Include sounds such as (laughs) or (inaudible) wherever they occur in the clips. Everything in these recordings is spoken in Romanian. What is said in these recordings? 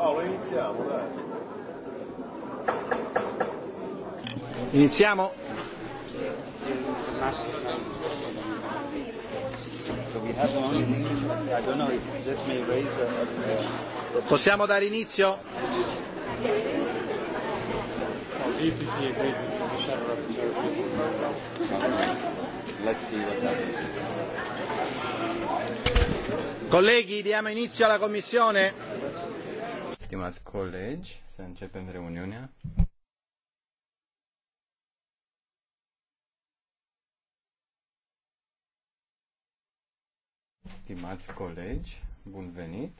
Paolo, iniziamo, dai. Iniziamo. Possiamo dare inizio? Colleghi, diamo inizio alla Commissione stimați colegi, să începem reuniunea. Stimați colegi, bun venit.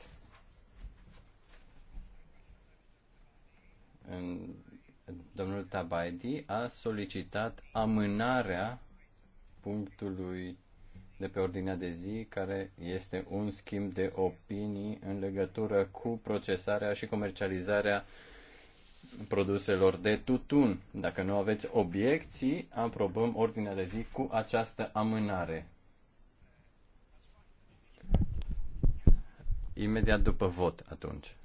Domnul Tabaidi a solicitat amânarea punctului de pe ordinea de zi, care este un schimb de opinii în legătură cu procesarea și comercializarea produselor de tutun. Dacă nu aveți obiecții, aprobăm ordinea de zi cu această amânare. Imediat după vot, atunci.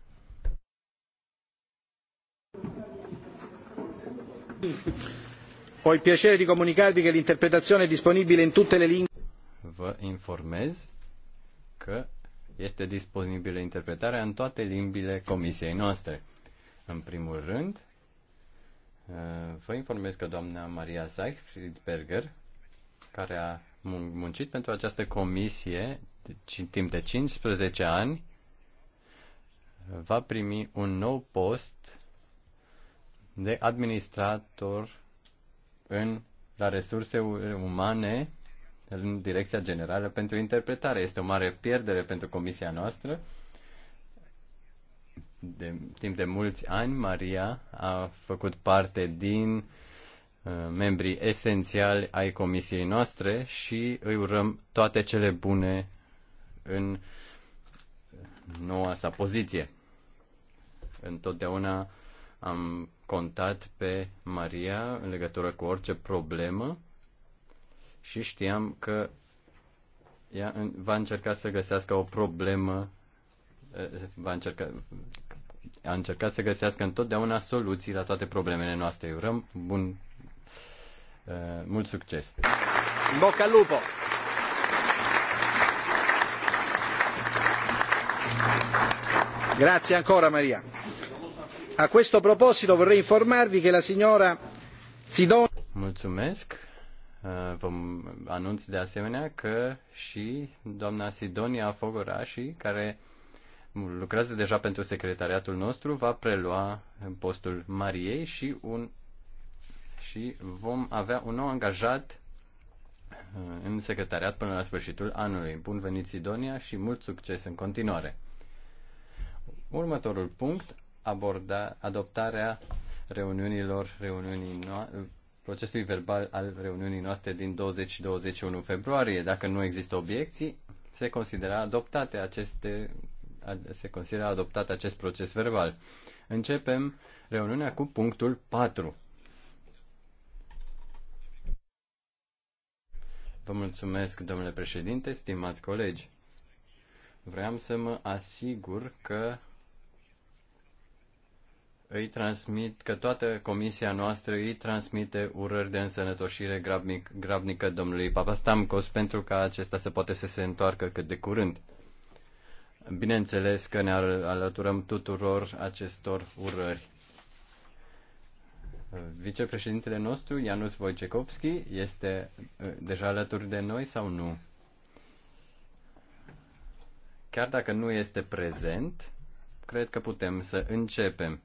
Ho il piacere di comunicarvi che l'interpretazione è disponibile in tutte le lingue vă informez că este disponibilă interpretarea în toate limbile comisiei noastre. În primul rând, uh, vă informez că doamna Maria Seichfriedberger, care a muncit pentru această comisie timp de 15 ani, va primi un nou post de administrator în la resurse umane în Direcția Generală pentru Interpretare. Este o mare pierdere pentru comisia noastră. De, timp de mulți ani, Maria a făcut parte din uh, membrii esențiali ai comisiei noastre și îi urăm toate cele bune în noua sa poziție. Întotdeauna am contat pe Maria în legătură cu orice problemă și știam că ea va încerca să găsească o problemă, va încerca, a încercat să găsească întotdeauna soluții la toate problemele noastre. Urăm bun, mult succes! Boca lupo! Grazie ancora Maria. A questo proposito vorrei informarvi che la signora Zidon... Mulțumesc. Uh, Vă anunț de asemenea că și doamna Sidonia Fogorașii, care lucrează deja pentru secretariatul nostru, va prelua postul Mariei și un și vom avea un nou angajat uh, în secretariat până la sfârșitul anului. Bun venit Sidonia și mult succes în continuare. Următorul punct, aborda, adoptarea reuniunilor reuniunii procesului verbal al reuniunii noastre din 20 și 21 februarie. Dacă nu există obiecții, se consideră adoptate aceste se consideră adoptat acest proces verbal. Începem reuniunea cu punctul 4. Vă mulțumesc, domnule președinte, stimați colegi. Vreau să mă asigur că îi transmit, că toată comisia noastră îi transmite urări de însănătoșire grabnic, grabnică domnului Papa Stamcos pentru ca acesta să poate să se întoarcă cât de curând. Bineînțeles că ne alăturăm tuturor acestor urări. Vicepreședintele nostru, Ianus Wojciechowski, este uh, deja alături de noi sau nu? Chiar dacă nu este prezent, cred că putem să începem.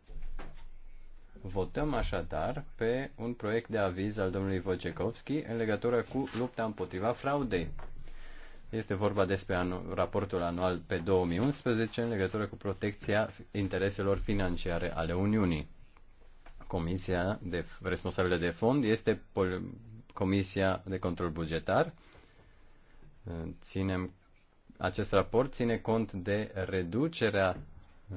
Votăm așadar pe un proiect de aviz al domnului Wojciechowski în legătură cu lupta împotriva fraudei. Este vorba despre anu- raportul anual pe 2011 în legătură cu protecția intereselor financiare ale Uniunii. Comisia de, responsabilă de fond este Pol- Comisia de Control Bugetar. Ținem, acest raport ține cont de reducerea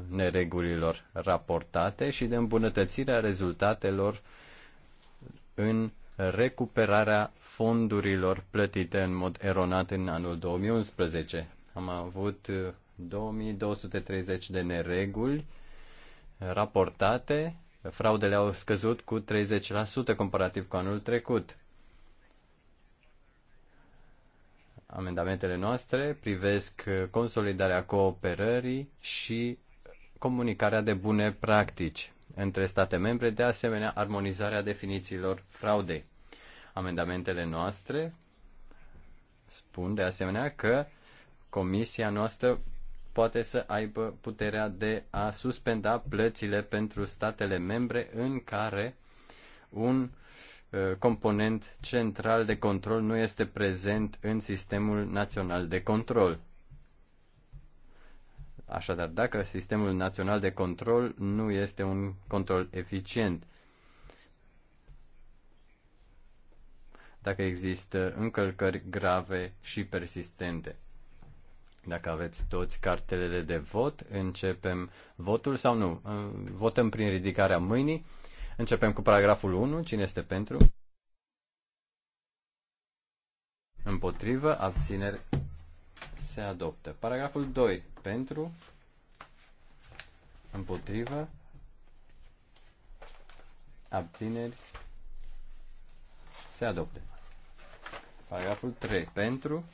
neregulilor raportate și de îmbunătățirea rezultatelor în recuperarea fondurilor plătite în mod eronat în anul 2011. Am avut 2230 de nereguli raportate, fraudele au scăzut cu 30% comparativ cu anul trecut. Amendamentele noastre privesc consolidarea cooperării și comunicarea de bune practici între state membre, de asemenea armonizarea definițiilor fraudei. Amendamentele noastre spun de asemenea că comisia noastră poate să aibă puterea de a suspenda plățile pentru statele membre în care un uh, component central de control nu este prezent în sistemul național de control. Așadar, dacă sistemul național de control nu este un control eficient, dacă există încălcări grave și persistente. Dacă aveți toți cartelele de vot, începem votul sau nu? Votăm prin ridicarea mâinii. Începem cu paragraful 1. Cine este pentru? Împotrivă, abțineri, se adoptă. Paragraful 2. Pentru, împotrivă, abțineri, se adoptă. Paragraful 3. Pentru,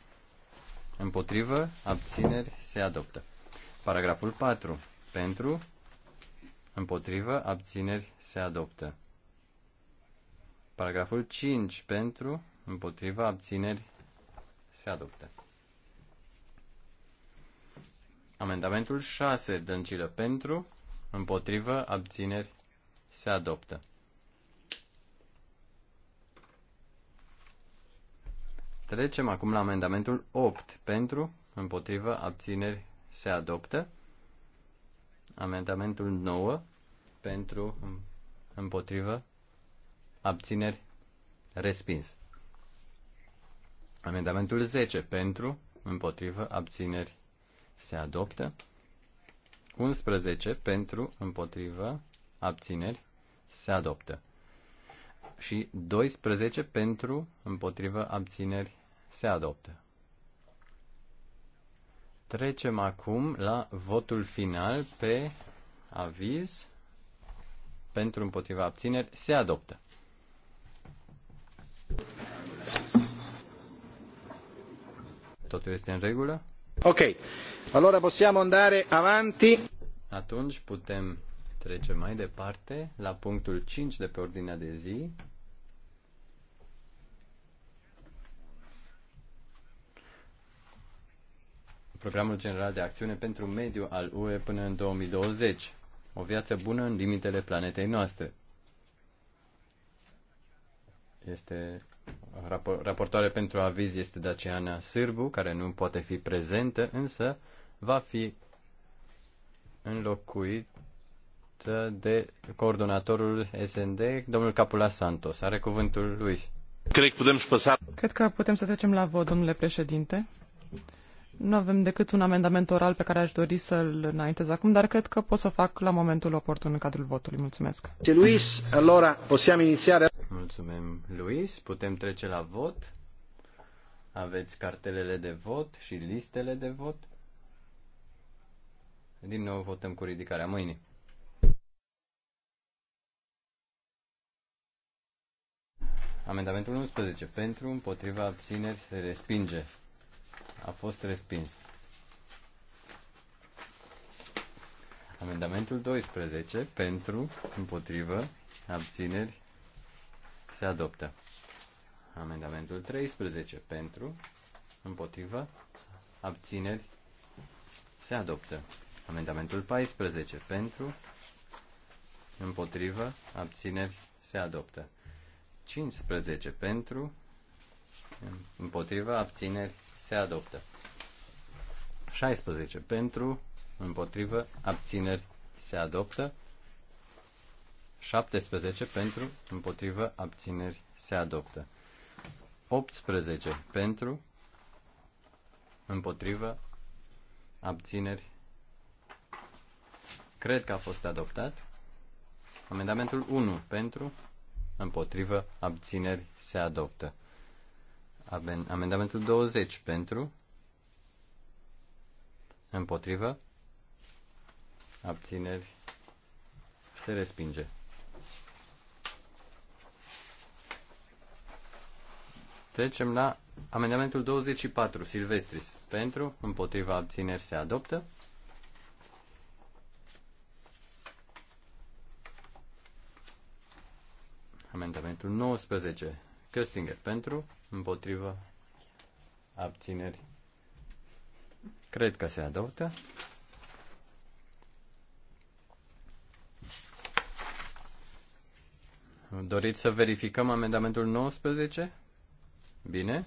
împotrivă, abțineri, se adoptă. Paragraful 4. Pentru, împotrivă, abțineri, se adoptă. Paragraful 5. Pentru, împotriva, abțineri, se adoptă. Amendamentul 6, Dăncilă pentru, împotrivă, abțineri, se adoptă. Trecem acum la amendamentul 8, pentru, împotrivă, abțineri, se adoptă. Amendamentul 9, pentru, împotrivă, abțineri, respins. Amendamentul 10, pentru, împotrivă, abțineri, se adoptă. 11 pentru, împotrivă, abțineri, se adoptă. Și 12 pentru, împotrivă, abțineri, se adoptă. Trecem acum la votul final pe aviz pentru împotriva abțineri se adoptă. Totul este în regulă? Ok, allora possiamo andare avanti. Atunci putem trece mai departe la punctul 5 de pe ordinea de zi. Programul General de Acțiune pentru Mediu al UE până în 2020. O viață bună în limitele planetei noastre. Este Raportoare pentru aviz este Daciana Sârbu, care nu poate fi prezentă, însă va fi înlocuită de coordonatorul SND, domnul Capula Santos. Are cuvântul lui. Cred că putem Cred că putem să trecem la vot, domnule președinte. Nu avem decât un amendament oral pe care aș dori să-l înaintez acum, dar cred că pot să fac la momentul oportun în cadrul votului. Mulțumesc. Luis, allora possiamo iniziare. Mulțumim, Luis. Putem trece la vot. Aveți cartelele de vot și listele de vot. Din nou votăm cu ridicarea mâinii. Amendamentul 11. Pentru, împotriva, abțineri, se respinge. A fost respins. Amendamentul 12. Pentru, împotriva abțineri, se adoptă. Amendamentul 13 pentru, împotrivă, abțineri, se adoptă. Amendamentul 14 pentru, împotrivă, abțineri, se adoptă. 15 pentru, împotrivă, abțineri, se adoptă. 16 pentru, împotrivă, abțineri, se adoptă. 17 pentru, împotrivă, abțineri se adoptă. 18 pentru, împotrivă, abțineri. Cred că a fost adoptat. Amendamentul 1 pentru, împotrivă, abțineri se adoptă. Amendamentul 20 pentru, împotrivă, abțineri se respinge. Trecem la amendamentul 24, Silvestris. Pentru, împotriva abțineri se adoptă. Amendamentul 19, Köstinger. Pentru, împotriva abțineri. Cred că se adoptă. Doriți să verificăm amendamentul 19? Bine.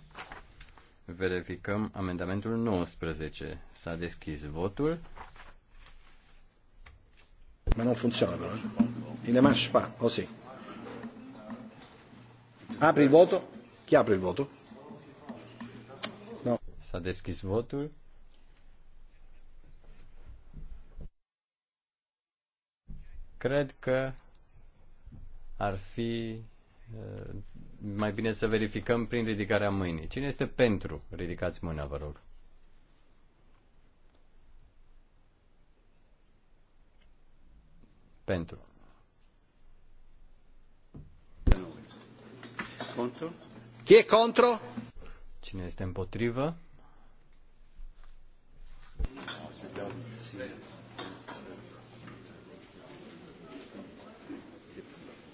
Verificăm amendamentul 19. S-a deschis votul. Ma non funziona però. Eh? Il marche pas, o oh sì. Apri il voto. Chi apre il voto? No. S-a deschis votul. Cred că ar fi eh, mai bine să verificăm prin ridicarea mâinii. Cine este pentru? Ridicați mâna, vă rog. Pentru. Contro? Chi e contro? Cine este împotrivă?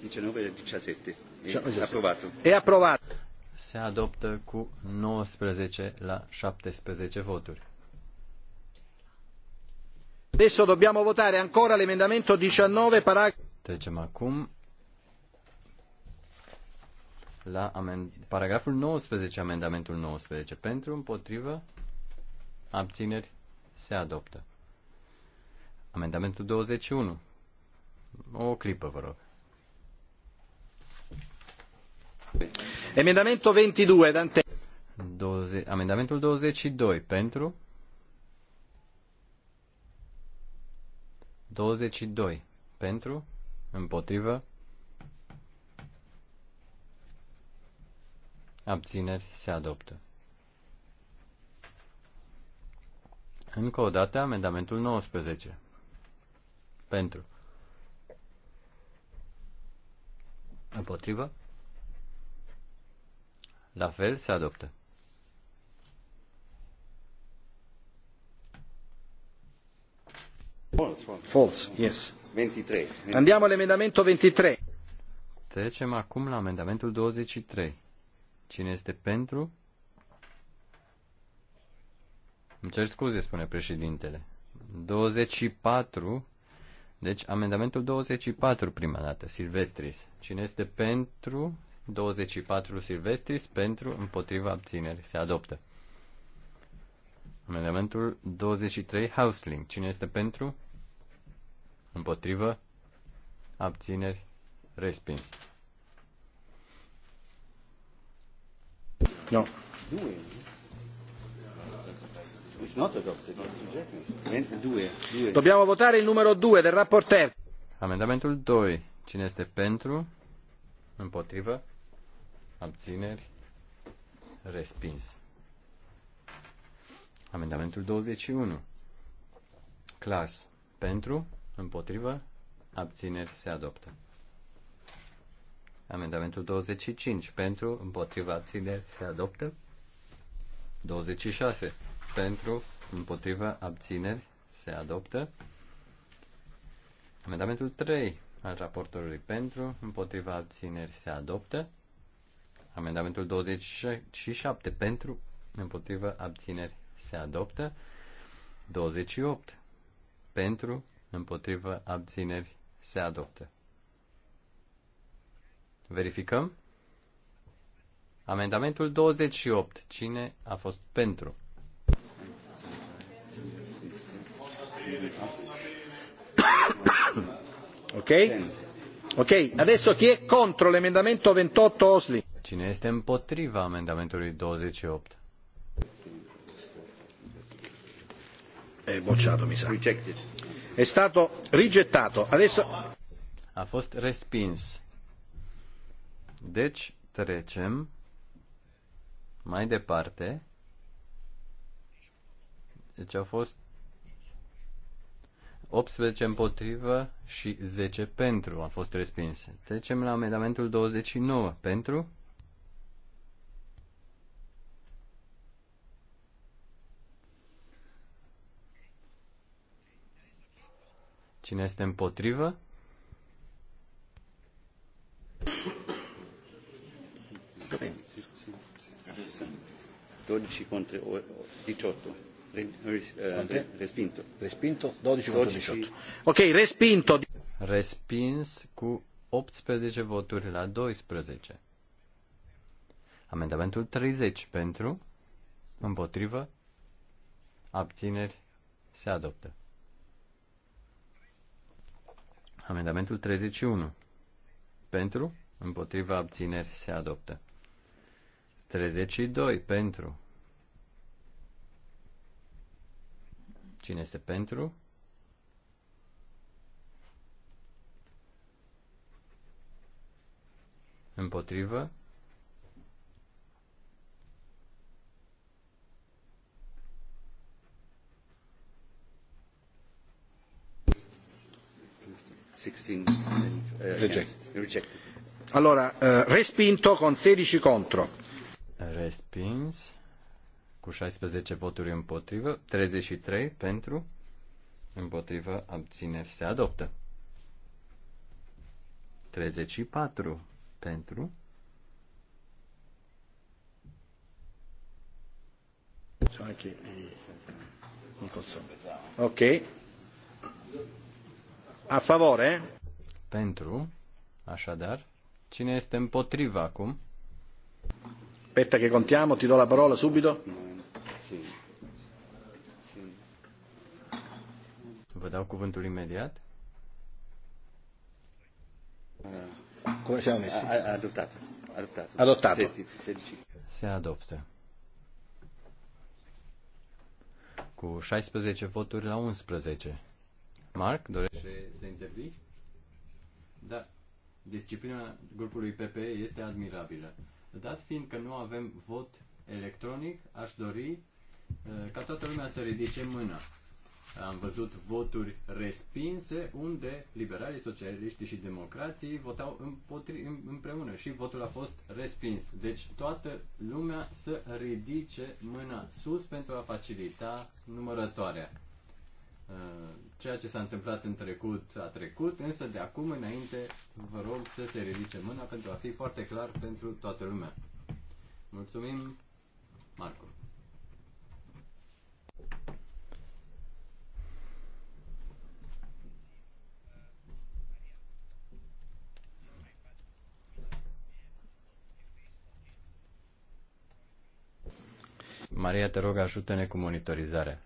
Diciannove e 17. E aprobat. E aprobat. Se adoptă cu 19 la 17 voturi. Adesso dobbiamo votare ancora l'emendamento 19 paragrafo. Trecem acum la amend- paragraful 19, amendamentul 19. Pentru, împotrivă, abțineri, se adoptă. Amendamentul 21. O clipă, vă rog. Amendamentul 22, Dante. 20, amendamentul 22 pentru 22 pentru împotrivă abțineri se adoptă. Încă o dată amendamentul 19 pentru împotrivă la fel se adoptă. False, yes. 23. 23. Andiamo all'emendamento 23. Trecem acum la amendamentul 23. Cine este pentru? Îmi cer scuze, spune președintele. 24. Deci, amendamentul 24 prima dată, Silvestris. Cine este pentru? 24 Silvestris pentru împotriva abțineri se adoptă. Amendamentul 23 Hausling. Cine este pentru? Împotrivă? Abțineri? Respins. No. Dobbiamo votare il numero 2 del rapporteur. Amendamentul 2. Cine este pentru? Împotrivă? abțineri, respins. Amendamentul 21. Clas. Pentru, împotrivă, abțineri se adoptă. Amendamentul 25. Pentru, Împotrivă? abțineri se adoptă. 26. Pentru, Împotrivă? abțineri se adoptă. Amendamentul 3 al raportorului pentru, împotriva abțineri se adoptă. Amendamentul 27 pentru, împotrivă, abțineri se adoptă. 28 pentru, împotrivă, abțineri se adoptă. Verificăm. Amendamentul 28. Cine a fost pentru? Ok? Ok, adesso chi è contro l'emendamento 28 Osli? Cine este împotriva amendamentului 28? E bocciato, mi sa. Rejected. È stato rigettato. Adesso... A fost respins. Deci trecem mai departe. Deci au fost 18 împotrivă și 10 pentru. A fost respins. Trecem la amendamentul 29. Pentru? Cine este împotrivă? Dodici 12 contro 18. Respinto. Respinto 12 contra 18. Ok, respinto. Respins cu 18 voturi la 12. Amendamentul 30 pentru, împotrivă, abțineri, se adoptă. Amendamentul 31. Pentru, împotriva abțineri se adoptă. 32. Pentru. Cine este pentru? Împotrivă. 16 uh, against, rejected. Allora, eh, respinto con 16 contro. Respins cu 16 voturi împotrivă, 33 pentru, împotrivă, abțineri, se adoptă. 34 pentru, eh, Ok. A favore? Pentru. Așadar. Cine este împotriva acum? Aspetta che contiamo, ti do la parola subito. Vă dau cuvântul imediat. Come siamo messi? Adottato. Se, se, Se adoptă. Cu 16 voturi la 11. Marc, dorește să intervii? Da. Disciplina grupului PPE este admirabilă. Dat fiind că nu avem vot electronic, aș dori uh, ca toată lumea să ridice mâna. Am văzut voturi respinse unde liberalii, socialiștii și democrații votau împotri, împreună și votul a fost respins. Deci toată lumea să ridice mâna sus pentru a facilita numărătoarea. Uh, ceea ce s-a întâmplat în trecut a trecut, însă de acum înainte vă rog să se ridice mâna pentru a fi foarte clar pentru toată lumea. Mulțumim, Marco. Maria, te rog, ajută-ne cu monitorizarea.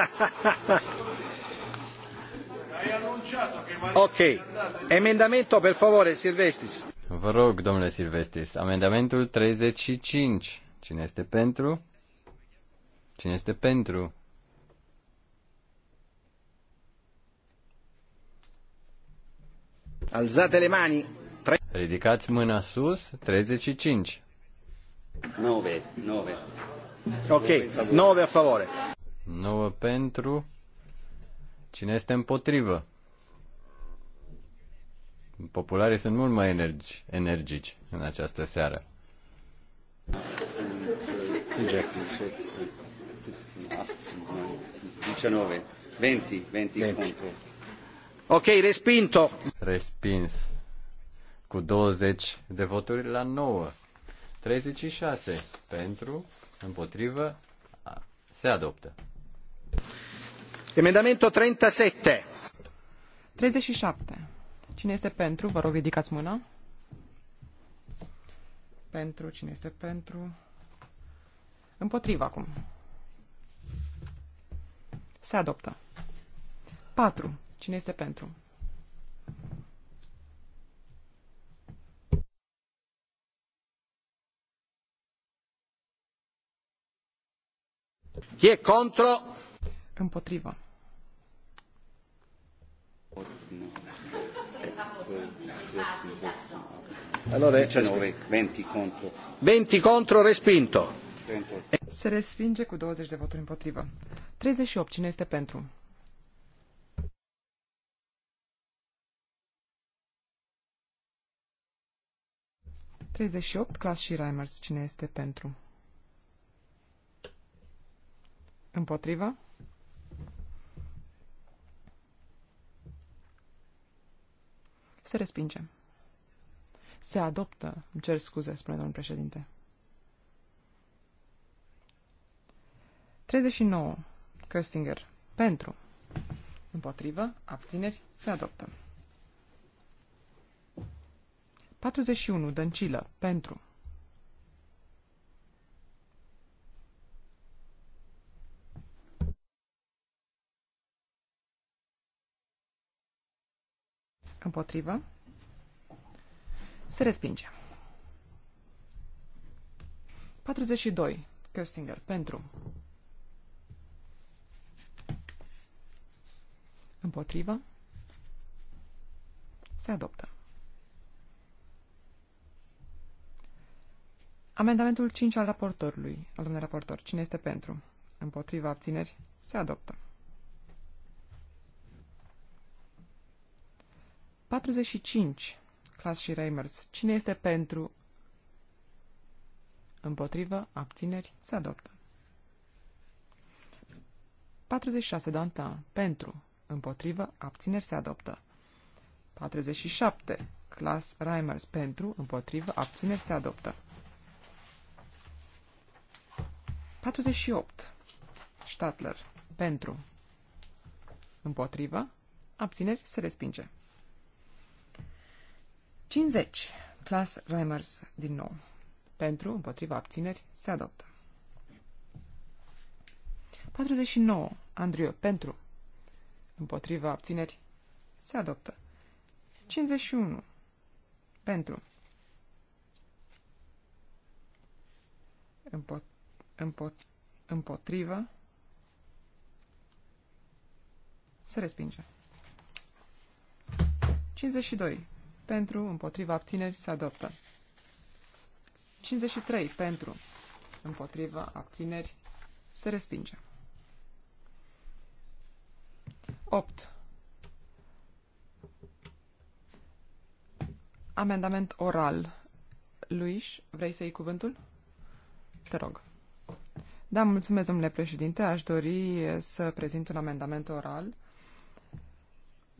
(laughs) ok, emendamento per favore Silvestris. Vă rog, domnule Silvestris, amendamentul 35. Cine este pentru? Cine este pentru? Alzate le mani. Tre- Ridicați mâna sus, 35. 9, 9. Ok, 9 a favore. 9 pentru. Cine este împotrivă? Popularii sunt mult mai energi, energici în această seară. 19, 20, Ok, respinto. Respins. Cu 20 de voturi la 9. 36 pentru, împotrivă, se adoptă. Emendamentul 37. 37. Cine este pentru? Vă rog, ridicați mâna. Pentru, cine este pentru? Împotriva acum. Se adoptă. 4. Cine este pentru? Chi e contro? Împotrivă. Allora, 20 eh, contro. 20 contro, respinto. Se respinge cu 20 de voturi împotrivă. 38. Cine este pentru? opt, Clas și Reimers. Cine este pentru? Împotriva? Se respinge. Se adoptă. Îmi cer scuze, spune domnul președinte. 39. Köstinger. Pentru. Împotrivă. Abțineri. Se adoptă. 41. Dăncilă. Pentru. Împotrivă. Se respinge. 42. Köstinger. Pentru. Împotrivă. Se adoptă. Amendamentul 5 al raportorului, al domnului raportor. Cine este pentru? Împotriva abțineri? Se adoptă. 45. Clas și Reimers. Cine este pentru? Împotrivă, abțineri, se adoptă. 46. Dantin. Pentru. Împotrivă, abțineri, se adoptă. 47. Clas Reimers. Pentru. Împotrivă, abțineri, se adoptă. 48. Stadler. Pentru. Împotrivă, abțineri, se respinge. 50. Clas Reimers din nou. Pentru, împotriva abțineri, se adoptă. 49. Andriu, pentru, împotriva abțineri, se adoptă. 51. Pentru. Împot, împot, împotriva. Se respinge. 52 pentru, împotriva abțineri se adoptă. 53 pentru, împotriva abțineri se respinge. 8. Amendament oral. Luis, vrei să iei cuvântul? Te rog. Da, mulțumesc, domnule președinte. Aș dori să prezint un amendament oral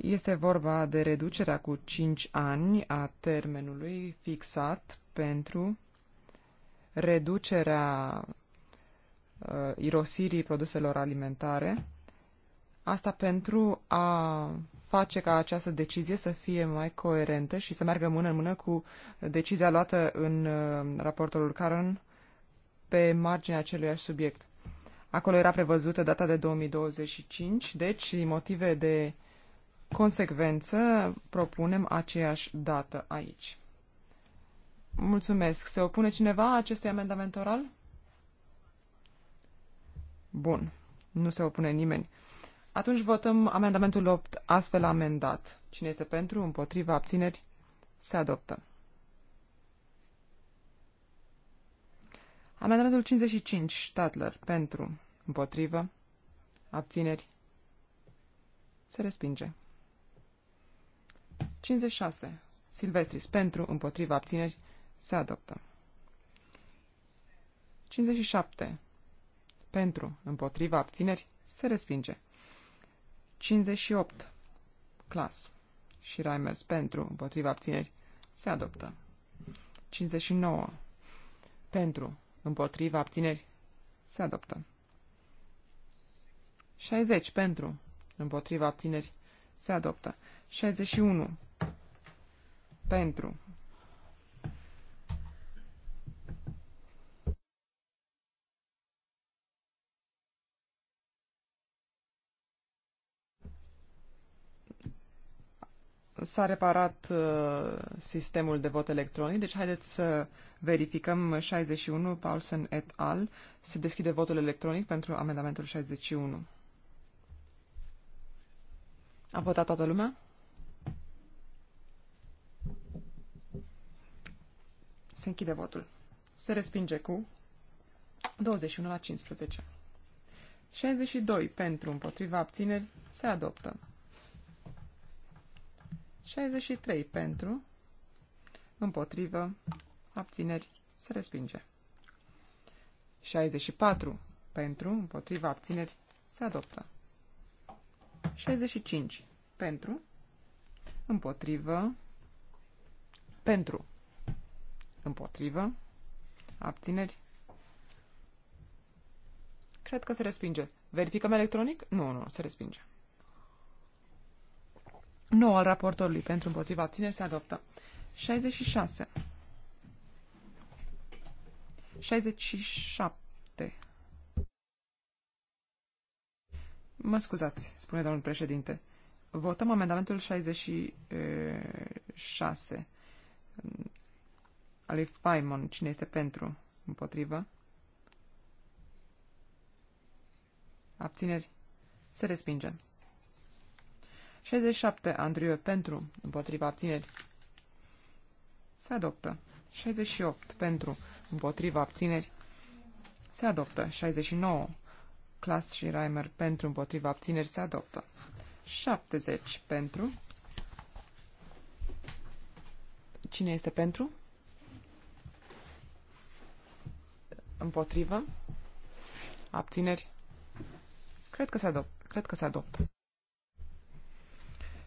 este vorba de reducerea cu 5 ani a termenului fixat pentru reducerea uh, irosirii produselor alimentare. Asta pentru a face ca această decizie să fie mai coerentă și să meargă mână în mână cu decizia luată în uh, raportul Caron pe marginea aceluiași subiect. Acolo era prevăzută data de 2025, deci motive de uh, consecvență propunem aceeași dată aici. Mulțumesc. Se opune cineva acestui amendament oral? Bun. Nu se opune nimeni. Atunci votăm amendamentul 8 astfel amendat. Cine este pentru, împotriva, abțineri, se adoptă. Amendamentul 55, Stadler, pentru, împotrivă, abțineri, se respinge. 56. Silvestris. Pentru, împotriva, abțineri, se adoptă. 57. Pentru, împotriva, abțineri, se respinge. 58. Clas. Și Reimers pentru, împotriva abțineri, se adoptă. 59. Pentru, împotriva abțineri, se adoptă. 60. Pentru, împotriva abțineri, se adoptă. 61. Pentru. S-a reparat uh, sistemul de vot electronic, deci haideți să verificăm 61, Paulsen et al. Se deschide votul electronic pentru amendamentul 61. A votat toată lumea? Se închide votul. Se respinge cu 21 la 15. 62 pentru împotriva abțineri se adoptă. 63 pentru împotrivă abțineri se respinge. 64 pentru împotriva abțineri se adoptă. 65 pentru împotrivă pentru Împotrivă. Abțineri. Cred că se respinge. Verificăm electronic? Nu, nu, se respinge. Nu, al raportorului pentru împotriva abțineri se adoptă. 66. 67. Mă scuzați, spune domnul președinte. Votăm amendamentul 66 lui Faimon, Cine este pentru? Împotrivă. Abțineri. Se respinge. 67. Andriu pentru. Împotriva abțineri. Se adoptă. 68. Pentru. Împotriva abțineri. Se adoptă. 69. Clas și Reimer pentru. Împotriva abțineri. Se adoptă. 70. Pentru. Cine este pentru? Împotrivă. Abțineri. Cred că se adoptă. Cred că se adoptă.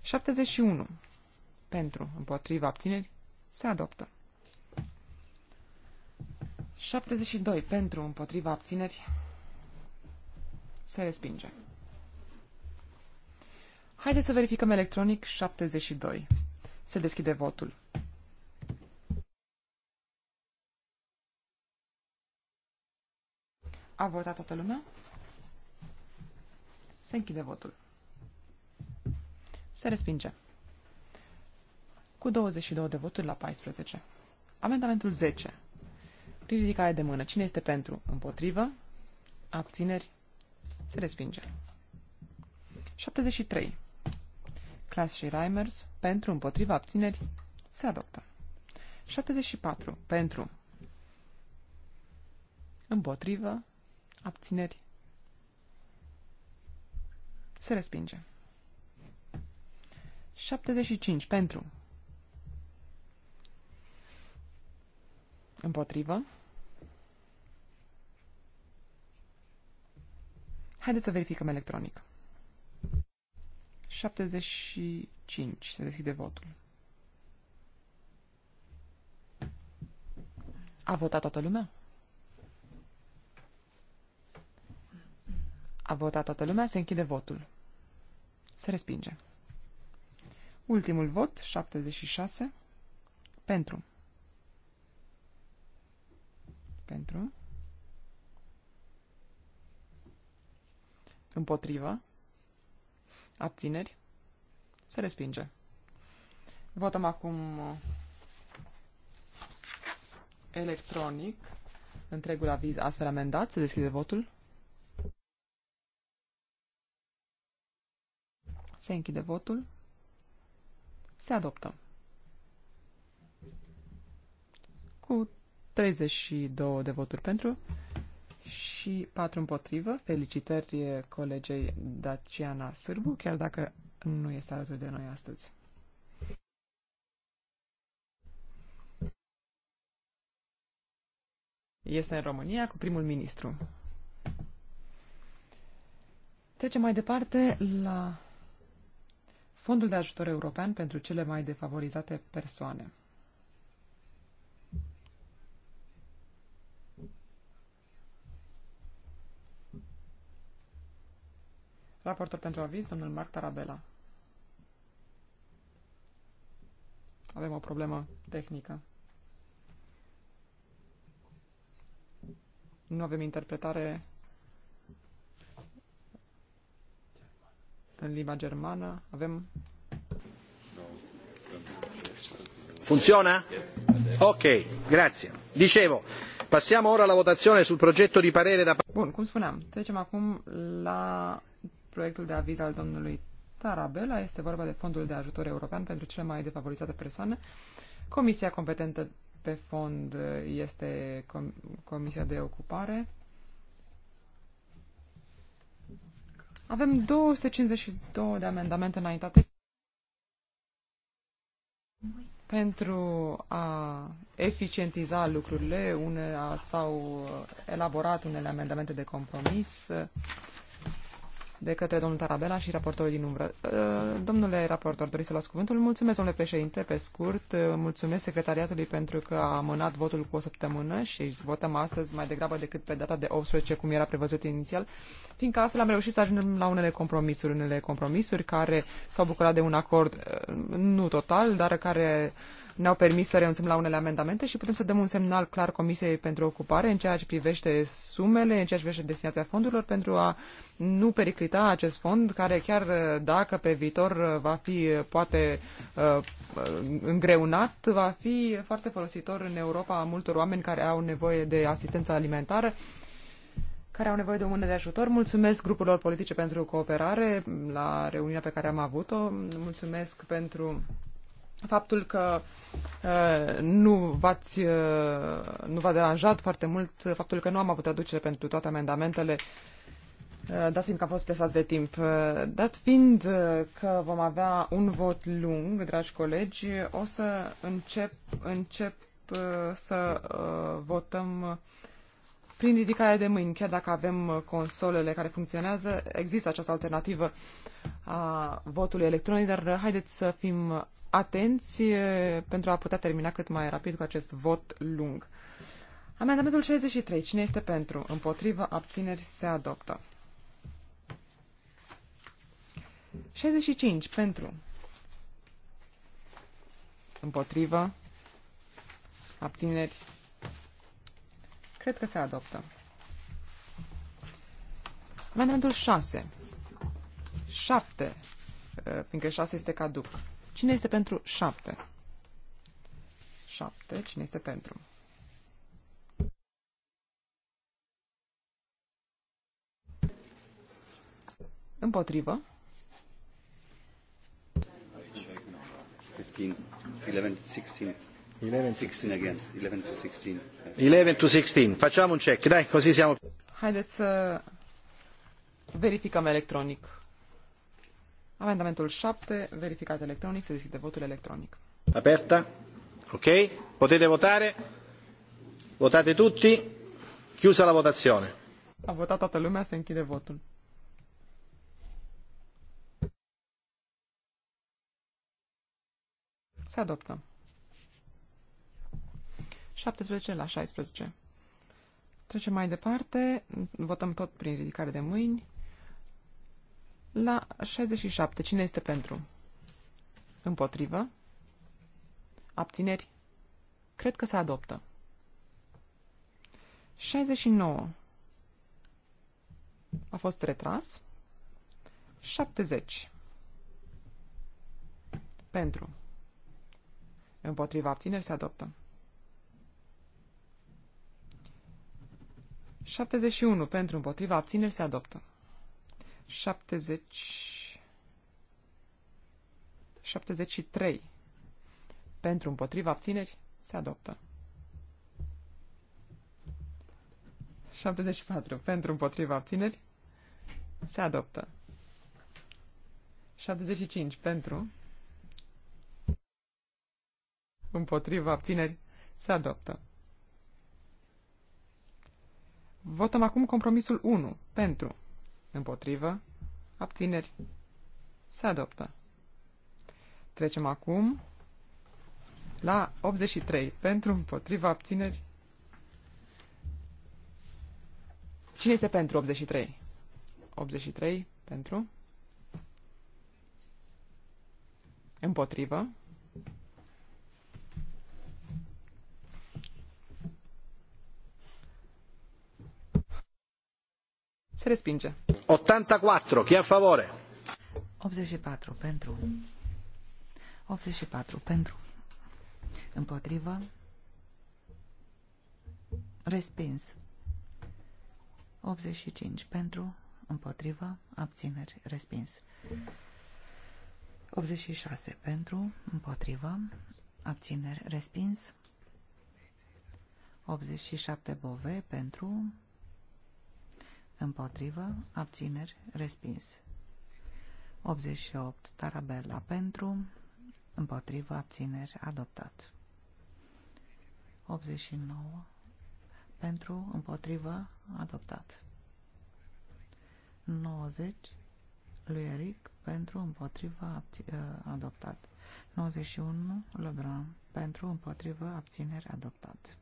71. Pentru, împotriva, abțineri, se adoptă. 72. Pentru, împotriva, abțineri, se respinge. Haideți să verificăm electronic 72. Se deschide votul. A votat toată lumea? Se închide votul. Se respinge. Cu 22 de voturi la 14. Amendamentul 10. ridicare de mână. Cine este pentru? Împotrivă? Abțineri? Se respinge. 73. Clas și Reimers. Pentru, împotrivă, abțineri? Se adoptă. 74. Pentru. Împotrivă. Abțineri. Se respinge. 75 pentru. Împotrivă. Haideți să verificăm electronic. 75 se deschide votul. A votat toată lumea? A votat toată lumea, se închide votul. Se respinge. Ultimul vot, 76. Pentru. Pentru. Împotrivă. Abțineri. Se respinge. Votăm acum uh, electronic întregul aviz astfel amendat. Se deschide votul. Se închide votul. Se adoptă. Cu 32 de voturi pentru și 4 împotrivă. Felicitări colegei Daciana Sârbu, chiar dacă nu este alături de noi astăzi. Este în România cu primul ministru. Trecem mai departe la Fondul de ajutor european pentru cele mai defavorizate persoane. Raportor pentru aviz, domnul Marc Tarabela. Avem o problemă tehnică. Nu avem interpretare în limba germană. Avem... Funziona? Ok, grazie. Dicevo, passiamo ora alla votazione sul progetto di parere da... Bun, cum spuneam, trecem acum la proiectul de aviz al domnului Tarabella. Este vorba de Fondul de Ajutor European pentru cele mai defavorizate persoane. Comisia competentă pe fond este Comisia de Ocupare. Avem 252 de amendamente înaintate pentru a eficientiza lucrurile. Une s-au uh, elaborat unele amendamente de compromis de către domnul Tarabela și raportorul din umbră. Uh, domnule raportor, doriți să luați cuvântul? Mulțumesc, domnule președinte, pe scurt. Uh, mulțumesc secretariatului pentru că a amânat votul cu o săptămână și votăm astăzi mai degrabă decât pe data de 18, cum era prevăzut inițial, fiindcă astfel am reușit să ajungem la unele compromisuri, unele compromisuri care s-au bucurat de un acord, uh, nu total, dar care ne-au permis să renunțăm la unele amendamente și putem să dăm un semnal clar Comisiei pentru Ocupare în ceea ce privește sumele, în ceea ce privește destinația fondurilor, pentru a nu periclita acest fond, care chiar uh, dacă pe viitor uh, va fi uh, poate îngreunat, va fi foarte folositor în Europa a multor oameni care au nevoie de asistență alimentară care au nevoie de o mână de ajutor. Mulțumesc grupurilor politice pentru cooperare la reuniunea pe care am avut-o. Mulțumesc pentru faptul că uh, nu v-ați uh, nu v-a deranjat foarte mult faptul că nu am avut traducere pentru toate amendamentele uh, dat fiind că am fost presați de timp. Dat fiind că vom avea un vot lung, dragi colegi, o să încep, încep să votăm prin ridicarea de mâini. Chiar dacă avem uh, consolele care funcționează, există această alternativă a votului electronic, dar uh, haideți să fim atenți uh, pentru a putea termina cât mai rapid cu acest vot lung. Amendamentul 63. Cine este pentru? Împotrivă, abțineri, se adoptă. 65. Pentru. Împotrivă, abțineri, Cred că se adoptă. Amendamentul 6. 7. Uh, fiindcă 6 este caduc. Cine este pentru 7? 7. Cine este pentru? Împotrivă. 15, 11, 16. 11 16 11 to 16 11 16 facciamo un check dai così siamo haideți să verificăm electronic amendamentul 7 verificat electronic se deschide votul electronic aperta ok potete votare votate tutti chiusa la votazione a votat toată lumea se închide votul se adoptă 17 la 16. Trecem mai departe, votăm tot prin ridicare de mâini. La 67, cine este pentru? Împotrivă? Abțineri? Cred că se adoptă. 69. A fost retras. 70. Pentru. Împotriva abțineri se adoptă. 71 pentru împotriva abțineri se adoptă. 70 73 pentru împotriva abțineri se adoptă. 74 pentru împotriva abțineri se adoptă. 75 pentru împotriva abțineri se adoptă. Votăm acum compromisul 1. Pentru. Împotrivă. Abțineri. Se adoptă. Trecem acum la 83. Pentru, împotrivă, abțineri. Cine este pentru 83? 83 pentru. Împotrivă. Se respinge. 84. Chi a favore? 84 pentru. 84 pentru. Împotrivă. Respins. 85 pentru. Împotrivă. Abțineri. Respins. 86 pentru. Împotrivă. Abțineri. Respins. 87 bove pentru. Împotrivă. Abțineri. Respins. 88. Tarabella pentru. Împotrivă. Abțineri. Adoptat. 89. Pentru. Împotrivă. Adoptat. 90. Lui Eric. Pentru. Împotrivă. Ă, adoptat. 91. Lebrun. Pentru. Împotrivă. Abțineri. Adoptat.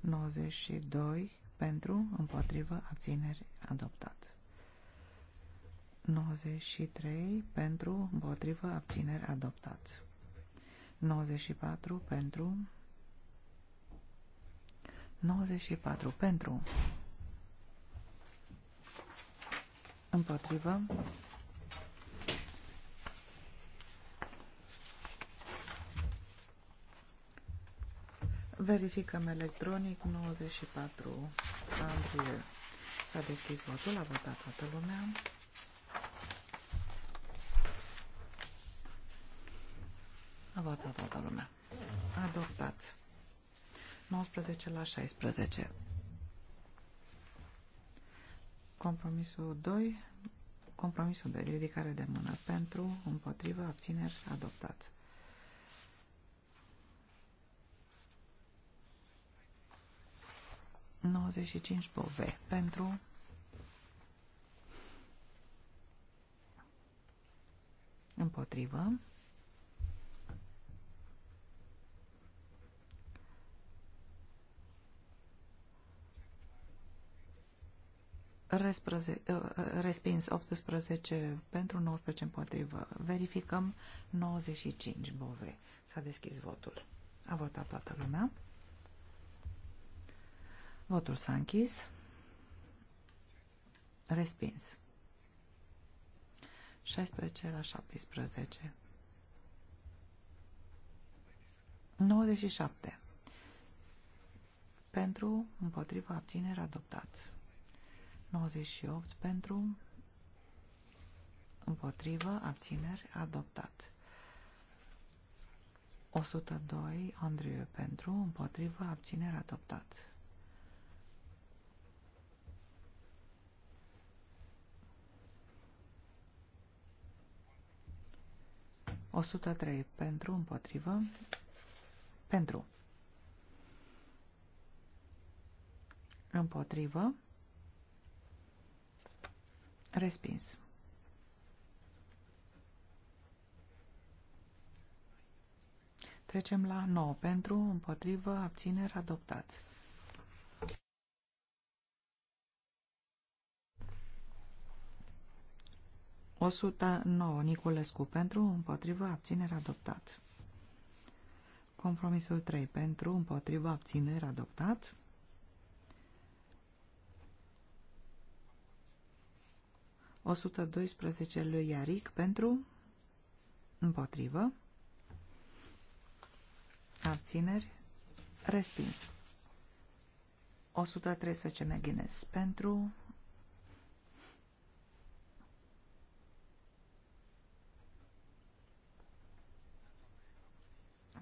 92 pentru, împotrivă, abțineri, adoptat. 93 pentru, împotrivă, abțineri, adoptat. 94 pentru, 94 pentru, împotrivă, Verificăm electronic 94 Andrie. S-a deschis votul, a votat toată lumea. A votat toată lumea. Adoptat. 19 la 16. Compromisul 2. Compromisul de ridicare de mână pentru, împotrivă, abțineri, adoptat. 95 bove pentru împotrivă uh, uh, respins 18 pentru 19 împotrivă. Verificăm 95 bove. S-a deschis votul. A votat toată lumea. Votul s-a închis. Respins. 16 la 17. 97. Pentru, împotriva, abținere, adoptat. 98. Pentru, împotriva abțineri, adoptat. 102. Andrei pentru, împotriva abținere adoptat. 103 pentru, împotrivă, pentru, împotrivă, respins. Trecem la 9 pentru, împotrivă, abțineri, adoptat. 109. Niculescu pentru, împotrivă, abținere adoptat. Compromisul 3 pentru, împotrivă, abținere adoptat. O 112 lui Iaric pentru, împotrivă, abțineri, respins. 113 McGuinness pentru,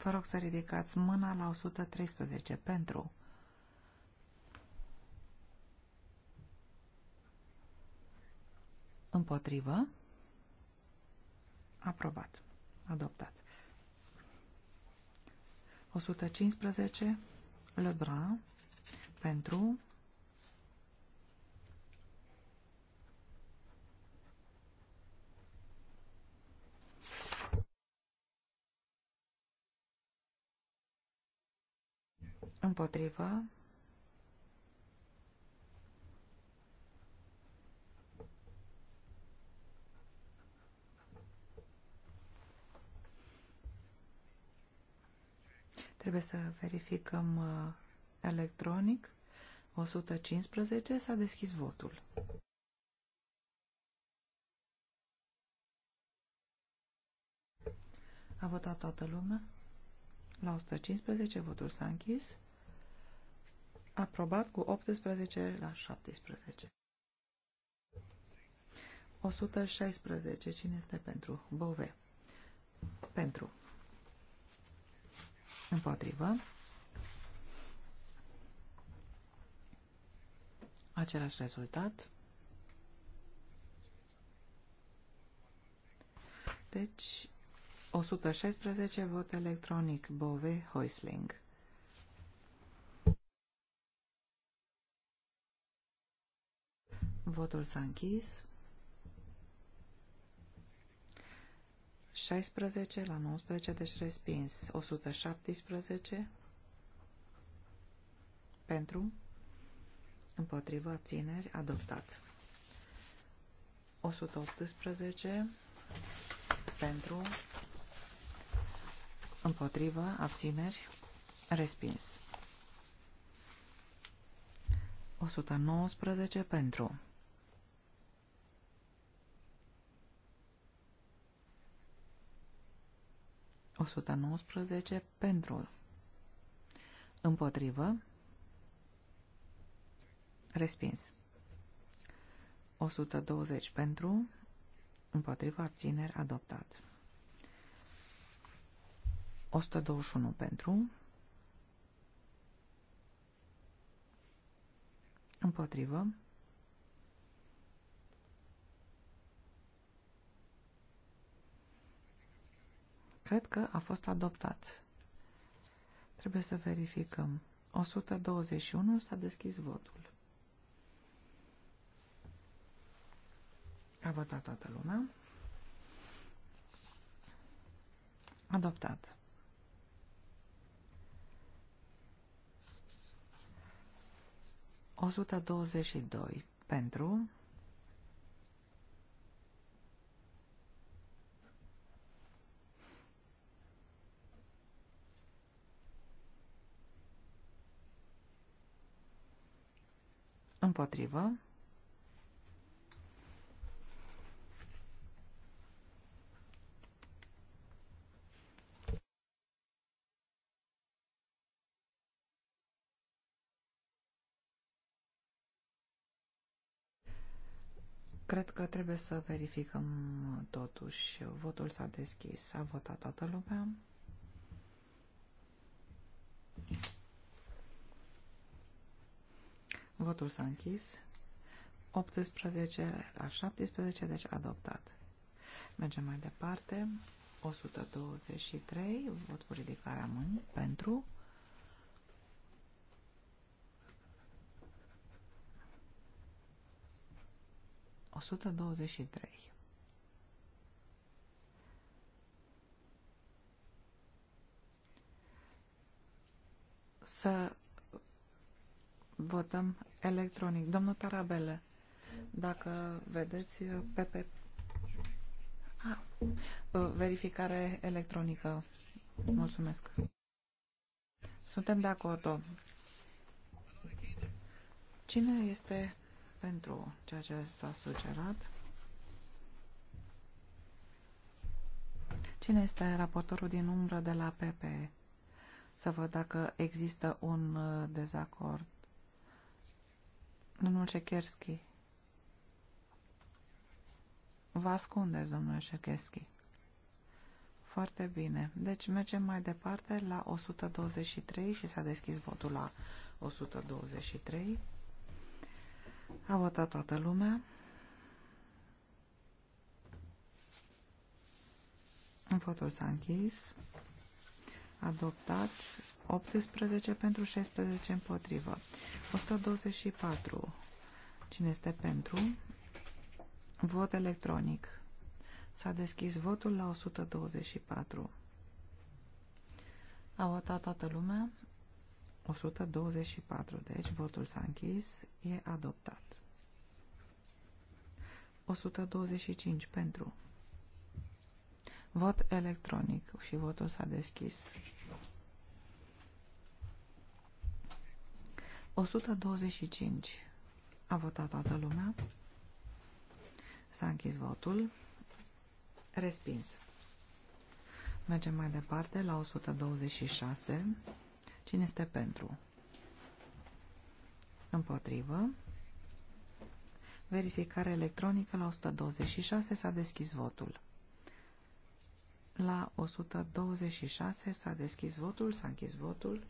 Vă rog să ridicați mâna la 113 pentru. Împotrivă. Aprobat. Adoptat. 115. Lebrun. Pentru. Împotrivă. Trebuie să verificăm uh, electronic. 115 s-a deschis votul. A votat toată lumea. La 115 votul s-a închis. Aprobat cu 18 la 17. 116. Cine este pentru? Bove. Pentru. Împotrivă. Același rezultat. Deci, 116 vot electronic, Bove, Hoisling. Votul s-a închis. 16 la 19, deci respins. 117 pentru, împotrivă, abțineri, adoptat. 118 pentru, împotrivă, abțineri, respins. 119 pentru. 119 pentru împotrivă respins 120 pentru împotrivă abțineri adoptat 121 pentru împotrivă Cred că a fost adoptat. Trebuie să verificăm. 121 s-a deschis votul. A votat toată lumea. Adoptat. O 122 pentru Împotrivă. Cred că trebuie să verificăm totuși. Votul s-a deschis. A votat toată lumea. Votul s-a închis. 18 la 17, deci adoptat. Mergem mai departe. 123, vot cu ridicarea mâinii pentru. Osută douăzeci trei. Să votăm electronic. Domnul Tarabele, dacă vedeți uh, PP... Ah, uh, verificare electronică. Mulțumesc. Suntem de acord. Cine este pentru ceea ce s-a sugerat? Cine este raportorul din umbră de la PP? Să văd dacă există un uh, dezacord. Domnul Șecherski. Vă ascundeți, domnule Șecherski. Foarte bine. Deci mergem mai departe la 123 și s-a deschis votul la 123. A votat toată lumea. Votul s-a închis adoptat 18 pentru 16 împotrivă. 124. Cine este pentru? Vot electronic. S-a deschis votul la 124. A votat toată lumea? 124. Deci votul s-a închis. E adoptat. 125 pentru. Vot electronic și votul s-a deschis. 125. A votat toată lumea. S-a închis votul. Respins. Mergem mai departe la 126. Cine este pentru? Împotrivă. Verificare electronică la 126 s-a deschis votul. La 126 s-a deschis votul, s-a închis votul,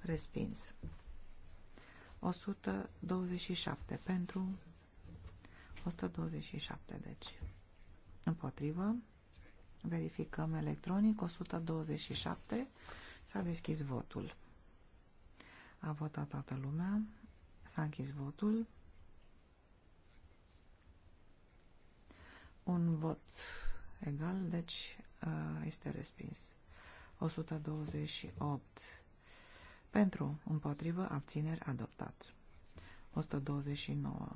respins. 127 pentru, 127 deci, împotrivă, verificăm electronic, 127 s-a deschis votul. A votat toată lumea, s-a închis votul. Un vot egal, deci este respins. 128. Pentru, împotrivă, abțineri, adoptat. 129.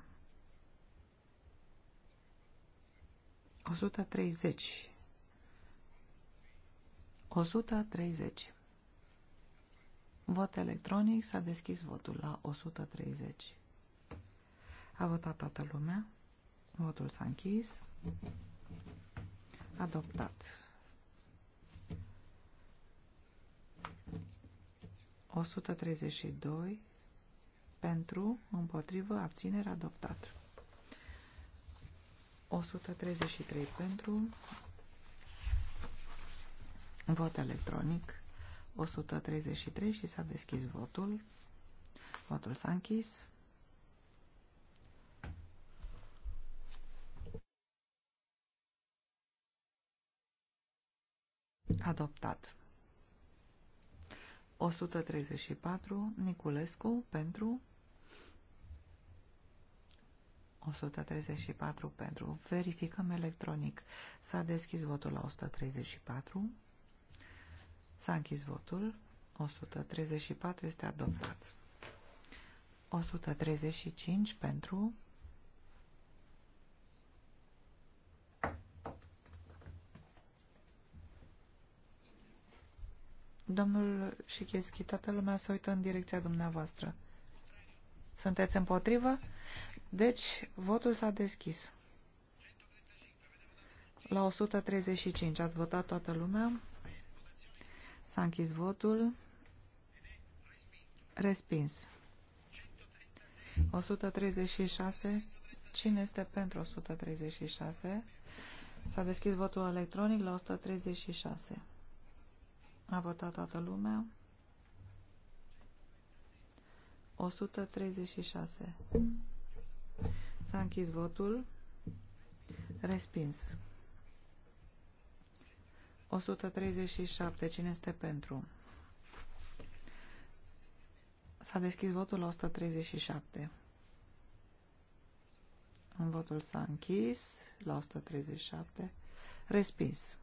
130. 130. Vot electronic, s-a deschis votul la 130. A votat toată lumea. Votul s-a închis. Adoptat. 132 pentru, împotrivă, abținere, adoptat. 133 pentru, vot electronic, 133 și s-a deschis votul. Votul s-a închis. Adoptat. 134 Niculescu pentru 134 pentru. Verificăm electronic. S-a deschis votul la 134. S-a închis votul. 134 este adoptat. 135 pentru. Domnul Șicheschi, toată lumea se uită în direcția dumneavoastră. Sunteți împotrivă? Deci, votul s-a deschis. La 135 ați votat toată lumea. S-a închis votul. Respins. 136. Cine este pentru 136? S-a deschis votul electronic la 136. A votat toată lumea. 136. S-a închis votul. Respins. 137. Cine este pentru? S-a deschis votul la 137. În votul s-a închis la 137. Respins.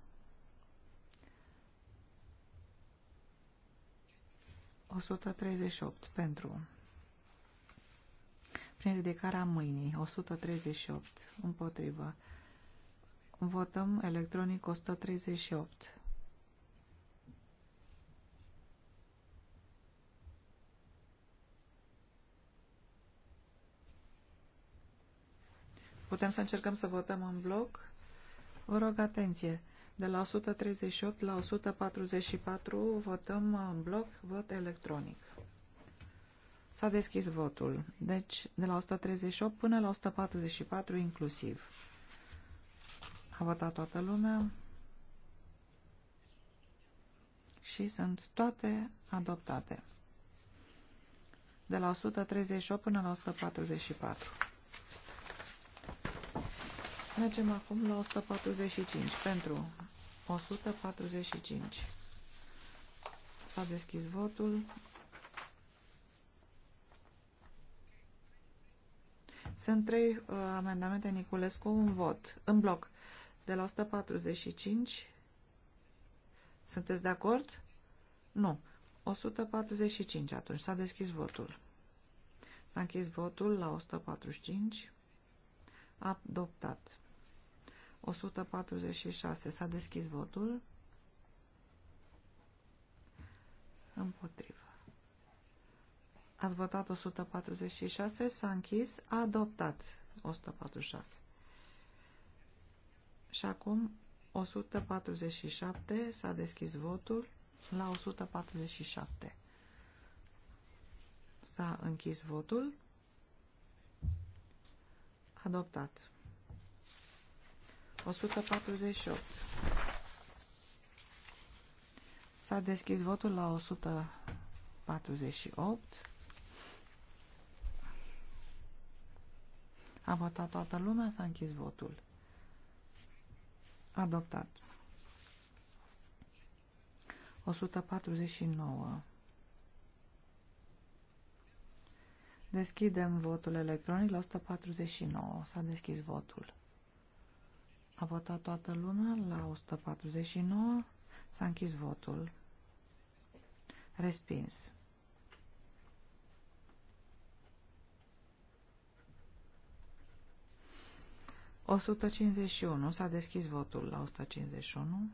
138 pentru. Prin ridicarea mâinii. 138 împotrivă. Votăm electronic 138. Putem să încercăm să votăm în bloc? Vă rog atenție. De la 138 la 144 votăm în bloc vot electronic. S-a deschis votul. Deci, de la 138 până la 144 inclusiv. A votat toată lumea. Și sunt toate adoptate. De la 138 până la 144. Mergem acum la 145. Pentru 145. S-a deschis votul. Sunt trei uh, amendamente Niculescu, un vot, în bloc. De la 145. Sunteți de acord? Nu. 145 atunci. S-a deschis votul. S-a închis votul la 145. Adoptat. 146. S-a deschis votul. Împotrivă. Ați votat 146, s-a închis, a adoptat 146. Și acum 147, s-a deschis votul la 147. S-a închis votul. Adoptat. 148. S-a deschis votul la 148. A votat toată lumea, s-a închis votul. Adoptat. 149. Deschidem votul electronic la 149. S-a deschis votul. A votat toată lumea la 149. S-a închis votul. Respins. O 151. S-a deschis votul la 151.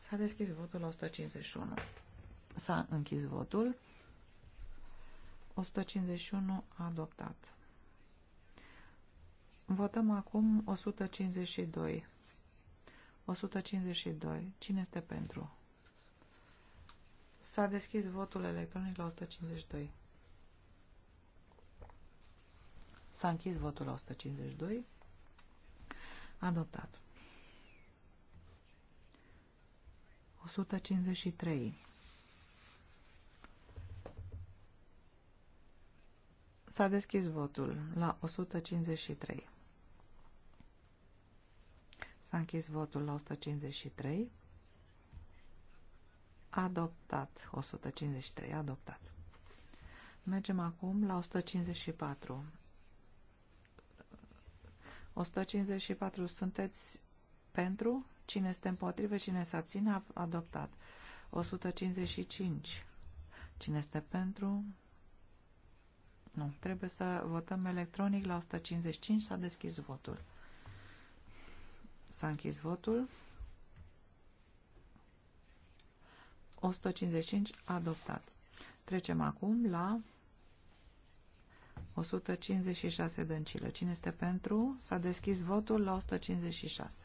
S-a deschis votul la 151. S-a închis votul. 151 adoptat. Votăm acum 152. 152. Cine este pentru? S-a deschis votul electronic la 152. S-a închis votul la 152. Adoptat. 153. S-a deschis votul la 153. S-a închis votul la 153. Adoptat. 153. Adoptat. Mergem acum la 154. 154. Sunteți pentru? Cine este împotrivă? Cine se abține? Adoptat. 155. Cine este pentru? Nu. Trebuie să votăm electronic la 155. S-a deschis votul. S-a închis votul. 155 adoptat. Trecem acum la 156 dăncilă. Cine este pentru? S-a deschis votul la 156.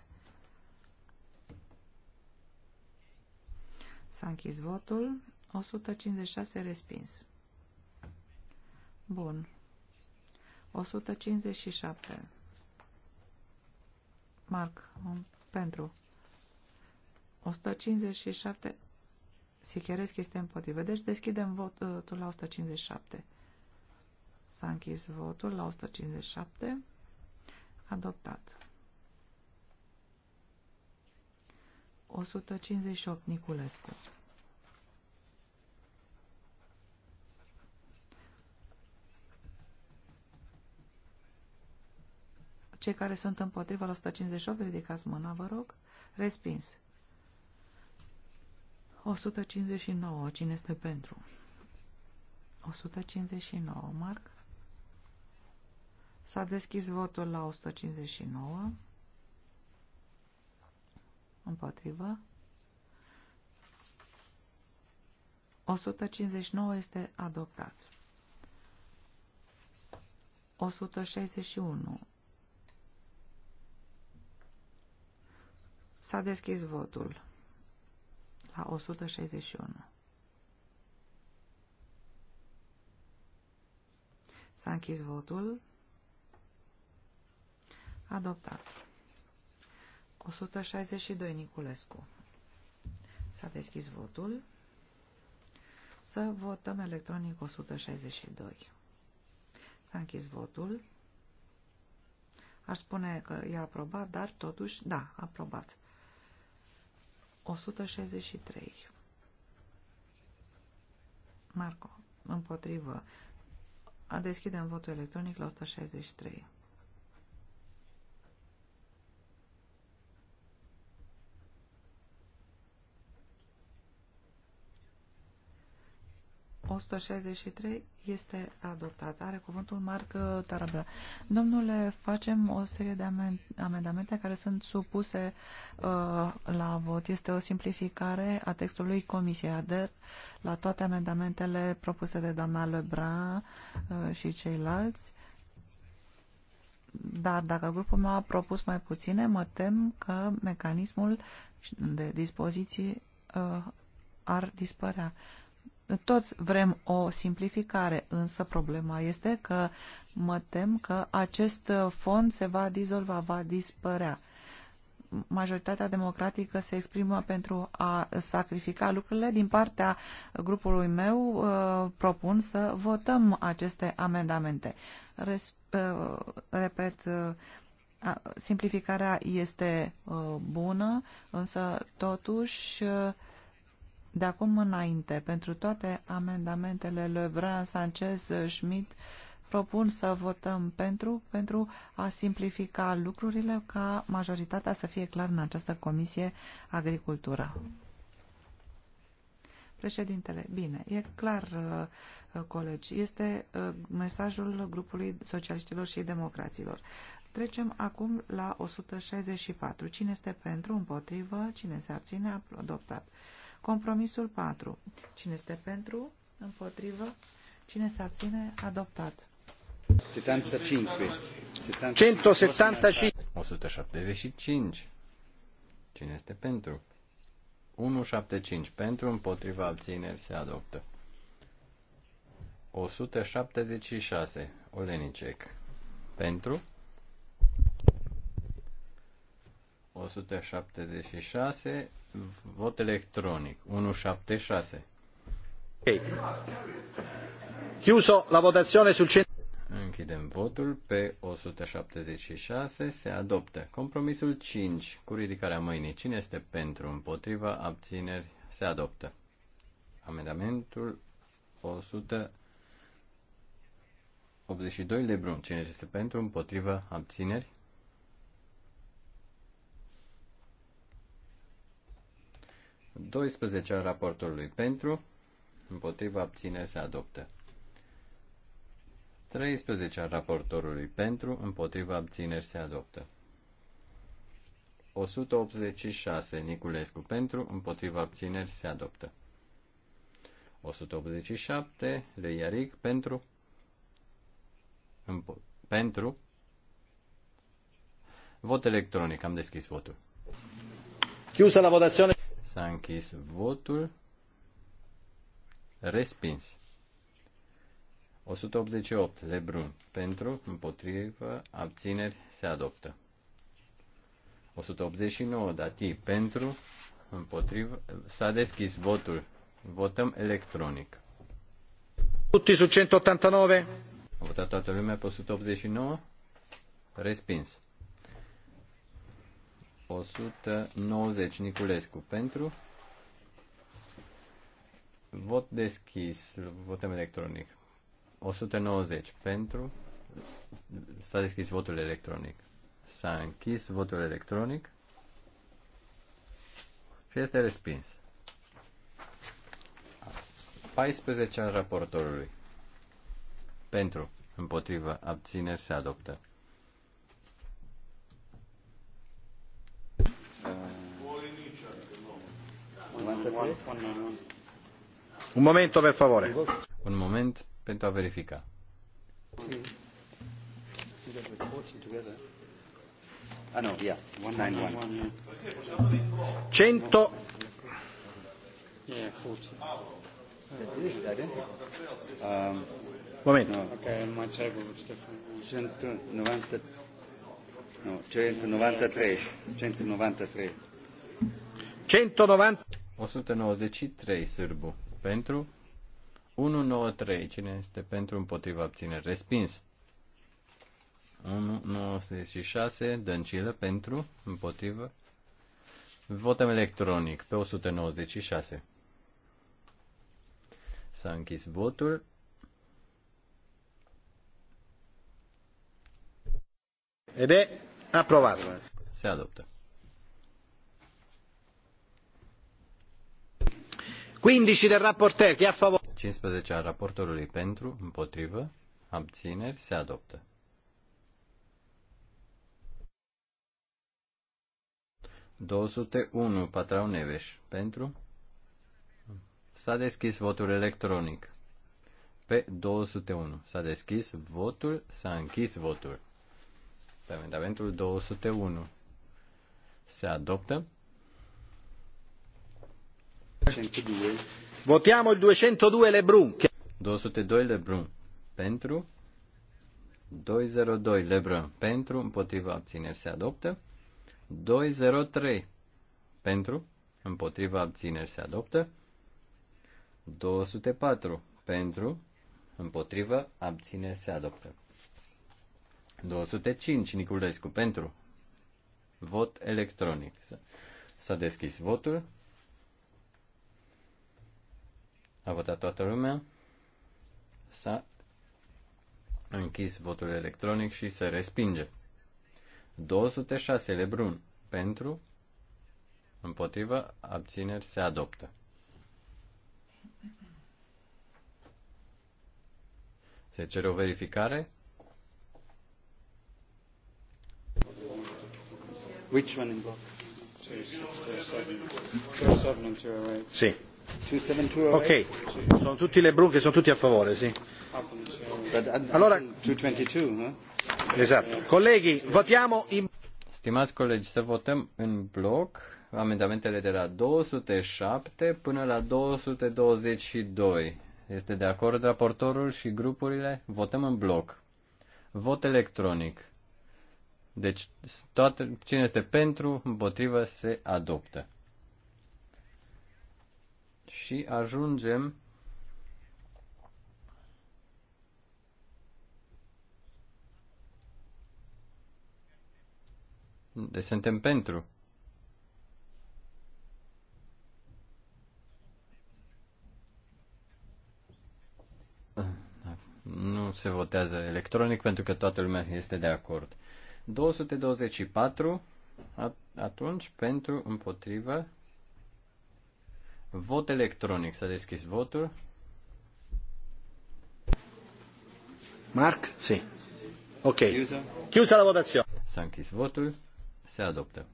S-a închis votul. 156 respins. Bun. 157. Marc, pentru. 157. Sicheresc este împotrivă. Deci deschidem votul la 157. S-a închis votul la 157. Adoptat. 158. Niculescu. Cei care sunt împotriva la 158, ridicați mâna, vă rog. Respins. 159. Cine este pentru? 159. Marc. S-a deschis votul la 159. Împotrivă. 159 este adoptat. 161 S-a deschis votul la 161. S-a închis votul. Adoptat. 162 Niculescu. S-a deschis votul. Să votăm electronic 162. S-a închis votul. Aș spune că e aprobat, dar totuși, da, aprobat. 163. Marco, împotrivă. A deschidem votul electronic la 163. 163 este adoptat. Are cuvântul Marc uh, Tarabla. Domnule, facem o serie de amendamente care sunt supuse uh, la vot. Este o simplificare a textului Comisiei ADER la toate amendamentele propuse de doamna Lebrun uh, și ceilalți. Dar dacă grupul meu a propus mai puține, mă tem că mecanismul de dispoziții uh, ar dispărea toți vrem o simplificare, însă problema este că mă tem că acest fond se va dizolva, va dispărea. Majoritatea democratică se exprimă pentru a sacrifica lucrurile. Din partea grupului meu uh, propun să votăm aceste amendamente. Res, uh, repet, uh, simplificarea este bună, însă totuși de acum înainte, pentru toate amendamentele Lebrun, Sanchez, Schmidt, propun să votăm pentru, pentru a simplifica lucrurile ca majoritatea să fie clar în această comisie agricultură. Președintele, bine, e clar, uh, colegi, este uh, mesajul grupului socialiștilor și democraților. Trecem acum la 164. Cine este pentru, împotrivă, cine se abține, adoptat. Compromisul 4. Cine este pentru? Împotrivă? Cine se abține? Adoptat. 75. 175. 175. Cine este pentru? 175. Pentru, împotriva, abțineri, se adoptă. 176. Olenicec. Pentru? 176 Vot electronic. 176. Ok. Chiuso la votazione sul centro. Închidem votul pe 176. Se adoptă. Compromisul 5. Cu ridicarea mâinii. Cine este pentru? Împotriva? Abțineri? Se adoptă. Amendamentul 182 Lebrun. Cine este pentru? Împotriva? Abțineri? 12 al raportului pentru, împotriva abține se adoptă. 13 al raportorului pentru, împotriva abțineri se adoptă. 186 Niculescu pentru, împotriva abțineri se adoptă. 187 Leiaric pentru, împo- pentru, vot electronic, am deschis votul. Chiusa la votazione. S-a închis votul. Respins. 188. Lebrun. Pentru, împotrivă, abțineri, se adoptă. 189. Dati. Pentru, împotrivă, s-a deschis votul. Votăm electronic. Tutti su 189. A votat toată lumea pe 189. Respins. 190 Niculescu pentru. Vot deschis, votăm electronic. 190 pentru. S-a deschis votul electronic. S-a închis votul electronic. Și este respins. 14 al raportorului. Pentru, împotrivă, abțineri se adoptă. Un momento, per favore. Un moment pentru a verifica. Ah no, yeah, 191. 100 Yeah, Um, Moment. No. Okay, my table 190 No, 193, 193. 190 193 sârbu pentru 193 cine este pentru împotriva abțineri respins 196 dăncilă pentru împotrivă votăm electronic pe 196 s-a închis votul ed è approvato se adoptă 15 del raporter chi a favore? 15 al raportorului pentru, împotrivă, abțineri, se adoptă. unu Patrau Neveș, pentru. S-a deschis votul electronic. Pe 201 s-a deschis votul, s-a închis votul. Pe amendamentul 201 se adoptă. Votiamo il 202 Lebrun. 202 Lebrun. Pentru. 202 Lebrun. Pentru. Împotriva abțineri se adoptă. 203 pentru, împotriva abțineri se adoptă. 204 pentru, împotriva abțineri se adoptă. 205 Niculescu pentru, vot electronic. S-a deschis votul. A votat toată lumea. S-a închis votul electronic și se respinge. 206 Lebrun. Pentru. Împotrivă. Abțineri se adoptă. Se cere o verificare? Which one in block? Sí. Oh ok, sono tutti le brunche, sono tutti a favore, sì. Uh, allora, esatto. Colleghi, votiamo in... Stimați colegi, să votăm în bloc amendamentele de la 207 până la 222. Este de acord raportorul și grupurile? Votăm în bloc. Vot electronic. Deci, toate, cine este pentru, împotrivă, se adoptă și ajungem de deci suntem pentru. Nu se votează electronic pentru că toată lumea este de acord. 224 atunci pentru împotrivă Vot electronic. S-a deschis votul. Marc? Sì. Ok. Chiusa la votazione. S-a închis votul. Se adoptă.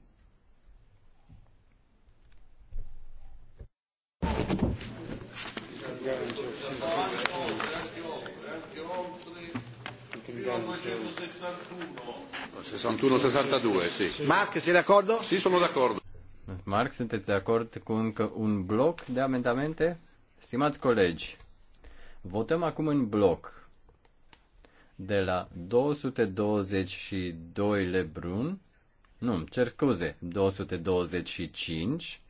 Sessantuno, sessantadue, sì. Marc, sei d'accordo? Sì, sono d'accordo. Marc, sunteți de acord cu încă un bloc de amendamente? Stimați colegi, votăm acum în bloc de la 222 Lebrun, nu, cer scuze, 225,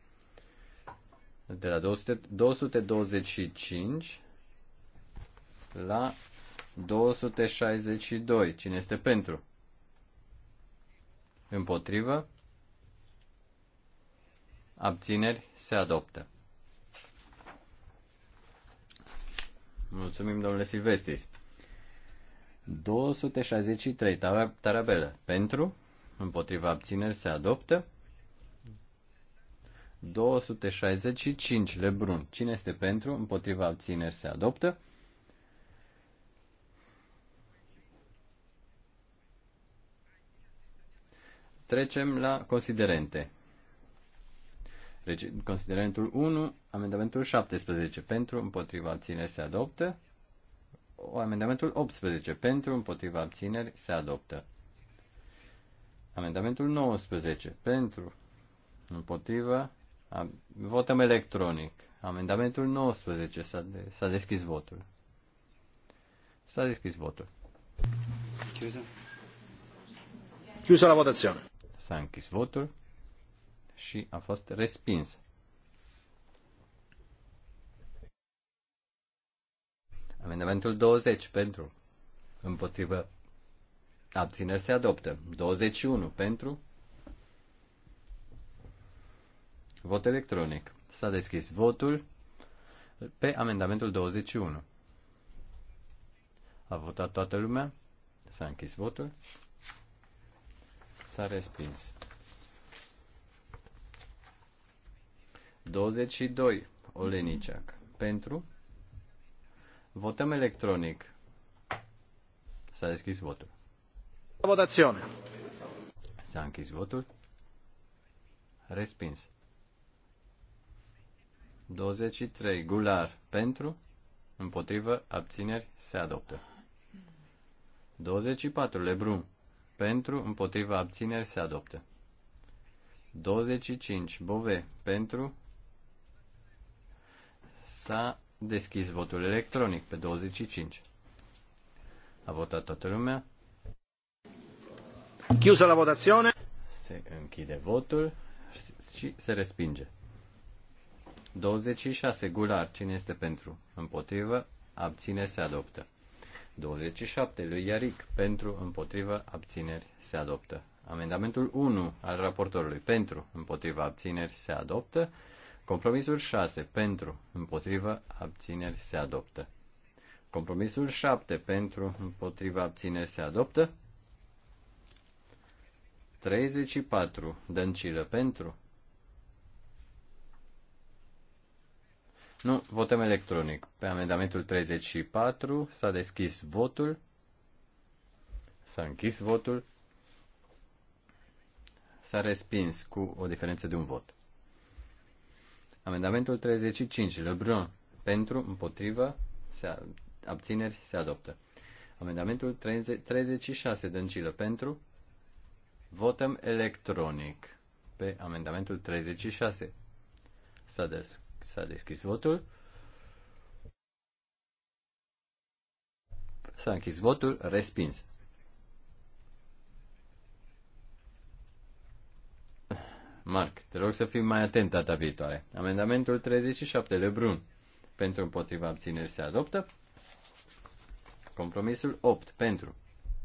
de la 200, 225 la 262. Cine este pentru? Împotrivă? Abțineri se adoptă. Mulțumim, domnule Silvestris. 263 tarabelă. Pentru, împotriva abțineri se adoptă. 265 Lebrun. Cine este pentru? Împotriva abțineri se adoptă. Trecem la considerente. Deci, considerentul 1, amendamentul 17 pentru, împotriva abțineri se adoptă. O, amendamentul 18 pentru, împotriva abțineri se adoptă. Amendamentul 19 pentru, împotriva, ab... votăm electronic. Amendamentul 19 s-a, de... s-a deschis votul. S-a deschis votul. Chiusa la votație. S-a închis votul și a fost respins. Amendamentul 20 pentru, împotrivă, abțineri se adoptă. 21 pentru, vot electronic. S-a deschis votul pe amendamentul 21. A votat toată lumea, s-a închis votul, s-a respins. 22. Oleniciac. Pentru. Votăm electronic. S-a deschis votul. Votațiune. S-a închis votul. Respins. 23. Gular. Pentru. Împotrivă. Abțineri. Se adoptă. 24. Lebrun. Pentru. Împotrivă. Abțineri. Se adoptă. 25. Bove. Pentru. S-a deschis votul electronic pe 25. A votat toată lumea. Chiusa la votazione. Se închide votul și se respinge. 26. Gular. Cine este pentru? Împotrivă. Abține. Se adoptă. 27. Lui Iaric. Pentru. Împotrivă. Abțineri. Se adoptă. Amendamentul 1 al raportorului. Pentru. Împotrivă. Abțineri. Se adoptă. Compromisul 6 pentru, împotriva abțineri se adoptă. Compromisul 7 pentru, împotriva abțineri se adoptă. 34 dăncilă pentru. Nu, votăm electronic. Pe amendamentul 34 s-a deschis votul. S-a închis votul. S-a respins cu o diferență de un vot. Amendamentul 35, Lebrun, pentru, împotrivă, se, abțineri, se adoptă. Amendamentul 30, 36, Dăncilă, pentru, votăm electronic pe amendamentul 36. S-a, des- s-a deschis votul. S-a închis votul, respins. Marc, te rog să fii mai atent data viitoare. Amendamentul 37 de Brun. Pentru împotriva abțineri se adoptă. Compromisul 8 pentru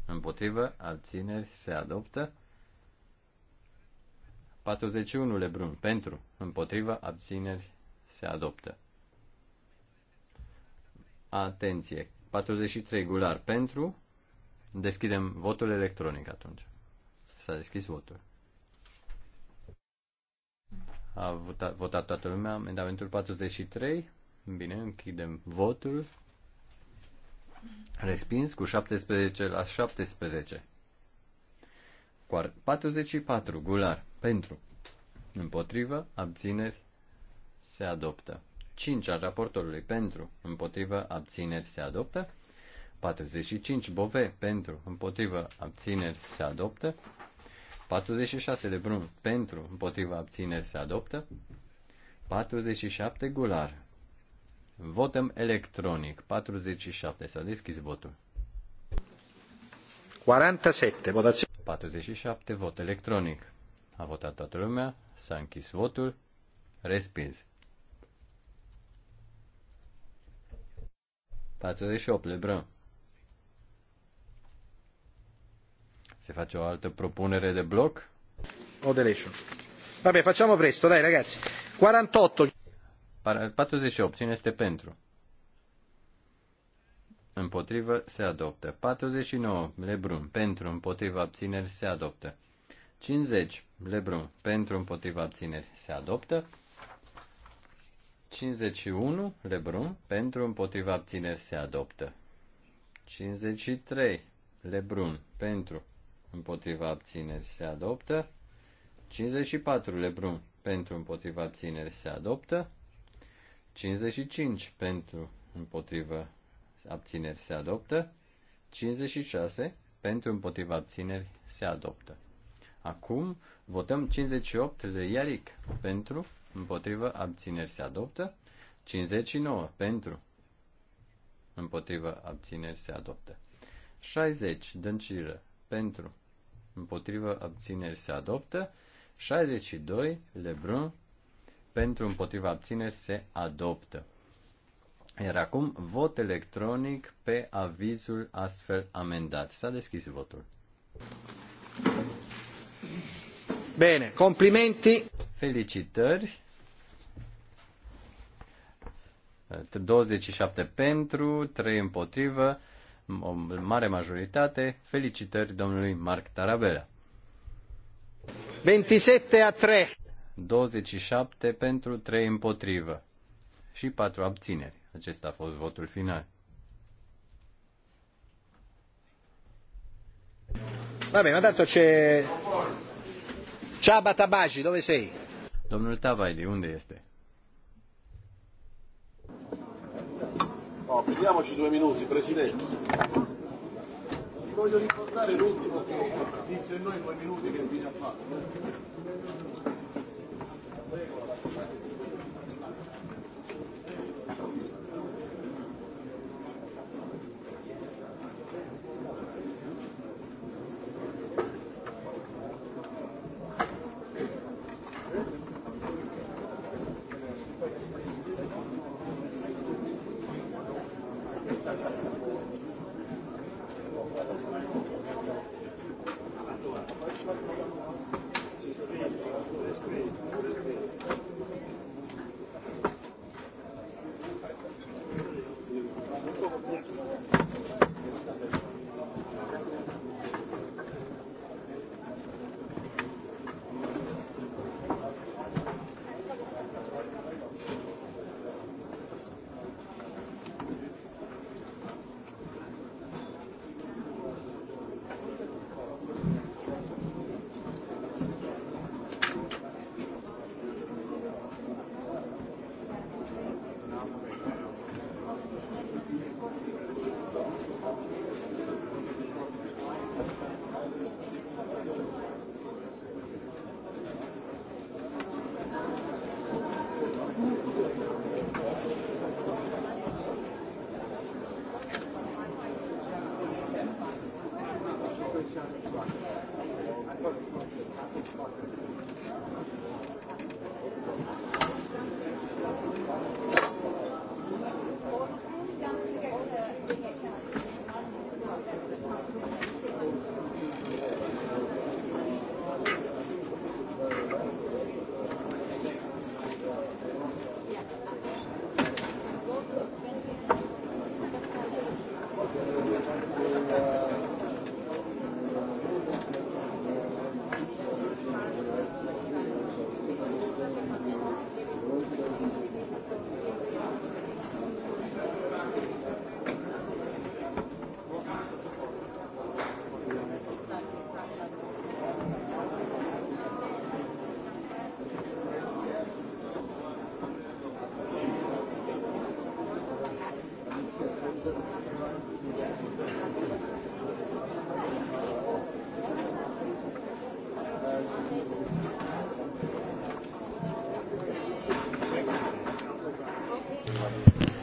împotriva abțineri se adoptă. 41 Lebrun pentru împotriva abțineri se adoptă. Atenție! 43 Gular pentru. Deschidem votul electronic atunci. S-a deschis votul. A votat, votat toată lumea. Amendamentul 43. Bine, închidem votul. Respins cu 17 la 17. 44. Gular. Pentru. Împotrivă. Abțineri. Se adoptă. 5 al raportorului pentru, împotrivă, abțineri se adoptă. 45 bove pentru, împotrivă, abțineri se adoptă. 46 de brun pentru, împotriva abțineri se adoptă. 47 gular. Votăm electronic. 47. S-a deschis votul. 47. votați. 47. Vot electronic. A votat toată lumea. S-a închis votul. Respins. 48. Lebrun. Se face o altă propunere de bloc? O deletion. Vabbè, facciamo presto, dai ragazzi. 48. 48. Cine este pentru? Împotrivă se adoptă. 49. Lebrun. Pentru împotrivă, abțineri se adoptă. 50. Lebrun. Pentru împotrivă, abțineri se adoptă. 51. Lebrun. Pentru împotrivă, abțineri se adoptă. 53. Lebrun. Pentru împotriva abțineri se adoptă. 54 Lebrun pentru împotriva abțineri se adoptă. 55 pentru împotriva abțineri se adoptă. 56 pentru împotriva abțineri se adoptă. Acum votăm 58 de Iaric pentru împotriva abțineri se adoptă. 59 pentru împotriva abțineri se adoptă. 60 Dăncilă pentru împotrivă, abțineri se adoptă. 62, Lebrun, pentru împotriva abțineri se adoptă. Iar acum vot electronic pe avizul astfel amendat. S-a deschis votul. Bine, complimenti. Felicitări. 27 pentru, 3 împotrivă o mare majoritate. Felicitări domnului Marc Tarabella. 27 a 3. 27 pentru 3 împotrivă și 4 abțineri. Acesta a fost votul final. Vabbè, ma tanto c'è Ciaba Tabagi, dove sei? Domnul Tavaili, unde este? No, prendiamoci due minuti, Presidente. voglio ricordare l'ultimo che disse noi due minuti che viene ha fatto.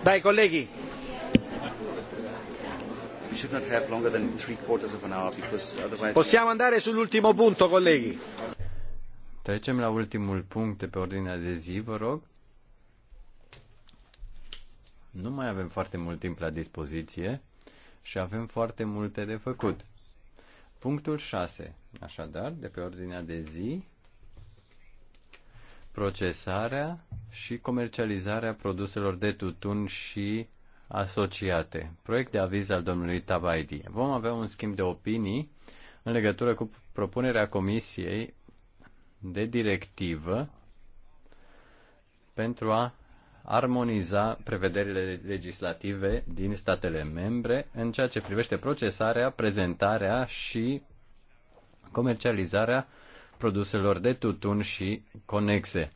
Dai, colleghi. Possiamo andare sull'ultimo punto, colleghi. Trecem la ultimul punct de pe ordinea de zi, vă rog. Nu mai avem foarte mult timp la dispoziție și avem foarte multe de făcut. Punctul 6, așadar, de pe ordinea de zi, procesarea și comercializarea produselor de tutun și asociate. Proiect de aviz al domnului Tabaidi. Vom avea un schimb de opinii în legătură cu propunerea Comisiei de directivă pentru a armoniza prevederile legislative din statele membre în ceea ce privește procesarea, prezentarea și comercializarea produselor de tutun și conexe.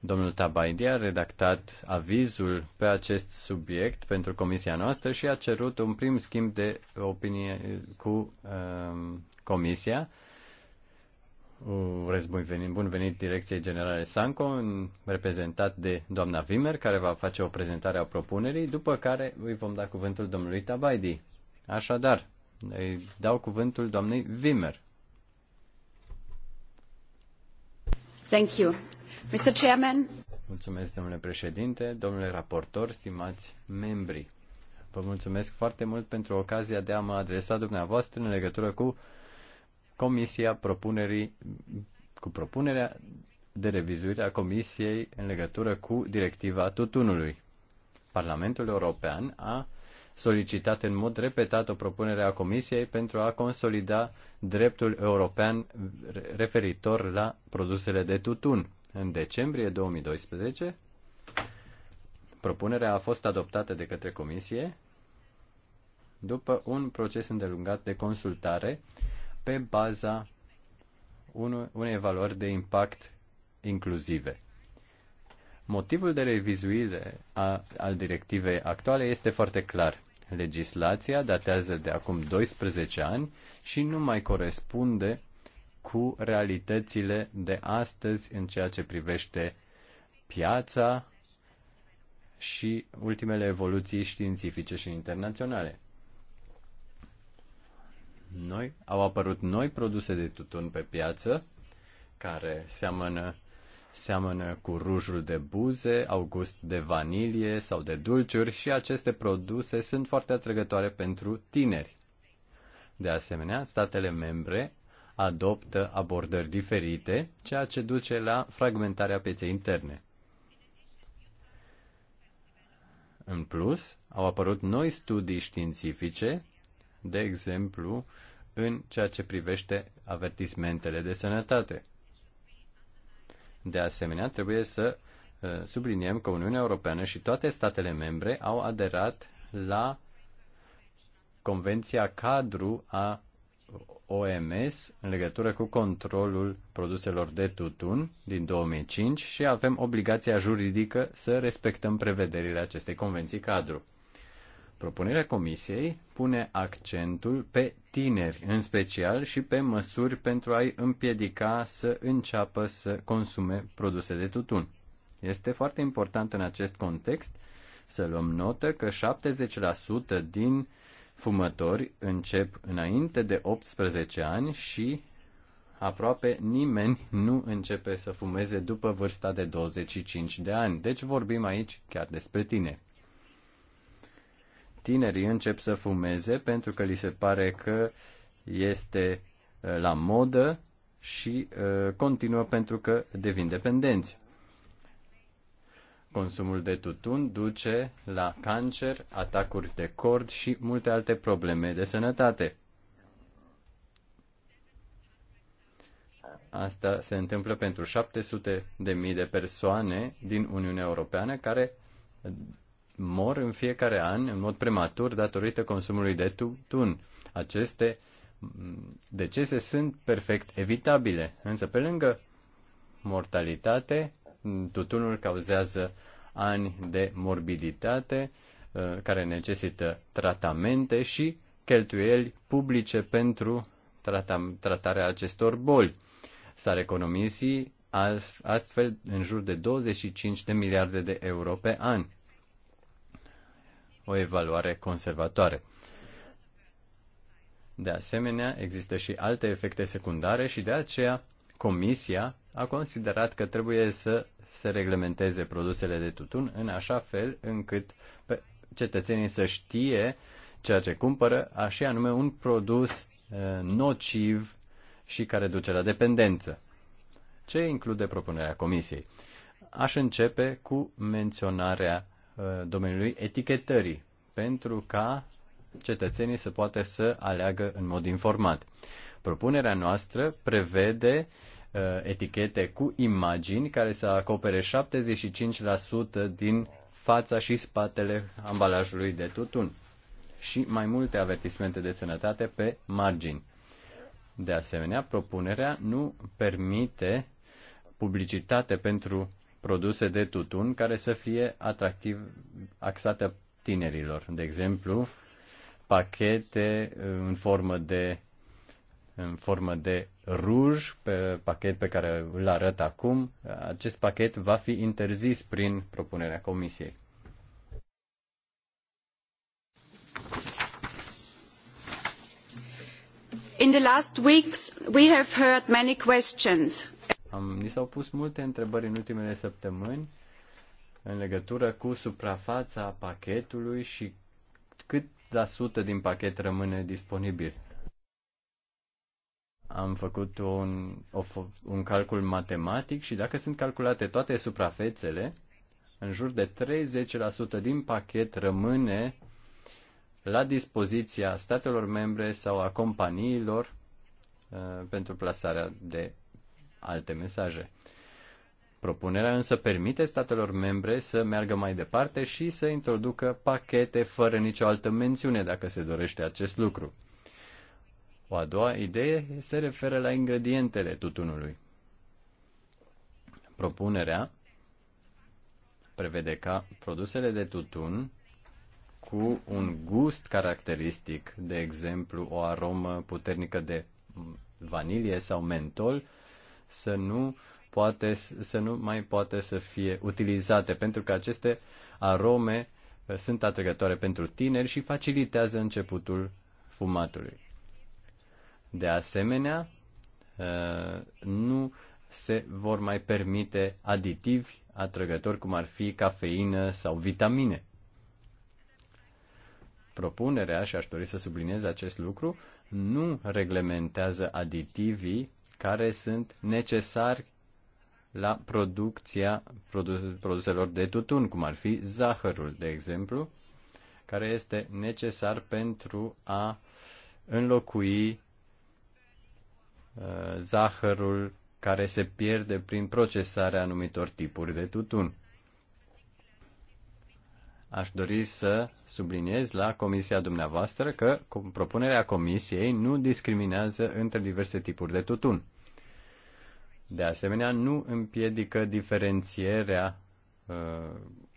Domnul Tabaidi a redactat avizul pe acest subiect pentru comisia noastră și a cerut un prim schimb de opinie cu um, comisia. Urez bun venit, bun venit Direcției Generale Sanco, reprezentat de doamna Vimer, care va face o prezentare a propunerii, după care îi vom da cuvântul domnului Tabaidi. Așadar, îi dau cuvântul doamnei Vimer. Mulțumesc, domnule președinte, domnule raportor, stimați membri. Vă mulțumesc foarte mult pentru ocazia de a mă adresa dumneavoastră în legătură cu Comisia propunerii, cu propunerea de revizuire a Comisiei în legătură cu directiva tutunului. Parlamentul European a solicitat în mod repetat o propunere a Comisiei pentru a consolida dreptul european referitor la produsele de tutun. În decembrie 2012, propunerea a fost adoptată de către Comisie după un proces îndelungat de consultare pe baza unei valori de impact inclusive. Motivul de revizuire a, al directivei actuale este foarte clar. Legislația datează de acum 12 ani și nu mai corespunde cu realitățile de astăzi în ceea ce privește piața și ultimele evoluții științifice și internaționale. Noi, au apărut noi produse de tutun pe piață care seamănă seamănă cu rujul de buze, au gust de vanilie sau de dulciuri și aceste produse sunt foarte atrăgătoare pentru tineri. De asemenea, statele membre adoptă abordări diferite, ceea ce duce la fragmentarea pieței interne. În plus, au apărut noi studii științifice, de exemplu, în ceea ce privește avertismentele de sănătate. De asemenea, trebuie să uh, subliniem că Uniunea Europeană și toate statele membre au aderat la Convenția Cadru a OMS în legătură cu controlul produselor de tutun din 2005 și avem obligația juridică să respectăm prevederile acestei convenții cadru. Propunerea Comisiei pune accentul pe tineri, în special și pe măsuri pentru a-i împiedica să înceapă să consume produse de tutun. Este foarte important în acest context să luăm notă că 70% din fumători încep înainte de 18 ani și aproape nimeni nu începe să fumeze după vârsta de 25 de ani. Deci vorbim aici chiar despre tineri tinerii încep să fumeze pentru că li se pare că este uh, la modă și uh, continuă pentru că devin dependenți. Consumul de tutun duce la cancer, atacuri de cord și multe alte probleme de sănătate. Asta se întâmplă pentru 700 de mii de persoane din Uniunea Europeană care mor în fiecare an în mod prematur datorită consumului de tutun. Aceste mm, decese sunt perfect evitabile, însă pe lângă mortalitate, mm, tutunul cauzează ani de morbiditate uh, care necesită tratamente și cheltuieli publice pentru tratarea acestor boli. S-ar economisi astfel în jur de 25 de miliarde de euro pe an o evaluare conservatoare. De asemenea, există și alte efecte secundare și de aceea Comisia a considerat că trebuie să se reglementeze produsele de tutun în așa fel încât cetățenii să știe ceea ce cumpără, așa anume un produs uh, nociv și care duce la dependență. Ce include propunerea Comisiei? Aș începe cu menționarea Uh, domeniului etichetării, pentru ca cetățenii să poată să aleagă în mod informat. Propunerea noastră prevede uh, etichete cu imagini care să acopere 75% din fața și spatele ambalajului de tutun și mai multe avertismente de sănătate pe margini. De asemenea, propunerea nu permite publicitate pentru produse de tutun care să fie atractiv axate tinerilor. De exemplu, pachete uh, în formă de în formă de ruj, pe pachet pe care îl arăt acum. Acest pachet va fi interzis prin propunerea comisiei. In the last weeks, we have heard many questions. Am, ni s-au pus multe întrebări în ultimele săptămâni în legătură cu suprafața pachetului și cât la sută din pachet rămâne disponibil. Am făcut un, o, un calcul matematic și dacă sunt calculate toate suprafețele, în jur de 30% din pachet rămâne la dispoziția statelor membre sau a companiilor uh, pentru plasarea de alte mesaje. Propunerea însă permite statelor membre să meargă mai departe și să introducă pachete fără nicio altă mențiune dacă se dorește acest lucru. O a doua idee se referă la ingredientele tutunului. Propunerea prevede ca produsele de tutun cu un gust caracteristic, de exemplu o aromă puternică de vanilie sau mentol, să nu, poate, să nu mai poate să fie utilizate, pentru că aceste arome uh, sunt atrăgătoare pentru tineri și facilitează începutul fumatului. De asemenea, uh, nu se vor mai permite aditivi atrăgători cum ar fi cafeină sau vitamine. Propunerea, și aș dori să subliniez acest lucru, nu reglementează aditivii care sunt necesari la producția produselor de tutun, cum ar fi zahărul, de exemplu, care este necesar pentru a înlocui uh, zahărul care se pierde prin procesarea anumitor tipuri de tutun aș dori să subliniez la comisia dumneavoastră că propunerea comisiei nu discriminează între diverse tipuri de tutun. De asemenea, nu împiedică diferențierea uh,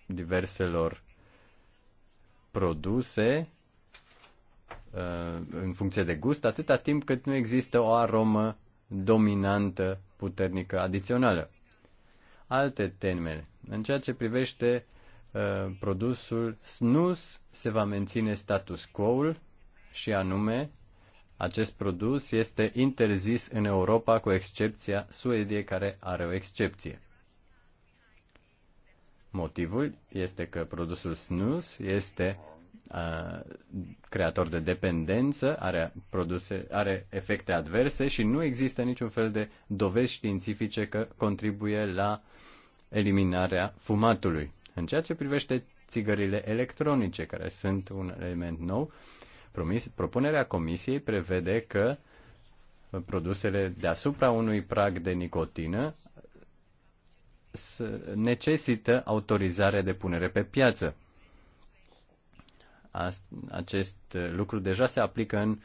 diverselor produse uh, în funcție de gust, atâta timp cât nu există o aromă dominantă, puternică, adițională. Alte teme. În ceea ce privește Uh, produsul SNUS se va menține status quo-ul și anume acest produs este interzis în Europa cu excepția Suediei care are o excepție. Motivul este că produsul snus este uh, creator de dependență, are, produse, are efecte adverse și nu există niciun fel de dovezi științifice că contribuie la eliminarea fumatului. În ceea ce privește țigările electronice, care sunt un element nou, propunerea comisiei prevede că produsele deasupra unui prag de nicotină necesită autorizare de punere pe piață. Acest lucru deja se aplică în,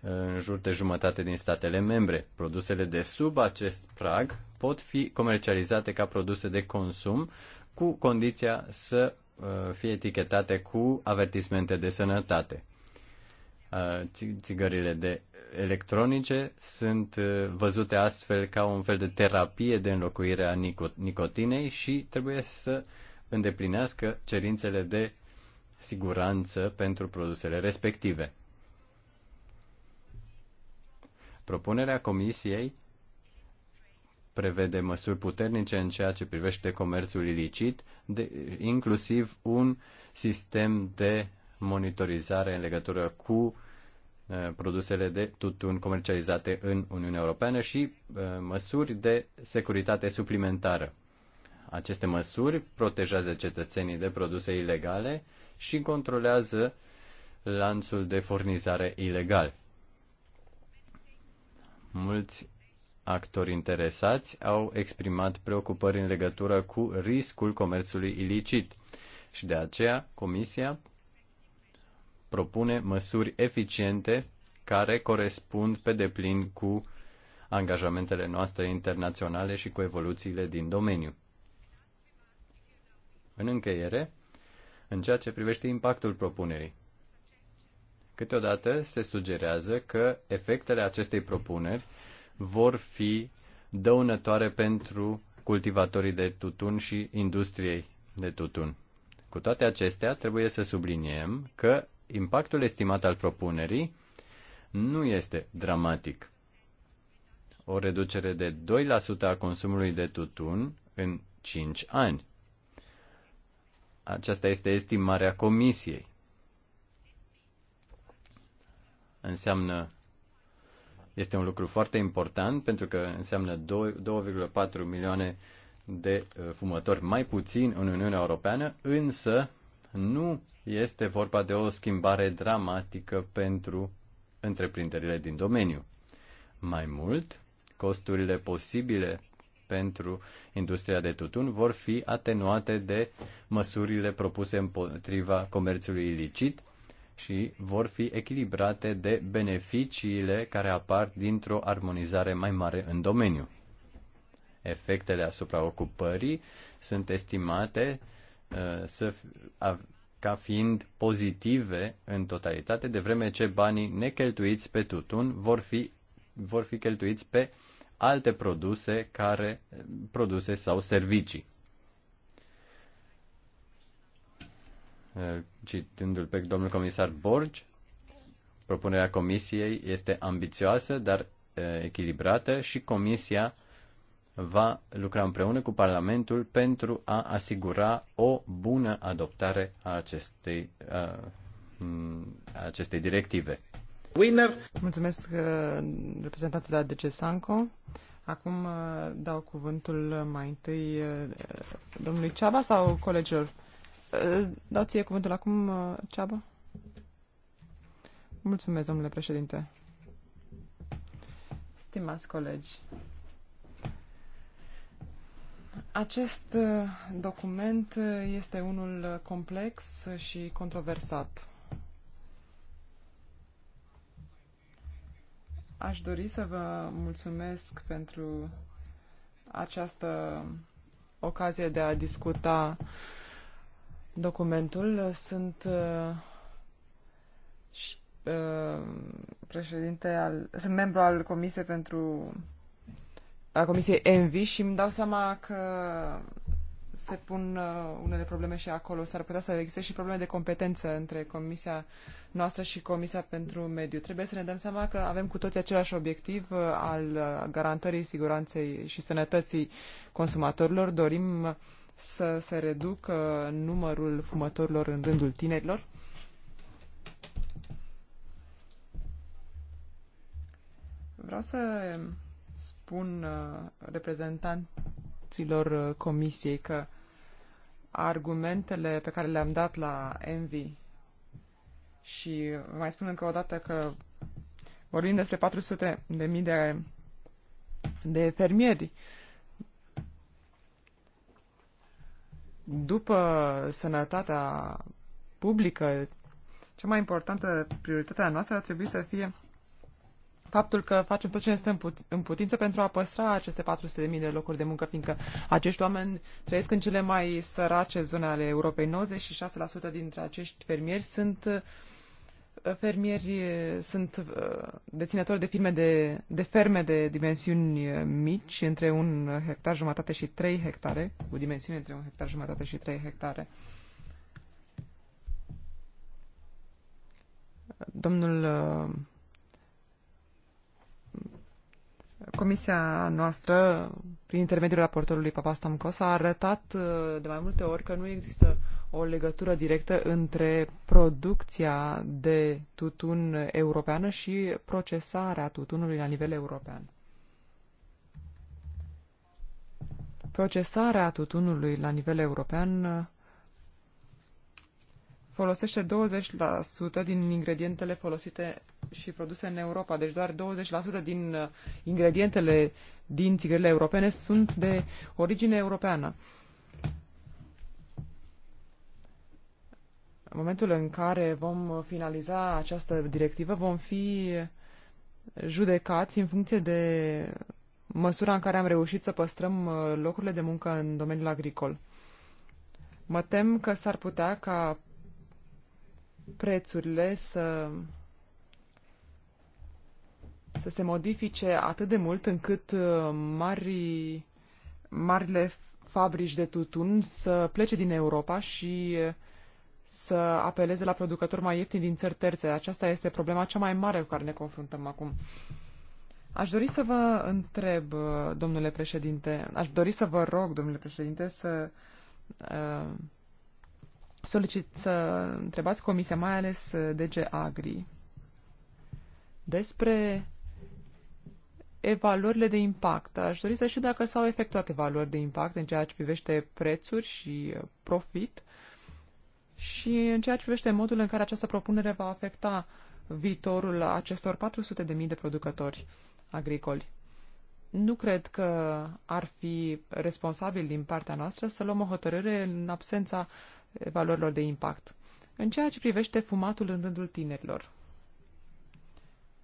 în jur de jumătate din statele membre. Produsele de sub acest prag pot fi comercializate ca produse de consum cu condiția să uh, fie etichetate cu avertismente de sănătate. Uh, țigările de electronice sunt uh, văzute astfel ca un fel de terapie de înlocuire a nicotinei și trebuie să îndeplinească cerințele de siguranță pentru produsele respective. Propunerea Comisiei prevede măsuri puternice în ceea ce privește comerțul ilicit, de, inclusiv un sistem de monitorizare în legătură cu uh, produsele de tutun comercializate în Uniunea Europeană și uh, măsuri de securitate suplimentară. Aceste măsuri protejează cetățenii de produse ilegale și controlează lanțul de furnizare ilegal. Mulți actori interesați au exprimat preocupări în legătură cu riscul comerțului ilicit și de aceea Comisia propune măsuri eficiente care corespund pe deplin cu angajamentele noastre internaționale și cu evoluțiile din domeniu. În încheiere, în ceea ce privește impactul propunerii, câteodată se sugerează că efectele acestei propuneri vor fi dăunătoare pentru cultivatorii de tutun și industriei de tutun. Cu toate acestea, trebuie să subliniem că impactul estimat al propunerii nu este dramatic. O reducere de 2% a consumului de tutun în 5 ani. Aceasta este estimarea comisiei. Înseamnă este un lucru foarte important pentru că înseamnă 2,4 milioane de uh, fumători mai puțin în Uniunea Europeană, însă nu este vorba de o schimbare dramatică pentru întreprinderile din domeniu. Mai mult, costurile posibile pentru industria de tutun vor fi atenuate de măsurile propuse împotriva comerțului ilicit și vor fi echilibrate de beneficiile care apar dintr-o armonizare mai mare în domeniu. Efectele asupra ocupării sunt estimate uh, să, a, ca fiind pozitive în totalitate, de vreme ce banii necheltuiți pe tutun vor fi, vor fi cheltuiți pe alte produse, care, produse sau servicii. Eh, citându-l pe domnul comisar Borgi, propunerea comisiei este ambițioasă, dar eh, echilibrată și comisia va lucra împreună cu Parlamentul pentru a asigura o bună adoptare a acestei, a, a acestei directive. Winner. Mulțumesc eh, reprezentantul de ADC Sanco. Acum dau cuvântul mai întâi domnului Ceaba sau colegilor? Dau ție cuvântul acum, uh, Ceaba. Mulțumesc, domnule președinte. Stimați colegi, acest uh, document uh, este unul complex și controversat. Aș dori să vă mulțumesc pentru această ocazie de a discuta uh, documentul. Sunt uh, uh, președinte al, sunt membru al Comisiei pentru a Comisiei Envi și îmi dau seama că se pun uh, unele probleme și acolo. S-ar putea să existe și probleme de competență între Comisia noastră și Comisia pentru Mediu. Trebuie să ne dăm seama că avem cu toții același obiectiv uh, al uh, garantării siguranței și sănătății consumatorilor. Dorim uh, să se reducă numărul fumătorilor în rândul tinerilor. Vreau să spun uh, reprezentanților uh, comisiei că argumentele pe care le-am dat la Envy și mai spun încă o dată că vorbim despre 400 de mii de, de fermieri după sănătatea publică, cea mai importantă prioritate a noastră ar trebui să fie faptul că facem tot ce ne stă în putință pentru a păstra aceste 400.000 de locuri de muncă, fiindcă acești oameni trăiesc în cele mai sărace zone ale Europei. 96% dintre acești fermieri sunt uh, fermieri eh, sunt eh, deținători de firme de, de ferme de dimensiuni eh, mici, între un hectar jumătate și trei hectare, cu dimensiuni între un hectar jumătate și trei hectare. Domnul Comisia noastră, prin intermediul raportorului Stamcos, a arătat de mai multe ori că nu există o legătură directă între producția de tutun europeană și procesarea tutunului la nivel european. Procesarea tutunului la nivel european uh, folosește 20% din ingredientele folosite și produse în Europa, deci doar 20% din uh, ingredientele din țigările europene sunt de origine europeană. În momentul în care vom finaliza această directivă, vom fi judecați în funcție de măsura în care am reușit să păstrăm uh, locurile de muncă în domeniul agricol. Mă tem că s-ar putea ca prețurile să să se modifice atât de mult încât uh, mari, marile fabrici de tutun să plece din Europa și uh, să apeleze la producători mai ieftini din țări terțe. Aceasta este problema cea mai mare cu care ne confruntăm acum. Aș dori să vă întreb, uh, domnule președinte, aș dori să vă rog, domnule președinte, să uh, solicit să întrebați comisia, mai ales uh, DG Agri, despre evaluările de impact. Aș dori să știu dacă s-au efectuat evaluări de impact în ceea ce privește prețuri și uh, profit uh, și în ceea ce privește modul în care această propunere va afecta viitorul acestor 400.000 de producători agricoli. Nu cred că ar fi responsabil din partea noastră să luăm o hotărâre în absența valorilor de impact. În ceea ce privește fumatul în rândul tinerilor,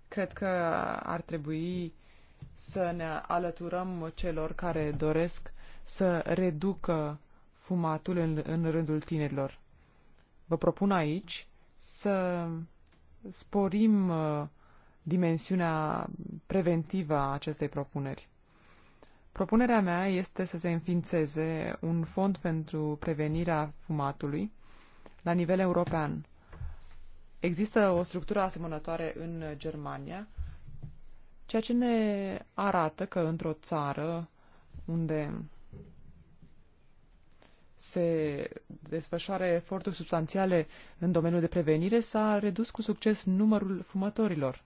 cred că ar trebui să ne alăturăm celor care doresc să reducă fumatul în, în rândul tinerilor vă propun aici să sporim uh, dimensiunea preventivă a acestei propuneri. Propunerea mea este să se înființeze un fond pentru prevenirea fumatului la nivel european. Există o structură asemănătoare în Germania, ceea ce ne arată că într-o țară unde se desfășoare eforturi substanțiale în domeniul de prevenire, s-a redus cu succes numărul fumătorilor.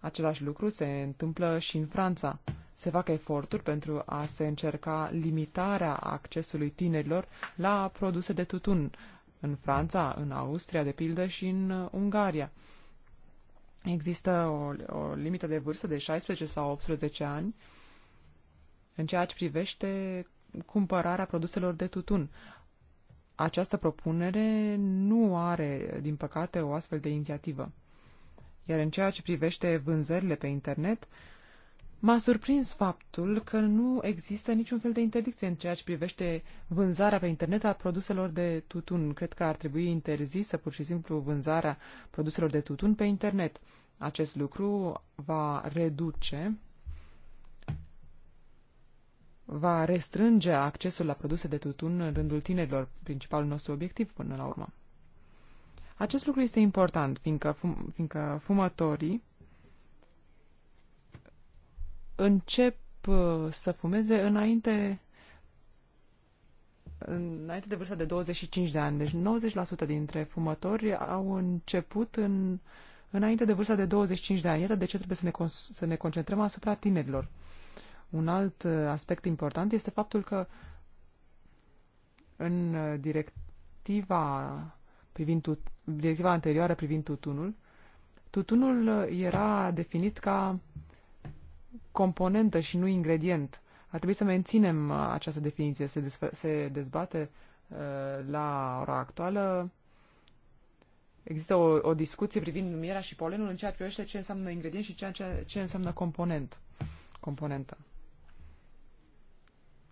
Același lucru se întâmplă și în Franța. Se fac eforturi pentru a se încerca limitarea accesului tinerilor la produse de tutun în Franța, în Austria, de pildă, și în Ungaria. Există o, o limită de vârstă de 16 sau 18 ani în ceea ce privește cumpărarea produselor de tutun. Această propunere nu are, din păcate, o astfel de inițiativă. Iar în ceea ce privește vânzările pe internet, m-a surprins faptul că nu există niciun fel de interdicție în ceea ce privește vânzarea pe internet a produselor de tutun. Cred că ar trebui interzisă pur și simplu vânzarea produselor de tutun pe internet. Acest lucru va reduce va restrânge accesul la produse de tutun în rândul tinerilor, principalul nostru obiectiv până la urmă. Acest lucru este important, fiindcă, fum, fiindcă fumătorii încep uh, să fumeze înainte înainte de vârsta de 25 de ani. Deci 90% dintre fumători au început în, înainte de vârsta de 25 de ani. Iată de ce trebuie să ne, să ne concentrăm asupra tinerilor. Un alt uh, aspect important este faptul că în uh, directiva, privind tut, directiva anterioară privind tutunul, tutunul uh, era definit ca componentă și nu ingredient. Ar trebui să menținem această definiție. Se, dezf- se dezbate uh, la ora actuală. Există o, o discuție privind numirea și polenul în ceea ce privește ce înseamnă ingredient și ceea ce, ce înseamnă component, componentă.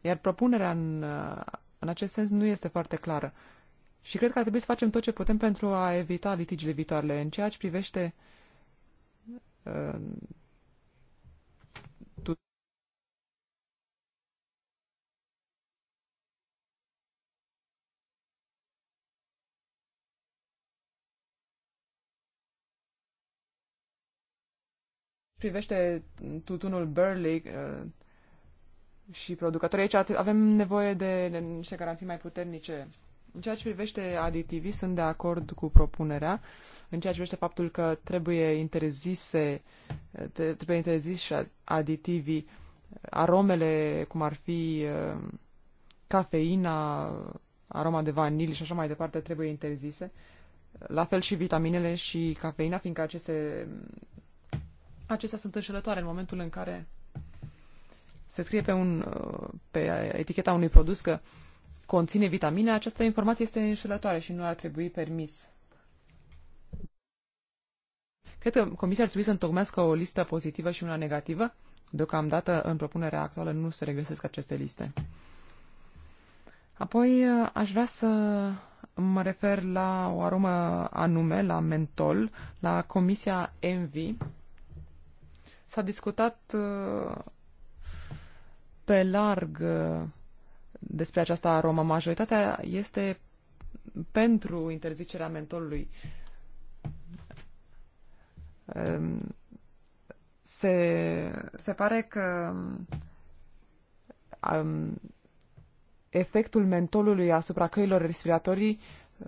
Iar propunerea în, uh, în acest sens nu este foarte clară. Și cred că ar trebui să facem tot ce putem pentru a evita litigiile viitoare. În ceea ce privește uh, privește tutunul Burley, uh, și producători. Aici avem nevoie de niște garanții mai puternice. În ceea ce privește aditivii, sunt de acord cu propunerea. În ceea ce privește faptul că trebuie interzise, trebuie interzis și aditivii, aromele cum ar fi uh, cafeina, aroma de vanilie, și așa mai departe trebuie interzise. La fel și vitaminele și cafeina, fiindcă aceste, acestea sunt înșelătoare în momentul în care se scrie pe, un, uh, pe eticheta unui produs că conține vitamine, această informație este înșelătoare și nu ar trebui permis. Cred că Comisia ar trebui să întocmească o listă pozitivă și una negativă. Deocamdată, în propunerea actuală, nu se regăsesc aceste liste. Apoi, uh, aș vrea să mă refer la o aromă anume, la mentol, la Comisia Envi. S-a discutat uh, pe larg uh, despre această aromă. Majoritatea este pentru interzicerea mentolului. Um, se, se pare că um, efectul mentolului asupra căilor respiratorii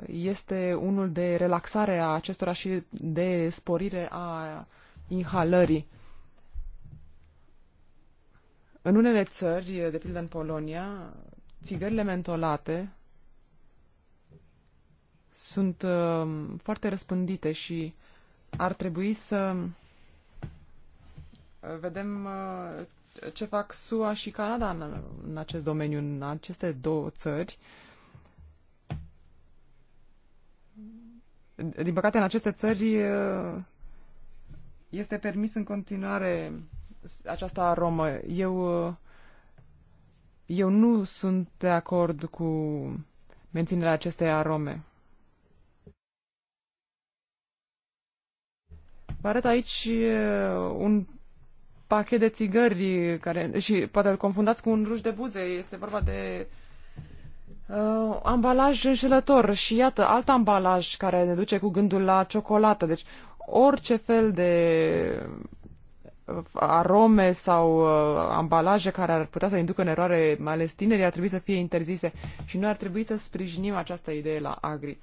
este unul de relaxare a acestora și de sporire a inhalării. În unele țări, de pildă în Polonia, țigările mentolate sunt uh, foarte răspândite și ar trebui să uh, vedem uh, ce fac SUA și Canada în, în acest domeniu, în aceste două țări. Din păcate, în aceste țări uh, este permis în continuare această aromă. Eu, eu nu sunt de acord cu menținerea acestei arome. Vă arăt aici uh, un pachet de țigări care, și poate îl confundați cu un ruj de buze. Este vorba de uh, ambalaj înșelător și iată alt ambalaj care ne duce cu gândul la ciocolată. Deci orice fel de arome sau uh, ambalaje care ar putea să inducă în eroare, mai ales tinerii, ar trebui să fie interzise și noi ar trebui să sprijinim această idee la Agri.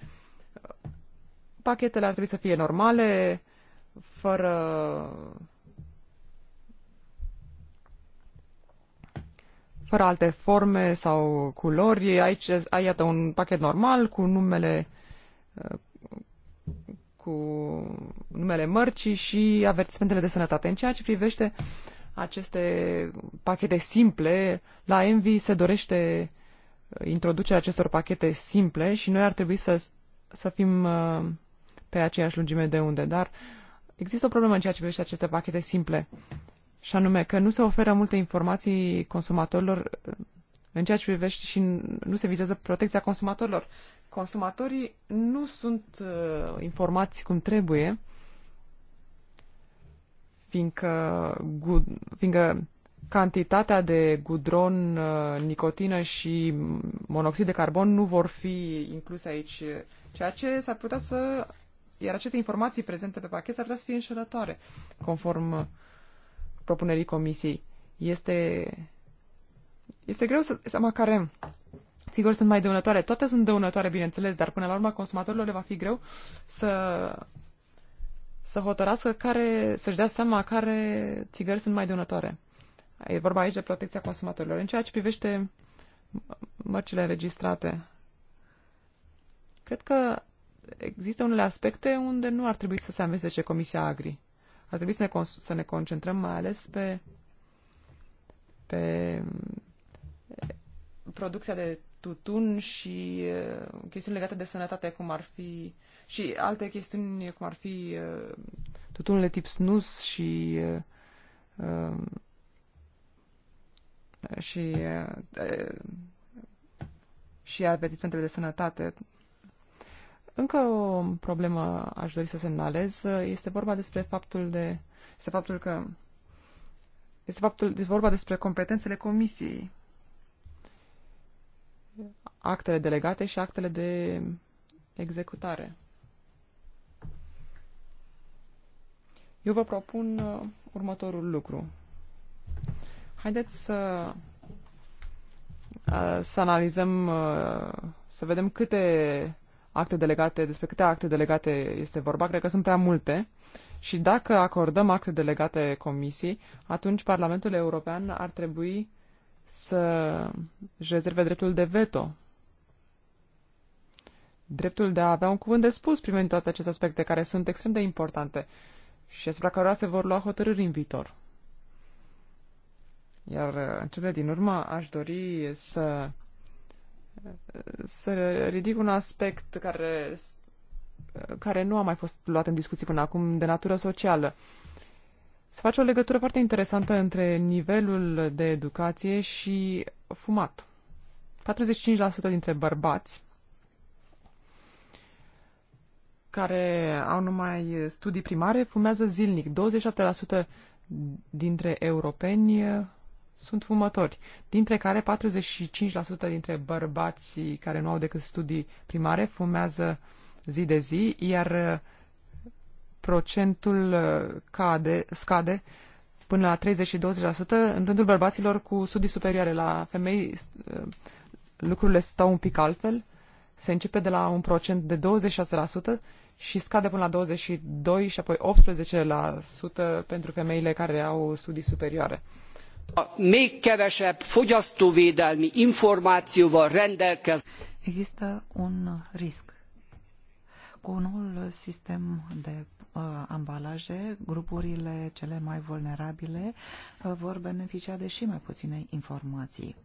Pachetele ar trebui să fie normale, fără fără alte forme sau culori. Aici ai, iată, un pachet normal cu numele uh, cu numele mărcii și avertismentele de sănătate. În ceea ce privește aceste pachete simple, la Envy se dorește uh, introducerea acestor pachete simple și noi ar trebui să, să fim uh, pe aceeași lungime de unde. Dar există o problemă în ceea ce privește aceste pachete simple, și anume că nu se oferă multe informații consumatorilor uh, în ceea ce privește și nu se vizează protecția consumatorilor consumatorii nu sunt uh, informați cum trebuie, fiindcă, gud, fiindcă cantitatea de gudron, uh, nicotină și monoxid de carbon nu vor fi incluse aici, ceea ce s-ar putea să... Iar aceste informații prezente pe pachet s-ar putea să fie înșelătoare, conform uh, propunerii comisiei. Este, este greu să să care sigur sunt mai dăunătoare. Toate sunt dăunătoare, bineînțeles, dar până la urmă consumatorilor le va fi greu să să hotărască care, să-și dea seama care țigări sunt mai dăunătoare. E vorba aici de protecția consumatorilor. În ceea ce privește mărcile înregistrate, cred că există unele aspecte unde nu ar trebui să se amestece Comisia Agri. Ar trebui să ne, să ne concentrăm mai ales pe, pe producția de tutun și uh, chestiuni legate de sănătate, cum ar fi și alte chestiuni, cum ar fi uh, tutunele tip snus și uh, și și avertismentele de sănătate. Încă o problemă aș dori să semnalez este vorba despre faptul de este faptul că este faptul este vorba despre competențele comisiei actele delegate și actele de executare. Eu vă propun uh, următorul lucru. Haideți să, uh, să analizăm, uh, să vedem câte acte delegate, despre câte acte delegate este vorba. Cred că sunt prea multe. Și dacă acordăm acte delegate comisiei, atunci Parlamentul European ar trebui să își rezerve dreptul de veto dreptul de a avea un cuvânt de spus privind toate aceste aspecte care sunt extrem de importante și asupra cărora se vor lua hotărâri în viitor. Iar uh, în cele din urmă aș dori să, uh, să ridic un aspect care, uh, care nu a mai fost luat în discuții până acum de natură socială. Se face o legătură foarte interesantă între nivelul de educație și fumat. 45% dintre bărbați care au numai studii primare fumează zilnic. 27% dintre europeni uh, sunt fumători, dintre care 45% dintre bărbații care nu au decât studii primare fumează zi de zi, iar uh, procentul uh, cade, scade până la 30 20% în rândul bărbaților cu studii superioare. La femei lucrurile stau un pic altfel. Se începe de la un procent de 26% și scade până la 22 și apoi 18% pentru femeile care au studii superioare. még kevesebb fogyasztóvédelmi információval Există un risc. Cu nou sistem de uh, ambalaje, grupurile cele mai vulnerabile uh, vor beneficia de și mai puține informații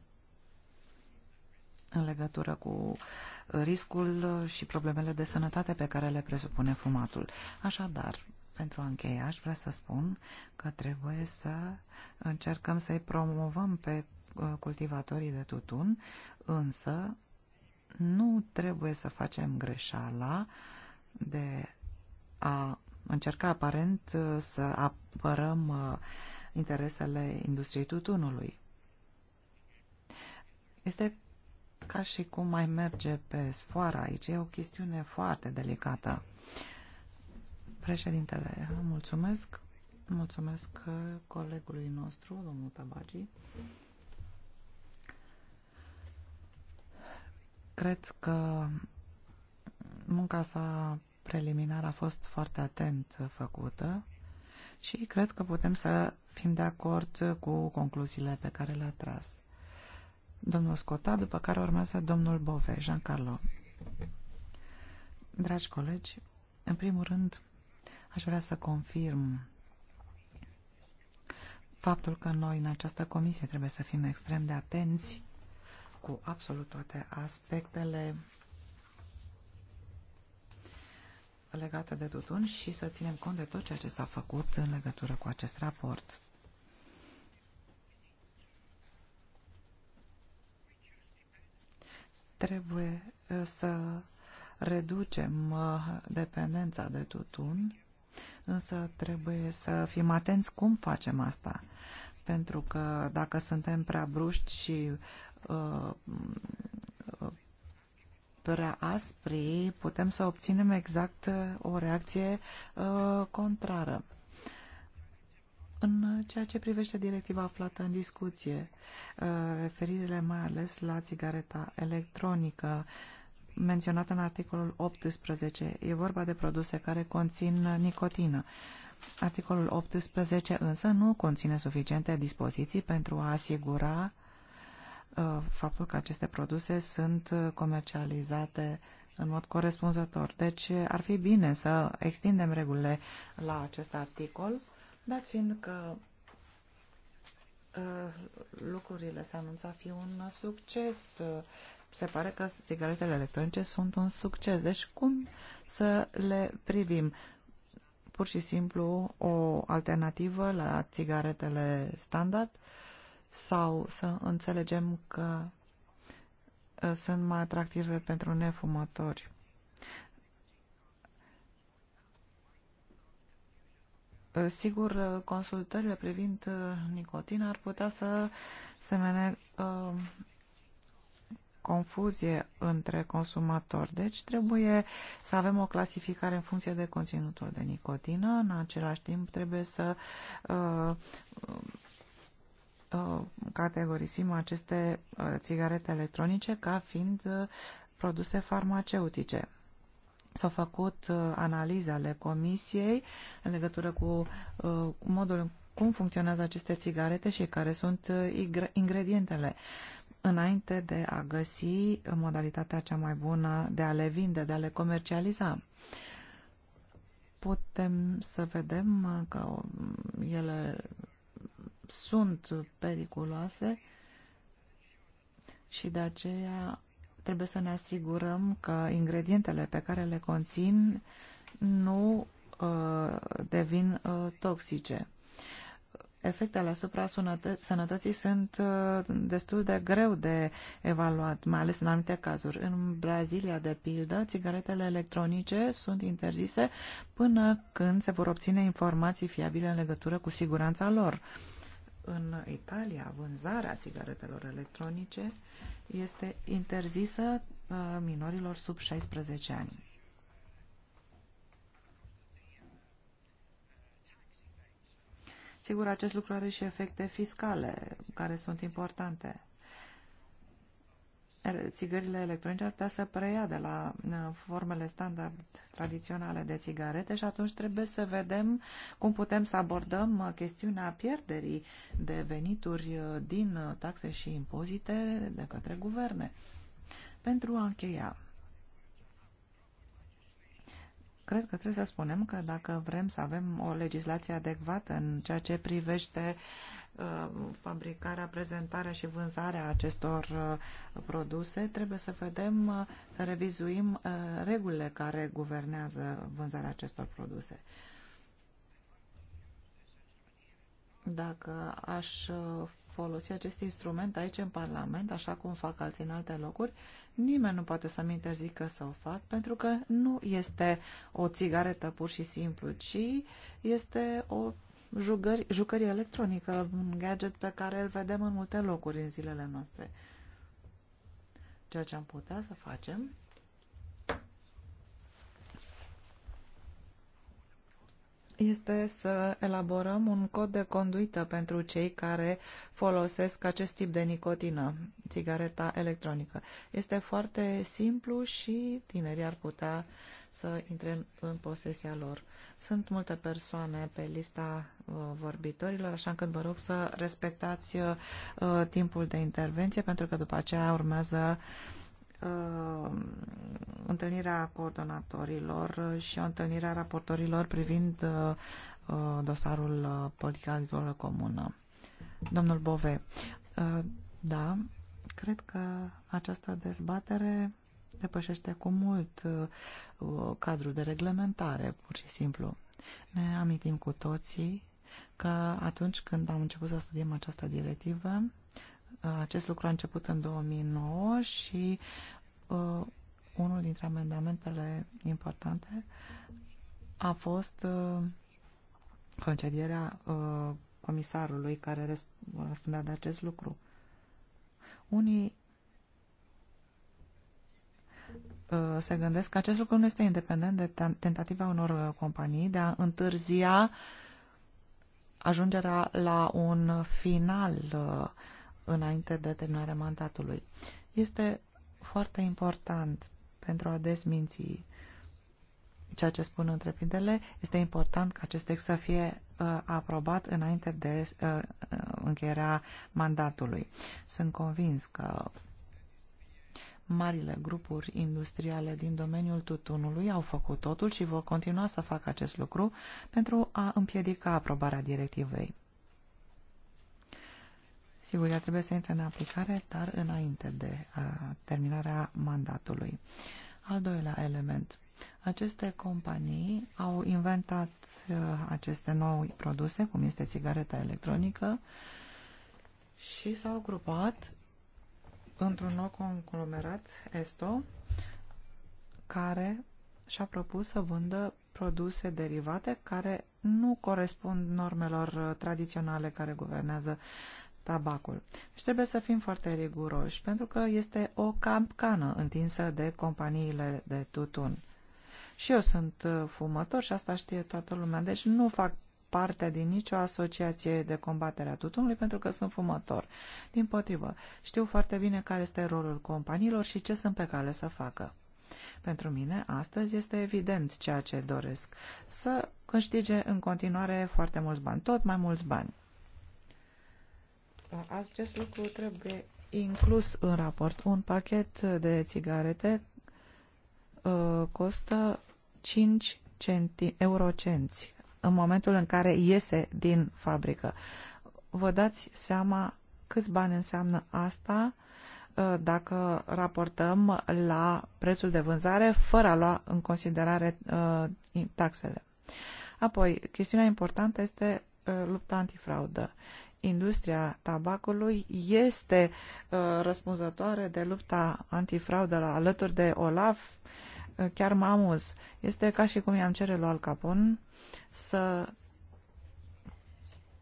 în legătură cu riscul și problemele de sănătate pe care le presupune fumatul. Așadar, pentru a încheia, aș vrea să spun că trebuie să încercăm să-i promovăm pe uh, cultivatorii de tutun, însă nu trebuie să facem greșeala de a încerca aparent uh, să apărăm uh, interesele industriei tutunului. Este ca și cum mai merge pe sfoară aici. E o chestiune foarte delicată. Președintele, mulțumesc. Mulțumesc colegului nostru, domnul Tabagi. Cred că munca sa preliminară a fost foarte atent făcută și cred că putem să fim de acord cu concluziile pe care le-a tras domnul Scota, după care urmează domnul Bove, jean Carlo. Dragi colegi, în primul rând aș vrea să confirm faptul că noi în această comisie trebuie să fim extrem de atenți cu absolut toate aspectele legate de tutun și să ținem cont de tot ceea ce s-a făcut în legătură cu acest raport. Trebuie să reducem dependența de tutun, însă trebuie să fim atenți cum facem asta. Pentru că dacă suntem prea bruști și prea aspri, putem să obținem exact o reacție contrară. În ceea ce privește directiva aflată în discuție, uh, referirile mai ales la țigareta electronică, menționată în articolul 18, e vorba de produse care conțin nicotină. Articolul 18 însă nu conține suficiente dispoziții pentru a asigura uh, faptul că aceste produse sunt comercializate în mod corespunzător. Deci ar fi bine să extindem regulile la acest articol dat fiind că uh, lucrurile se anunța a fi un succes. Uh, se pare că țigaretele electronice sunt un succes. Deci cum să le privim? Pur și simplu o alternativă la țigaretele standard sau să înțelegem că uh, sunt mai atractive pentru nefumători? Sigur, consultările privind uh, nicotina ar putea să semene uh, confuzie între consumatori. Deci trebuie să avem o clasificare în funcție de conținutul de nicotină. În același timp trebuie să uh, uh, categorisim aceste uh, țigarete electronice ca fiind uh, produse farmaceutice. S-au făcut uh, analize ale comisiei în legătură cu uh, modul în cum funcționează aceste țigarete și care sunt uh, ingredientele înainte de a găsi modalitatea cea mai bună de a le vinde, de a le comercializa. Putem să vedem că um, ele sunt periculoase și de aceea Trebuie să ne asigurăm că ingredientele pe care le conțin nu uh, devin uh, toxice. Efectele asupra sănătății sunt uh, destul de greu de evaluat, mai ales în anumite cazuri. În Brazilia, de pildă, țigaretele electronice sunt interzise până când se vor obține informații fiabile în legătură cu siguranța lor. Uh, în Italia, vânzarea țigaretelor electronice este interzisă uh, minorilor sub 16 ani. Sigur, acest lucru are și efecte fiscale care sunt importante țigările electronice ar putea să preia de la uh, formele standard tradiționale de țigarete și atunci trebuie să vedem cum putem să abordăm uh, chestiunea pierderii de venituri uh, din taxe și impozite de către guverne. Pentru a încheia, cred că trebuie să spunem că dacă vrem să avem o legislație adecvată în ceea ce privește Uh, fabricarea, prezentarea și vânzarea acestor uh, produse, trebuie să vedem, uh, să revizuim regulile care guvernează vânzarea acestor produse. Dacă aș folosi acest instrument aici în Parlament, așa cum fac alții în alte locuri, nimeni nu poate să-mi interzică să o fac, pentru că nu este o țigaretă pur și simplu, ci este o jucări, jucării electronică, un gadget pe care îl vedem în multe locuri în zilele noastre. Ceea ce am putea să facem este să elaborăm un cod de conduită pentru cei care folosesc acest tip de nicotină, țigareta electronică. Este foarte simplu și tinerii ar putea să intre în posesia lor. Sunt multe persoane pe lista uh, vorbitorilor, așa încât vă rog să respectați uh, timpul de intervenție, pentru că după aceea urmează uh, Uh, întâlnirea coordonatorilor și o întâlnire a raportorilor privind uh, uh, dosarul politică agricolă comună. Domnul Bove, da, cred că această dezbatere depășește cu mult cadrul de reglementare, pur și simplu. Ne amintim cu toții că atunci când am început să studiem această directivă, acest lucru a început în 2009 și uh, unul dintre amendamentele importante a fost uh, concedierea uh, comisarului care răspundea de acest lucru. Unii uh, se gândesc că acest lucru nu este independent de tentativa unor uh, companii de a întârzia ajungerea la un final uh, înainte de terminarea mandatului. Este foarte important pentru a desminți ceea ce spun întreprinderile, este important ca acest text să fie uh, aprobat înainte de uh, uh, încheierea mandatului. Sunt convins că marile grupuri industriale din domeniul tutunului au făcut totul și vor continua să facă acest lucru pentru a împiedica aprobarea directivei. Sigur, ea trebuie să intre în aplicare, dar înainte de uh, terminarea mandatului. Al doilea element. Aceste companii au inventat uh, aceste noi produse, cum este țigareta electronică, și s-au grupat într-un nou conglomerat, Esto, care și-a propus să vândă produse derivate care nu corespund normelor tradiționale care guvernează tabacul. Și trebuie să fim foarte riguroși, pentru că este o campcană întinsă de companiile de tutun. Și eu sunt uh, fumător și asta știe toată lumea, deci nu fac parte din nicio asociație de combatere a tutunului pentru că sunt fumător. Din potrivă, știu foarte bine care este rolul companiilor și ce sunt pe cale să facă. Pentru mine, astăzi este evident ceea ce doresc, să câștige în continuare foarte mulți bani, tot mai mulți bani acest lucru trebuie inclus în raport. Un pachet de țigarete uh, costă 5 centi, eurocenți în momentul în care iese din fabrică. Vă dați seama câți bani înseamnă asta uh, dacă raportăm la prețul de vânzare fără a lua în considerare uh, taxele. Apoi, chestiunea importantă este lupta antifraudă industria tabacului este uh, răspunzătoare de lupta antifraudă alături de OLAF, uh, chiar mă amuz. Este ca și cum i-am cere lui Al Capone să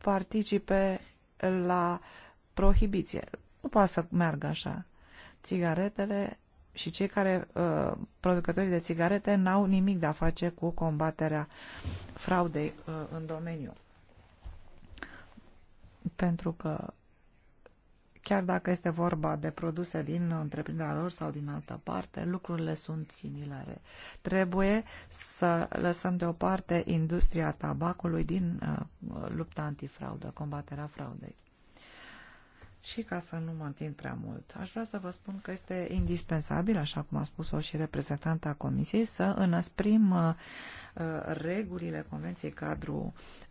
participe la prohibiție. Nu poate să meargă așa. Țigaretele și cei care, uh, producătorii de țigarete, n-au nimic de a face cu combaterea fraudei uh, în domeniu pentru că chiar dacă este vorba de produse din întreprinderea lor sau din altă parte, lucrurile sunt similare. Trebuie să lăsăm deoparte industria tabacului din uh, lupta antifraudă, combaterea fraudei. Și ca să nu mă întind prea mult, aș vrea să vă spun că este indispensabil, așa cum a spus-o și reprezentanta Comisiei, să înăsprim uh, uh regulile Convenției Cadru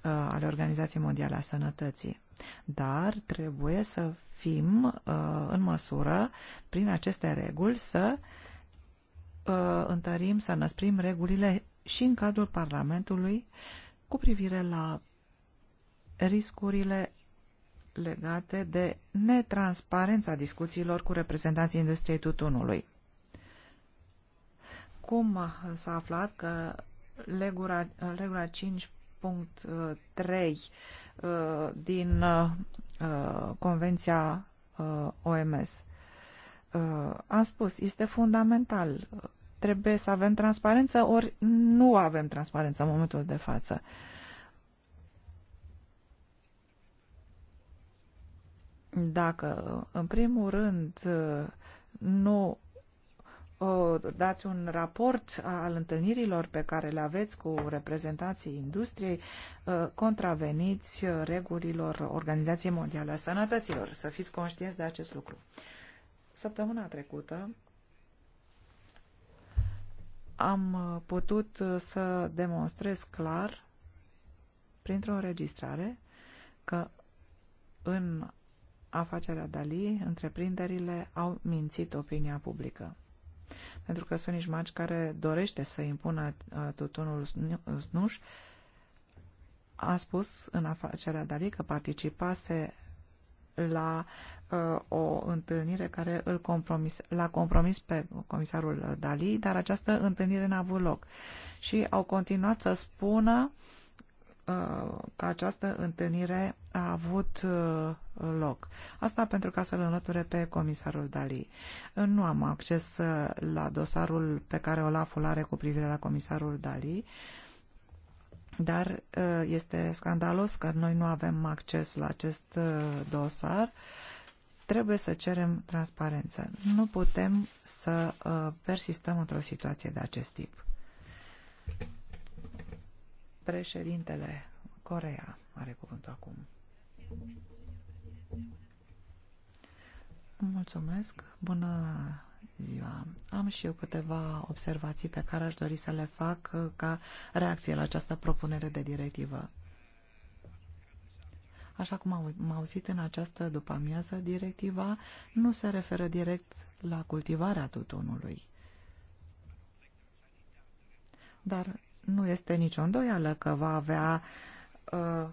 uh, ale Organizației Mondiale a Sănătății dar trebuie să fim uh, în măsură, prin aceste reguli, să uh, întărim, să năsprim regulile și în cadrul Parlamentului cu privire la riscurile legate de netransparența discuțiilor cu reprezentanții industriei tutunului. Cum s-a aflat că legura, legura 5 punct 3 uh, uh, din uh, Convenția OMS. Am spus, este fundamental. Trebuie să avem transparență, ori nu avem transparență în momentul de față. Dacă, în primul rând, nu dați un raport al întâlnirilor pe care le aveți cu reprezentanții industriei, uh, contraveniți regulilor Organizației Mondiale a Sănătăților. Să fiți conștienți de acest lucru. Săptămâna trecută am putut să demonstrez clar printr-o înregistrare că în afacerea Dali, întreprinderile au mințit opinia publică. Pentru că sunt Ișmaci care dorește să impună uh, tutunul snuș, a spus în afacerea Dali că participase la uh, o întâlnire care îl compromis, l-a compromis pe comisarul Dali, dar această întâlnire n-a avut loc. Și au continuat să spună uh, Uh, că această întâlnire a avut uh, loc. Asta pentru ca să-l înlăture pe comisarul Dali. Uh, nu am acces la dosarul pe care Olaful are cu privire la comisarul Dali, dar este scandalos că noi nu avem acces la acest dosar. Trebuie să cerem transparență. Nu putem să persistăm într-o situație de acest tip. Președintele Corea are cuvântul acum. Mulțumesc. Bună ziua. Am și eu câteva observații pe care aș dori să le fac ca reacție la această propunere de directivă. Așa cum am auzit în această după-amiază, directiva nu se referă direct la cultivarea tutunului. Dar nu este nicio îndoială că va avea uh,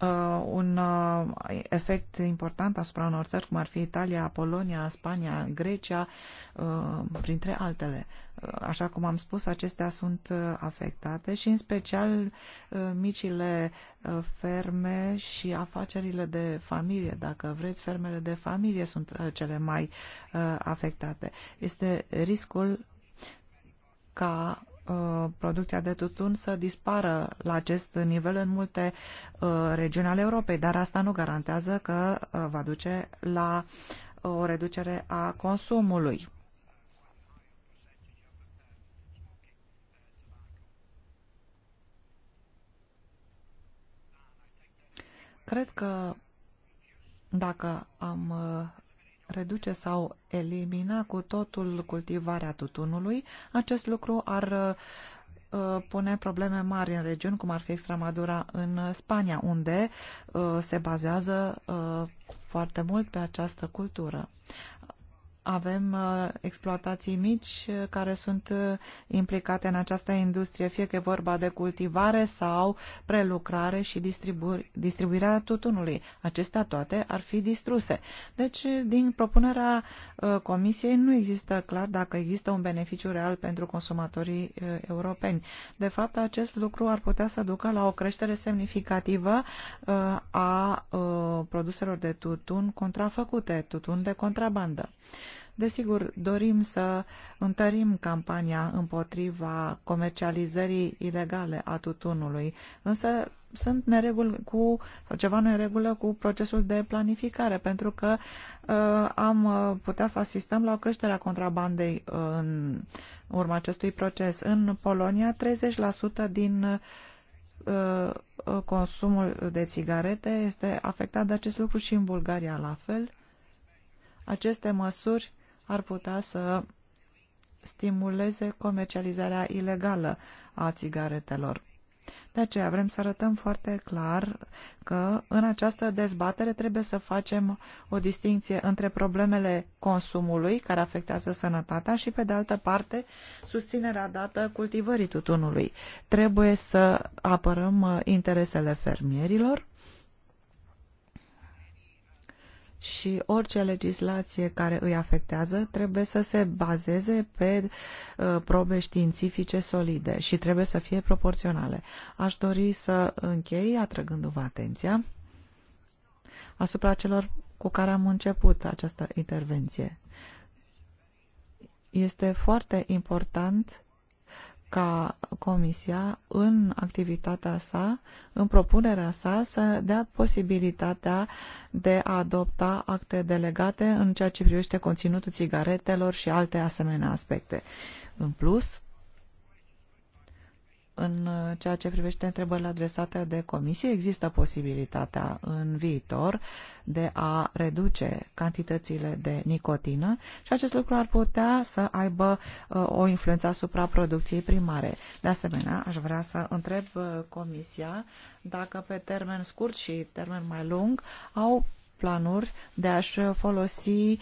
uh, un uh, efect important asupra unor țări, cum ar fi Italia, Polonia, Spania, Grecia, uh, printre altele. Uh, așa cum am spus, acestea sunt uh, afectate și în special uh, micile uh, ferme și afacerile de familie. Dacă vreți, fermele de familie sunt uh, cele mai uh, afectate. Este riscul ca uh, producția de tutun să dispară la acest nivel în multe uh, regiuni ale Europei, dar asta nu garantează că uh, va duce la o reducere a consumului. Cred că dacă am reduce sau elimina cu totul cultivarea tutunului, acest lucru ar uh, pune probleme mari în regiuni, cum ar fi Extremadura în Spania, unde uh, se bazează uh, foarte mult pe această cultură avem uh, exploatații mici uh, care sunt uh, implicate în această industrie, fie că e vorba de cultivare sau prelucrare și distribu distribuirea tutunului. Acestea toate ar fi distruse. Deci, din propunerea Comisiei nu există clar dacă există un beneficiu real pentru consumatorii europeni. De fapt, acest lucru ar putea să ducă la o creștere semnificativă a produselor de tutun contrafăcute, tutun de contrabandă. Desigur, dorim să întărim campania împotriva comercializării ilegale a tutunului, însă sunt neregul cu, sau ceva nu în regulă cu procesul de planificare, pentru că uh, am uh, putea să asistăm la o creștere a contrabandei uh, în urma acestui proces. În Polonia, 30% din uh, uh, consumul de țigarete este afectat de acest lucru și în Bulgaria la fel. Aceste măsuri ar putea să stimuleze comercializarea ilegală a țigaretelor. De aceea vrem să arătăm foarte clar că în această dezbatere trebuie să facem o distinție între problemele consumului, care afectează sănătatea, și pe de altă parte susținerea dată cultivării tutunului. Trebuie să apărăm interesele fermierilor, și orice legislație care îi afectează trebuie să se bazeze pe uh, probe științifice solide și trebuie să fie proporționale. Aș dori să închei atrăgându-vă atenția asupra celor cu care am început această intervenție. Este foarte important ca Comisia în activitatea sa, în propunerea sa, să dea posibilitatea de a adopta acte delegate în ceea ce privește conținutul țigaretelor și alte asemenea aspecte. În plus, în ceea ce privește întrebările adresate de comisie, există posibilitatea în viitor de a reduce cantitățile de nicotină și acest lucru ar putea să aibă uh, o influență asupra producției primare. De asemenea, aș vrea să întreb uh, comisia dacă pe termen scurt și termen mai lung au planuri de a-și folosi uh,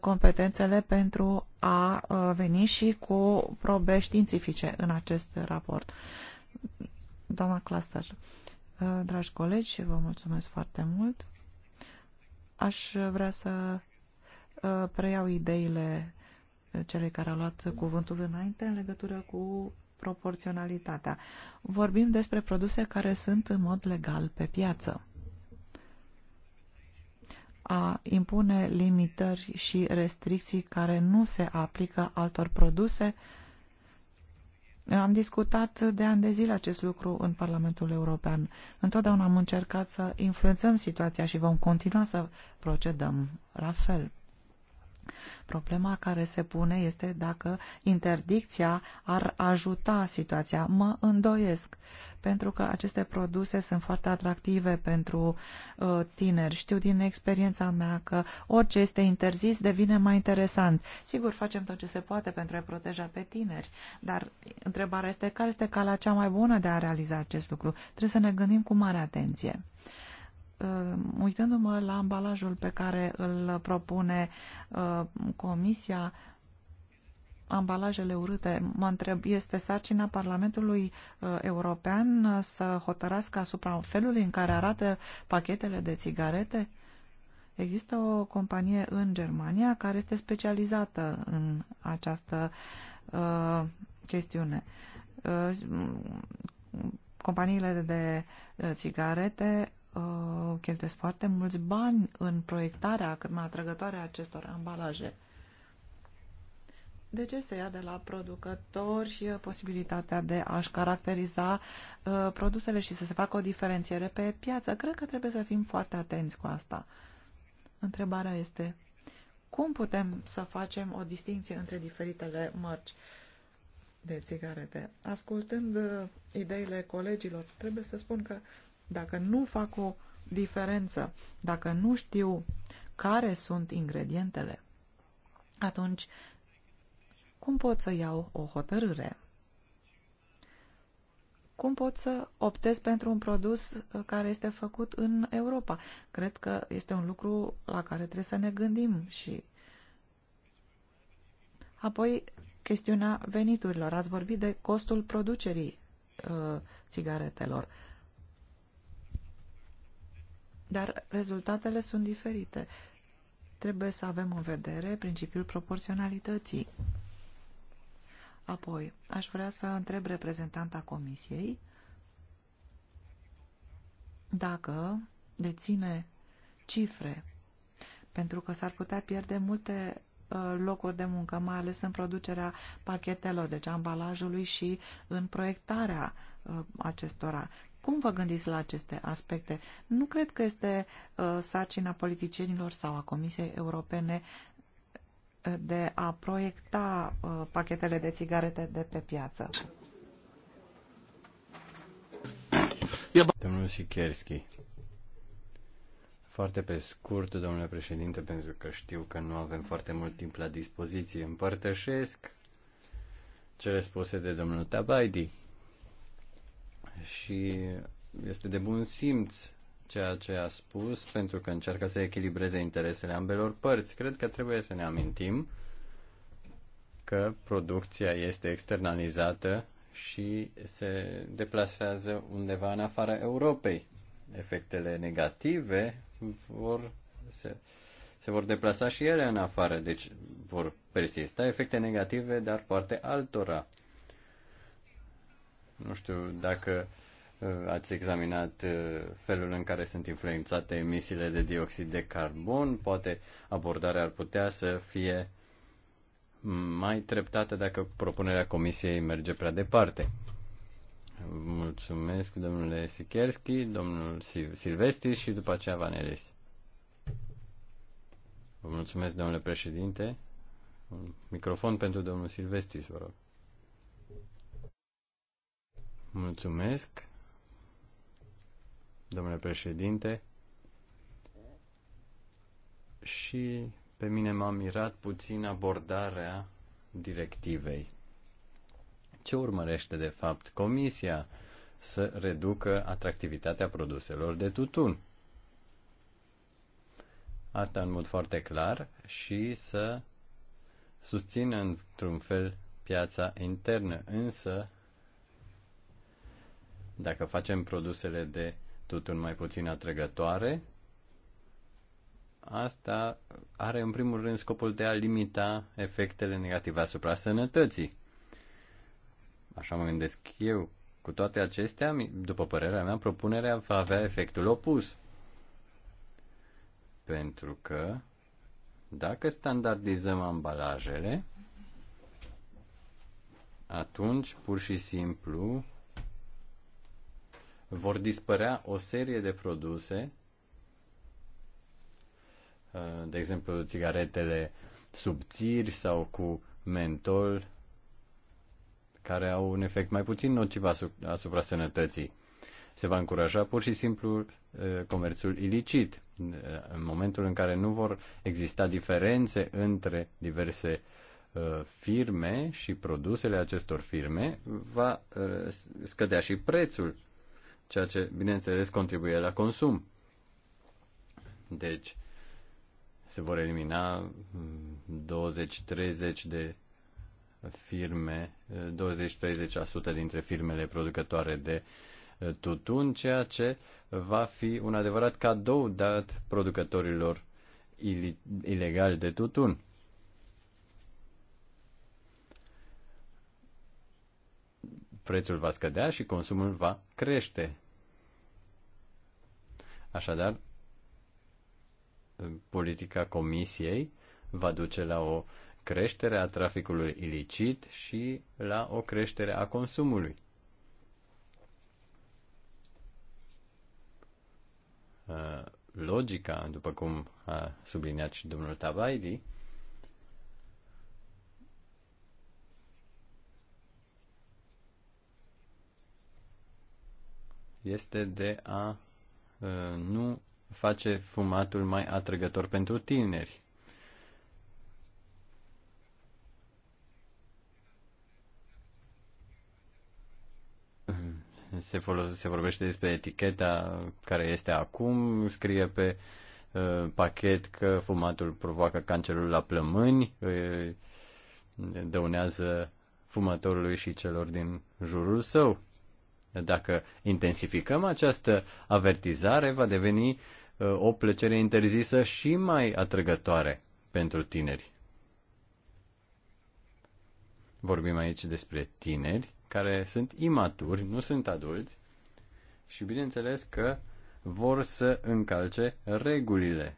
competențele pentru a uh, veni și cu probe științifice în acest raport. Doamna Cluster, uh, dragi colegi, vă mulțumesc foarte mult. Aș vrea să preiau ideile celei care au luat cuvântul înainte în legătură cu proporționalitatea. Vorbim despre produse care sunt în mod legal pe piață a impune limitări și restricții care nu se aplică altor produse. Am discutat de ani de zile acest lucru în Parlamentul European. Întotdeauna am încercat să influențăm situația și vom continua să procedăm la fel. Problema care se pune este dacă interdicția ar ajuta situația. Mă îndoiesc, pentru că aceste produse sunt foarte atractive pentru uh, tineri. Știu din experiența mea că orice este interzis devine mai interesant. Sigur, facem tot ce se poate pentru a proteja pe tineri, dar întrebarea este care este calea cea mai bună de a realiza acest lucru. Trebuie să ne gândim cu mare atenție. Uh, Ehm, uitându-mă la ambalajul pe care îl propune ehm, Comisia, ambalajele urâte, mă întreb, este sarcina Parlamentului ehm, European să hotărască asupra felului în care arată pachetele de țigarete? Există o companie în Germania care este specializată în această uh, chestiune. Uh, companiile de, de țigarete uh, cheltuiesc foarte mulți bani în proiectarea cât mai atrăgătoare a acestor ambalaje. De ce se ia de la producători uh, posibilitatea de a-și caracteriza uh, produsele și să se facă o diferențiere pe piață? Cred că trebuie să fim foarte atenți cu asta. Întrebarea este, cum putem să facem o distinție între diferitele mărci de țigarete? Ascultând uh, ideile colegilor, trebuie să spun că dacă nu fac o diferență, dacă nu știu care sunt ingredientele, atunci cum pot să iau o hotărâre? Cum pot să optez pentru un produs uh, care este făcut în Europa? Cred că este un lucru la care trebuie să ne gândim și apoi chestiunea veniturilor. Ați vorbit de costul producerii uh, țigaretelor. Uh, dar rezultatele sunt diferite. Trebuie să avem în vedere principiul proporționalității. Apoi, aș vrea să întreb reprezentanta Comisiei dacă deține cifre, pentru că s-ar putea pierde multe uh, locuri de muncă, mai ales în producerea pachetelor, deci ambalajului și în proiectarea uh, acestora. Cum vă gândiți la aceste aspecte? Nu cred că este uh, sarcina politicienilor sau a Comisiei Europene uh, de a proiecta uh, pachetele de țigarete de pe piață. Domnul Sikerski. Foarte pe scurt, domnule președinte, pentru că știu că nu avem foarte mult timp la dispoziție. Împărtășesc cele spuse de domnul Tabaidi și este de bun simț ceea ce a spus, pentru că încearcă să echilibreze interesele ambelor părți. Cred că trebuie să ne amintim că producția este externalizată și se deplasează undeva în afara Europei. Efectele negative vor, se, se vor deplasa și ele în afară, deci vor persista efecte negative, dar poate altora. Nu știu dacă uh, ați examinat uh, felul în care sunt influențate emisiile de dioxid de carbon. Poate abordarea ar putea să fie mai treptată dacă propunerea comisiei merge prea departe. Mulțumesc, domnule Sikerski, domnul Silvestri și după aceea Vanelis. Vă mulțumesc, domnule președinte. Un microfon pentru domnul Silvestri, vă rog. Mulțumesc, domnule președinte. Și pe mine m-a mirat puțin abordarea directivei. Ce urmărește, de fapt, Comisia? Să reducă atractivitatea produselor de tutun. Asta în mod foarte clar și să susțină într-un fel piața internă, însă dacă facem produsele de tutun mai puțin atrăgătoare, asta are în primul rând scopul de a limita efectele negative asupra sănătății. Așa mă gândesc eu. Cu toate acestea, după părerea mea, propunerea va avea efectul opus. Pentru că dacă standardizăm ambalajele, atunci pur și simplu vor dispărea o serie de produse, de exemplu țigaretele subțiri sau cu mentol, care au un efect mai puțin nociv asupra sănătății. Se va încuraja pur și simplu comerțul ilicit, în momentul în care nu vor exista diferențe între diverse firme și produsele acestor firme, va scădea și prețul ceea ce, bineînțeles, contribuie la consum. Deci, se vor elimina 20-30 mm, de firme, 20-30% dintre firmele producătoare de tutun, ceea ce va fi un adevărat cadou dat producătorilor ilegali de tutun. prețul va scădea și consumul va crește. Așadar, politica Comisiei va duce la o creștere a traficului ilicit și la o creștere a consumului. Logica, după cum a subliniat și domnul Tavaidi, este de a uh, nu face fumatul mai atrăgător pentru tineri. Se, folos- se vorbește despre eticheta care este acum, scrie pe uh, pachet că fumatul provoacă cancerul la plămâni, uh, dăunează fumătorului și celor din jurul său. Dacă intensificăm această avertizare, va deveni uh, o plăcere interzisă și mai atrăgătoare pentru tineri. Vorbim aici despre tineri care sunt imaturi, nu sunt adulți și bineînțeles că vor să încalce regulile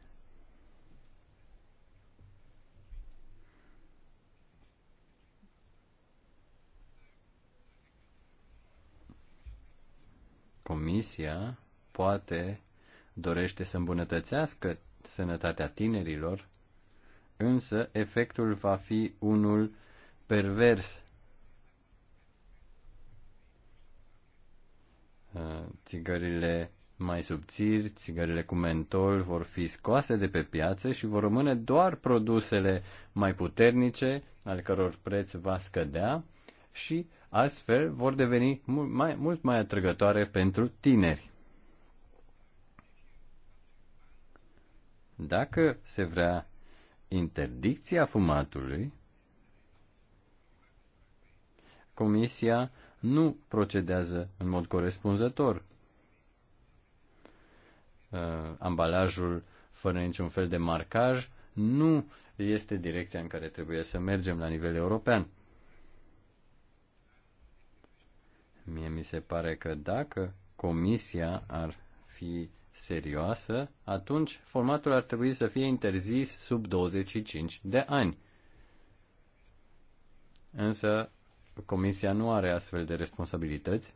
Comisia poate dorește să îmbunătățească sănătatea tinerilor, însă efectul va fi unul pervers. Uh, țigările mai subțiri, țigările cu mentol vor fi scoase de pe piață și vor rămâne doar produsele mai puternice, al căror preț va scădea și Astfel vor deveni mult mai, mult mai atrăgătoare pentru tineri. Dacă se vrea interdicția fumatului, Comisia nu procedează în mod corespunzător. Uh, ambalajul fără niciun fel de marcaj nu este direcția în care trebuie să mergem la nivel european. Mie mi se pare că dacă comisia ar fi serioasă, atunci formatul ar trebui să fie interzis sub 25 de ani. Însă comisia nu are astfel de responsabilități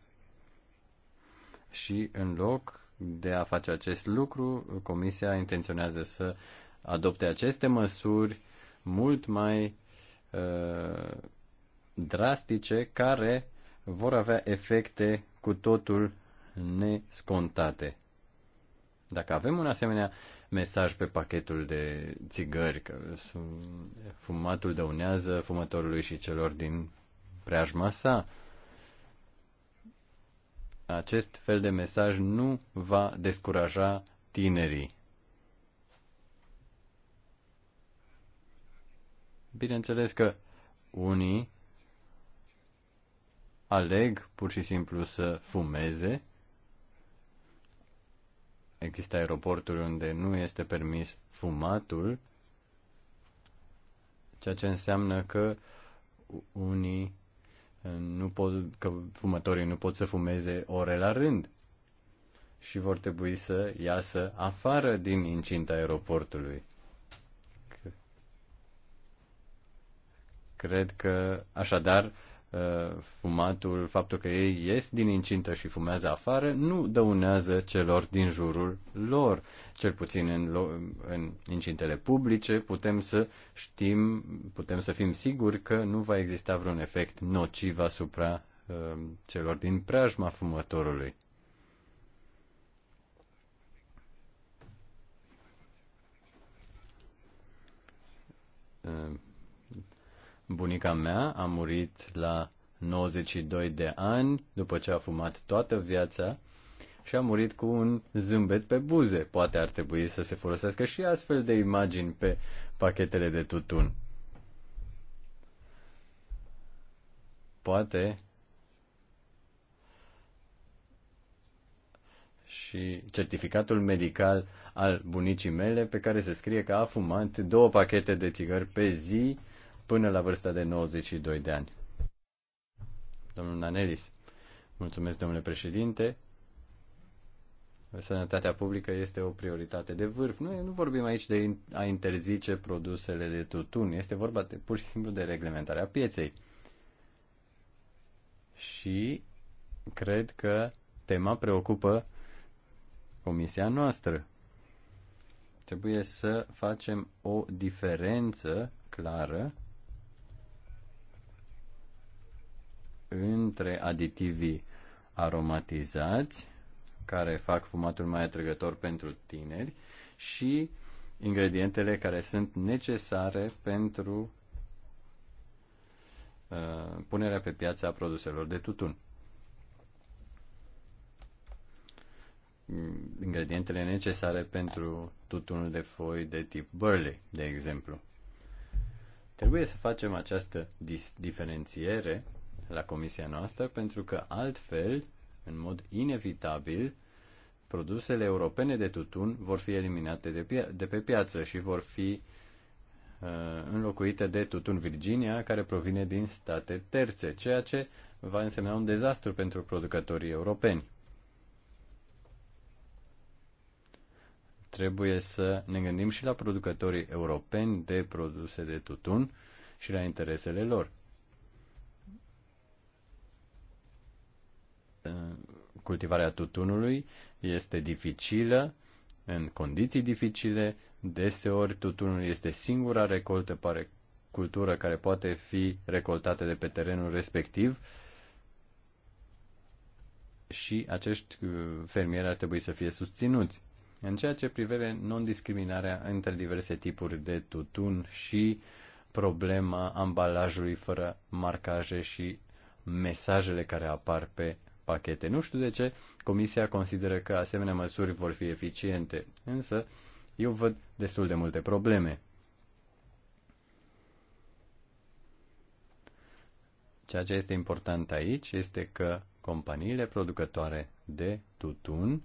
și în loc de a face acest lucru, comisia intenționează să adopte aceste măsuri mult mai uh, drastice care vor avea efecte cu totul nescontate. Dacă avem un asemenea mesaj pe pachetul de țigări, că fumatul dăunează fumătorului și celor din preajma sa, acest fel de mesaj nu va descuraja tinerii. Bineînțeles că unii aleg pur și simplu să fumeze. Există aeroporturi unde nu este permis fumatul, ceea ce înseamnă că unii eh, nu pot, că fumătorii nu pot să fumeze ore la rând și vor trebui să iasă afară din incinta aeroportului. Cred că, așadar, Uh, fumatul, faptul că ei ies din incintă și fumează afară, nu dăunează celor din jurul lor. Cel puțin în, în incintele publice putem să știm, putem să fim siguri că nu va exista vreun efect nociv asupra uh, celor din preajma fumătorului. Uh, Bunica mea a murit la 92 de ani după ce a fumat toată viața și a murit cu un zâmbet pe buze. Poate ar trebui să se folosească și astfel de imagini pe pachetele de tutun. Poate și certificatul medical al bunicii mele pe care se scrie că a fumat două pachete de țigări pe zi până la vârsta de 92 de ani. Domnul Nanelis, mulțumesc, domnule președinte. Sănătatea publică este o prioritate de vârf. Noi nu vorbim aici de a interzice produsele de tutun. Este vorba de, pur și simplu de reglementarea pieței. Și cred că tema preocupă comisia noastră. Trebuie să facem o diferență clară între aditivii aromatizați, care fac fumatul mai atrăgător pentru tineri, și ingredientele care sunt necesare pentru uh, punerea pe piață a produselor de tutun. Mm, ingredientele necesare pentru tutunul de foi de tip Burley, de exemplu. Trebuie să facem această diferențiere la comisia noastră, pentru că altfel, în mod inevitabil, produsele europene de tutun vor fi eliminate de, pia- de pe piață și vor fi uh, înlocuite de tutun Virginia, care provine din state terțe, ceea ce va însemna un dezastru pentru producătorii europeni. Trebuie să ne gândim și la producătorii europeni de produse de tutun și la interesele lor. cultivarea tutunului este dificilă, în condiții dificile, deseori tutunul este singura recoltă pare cultură care poate fi recoltată de pe terenul respectiv și acești uh, fermieri ar trebui să fie susținuți. În ceea ce privește non-discriminarea între diverse tipuri de tutun și problema ambalajului fără marcaje și mesajele care apar pe pachete. Nu știu de ce Comisia consideră că asemenea măsuri vor fi eficiente, însă eu văd destul de multe probleme. Ceea ce este important aici este că companiile producătoare de tutun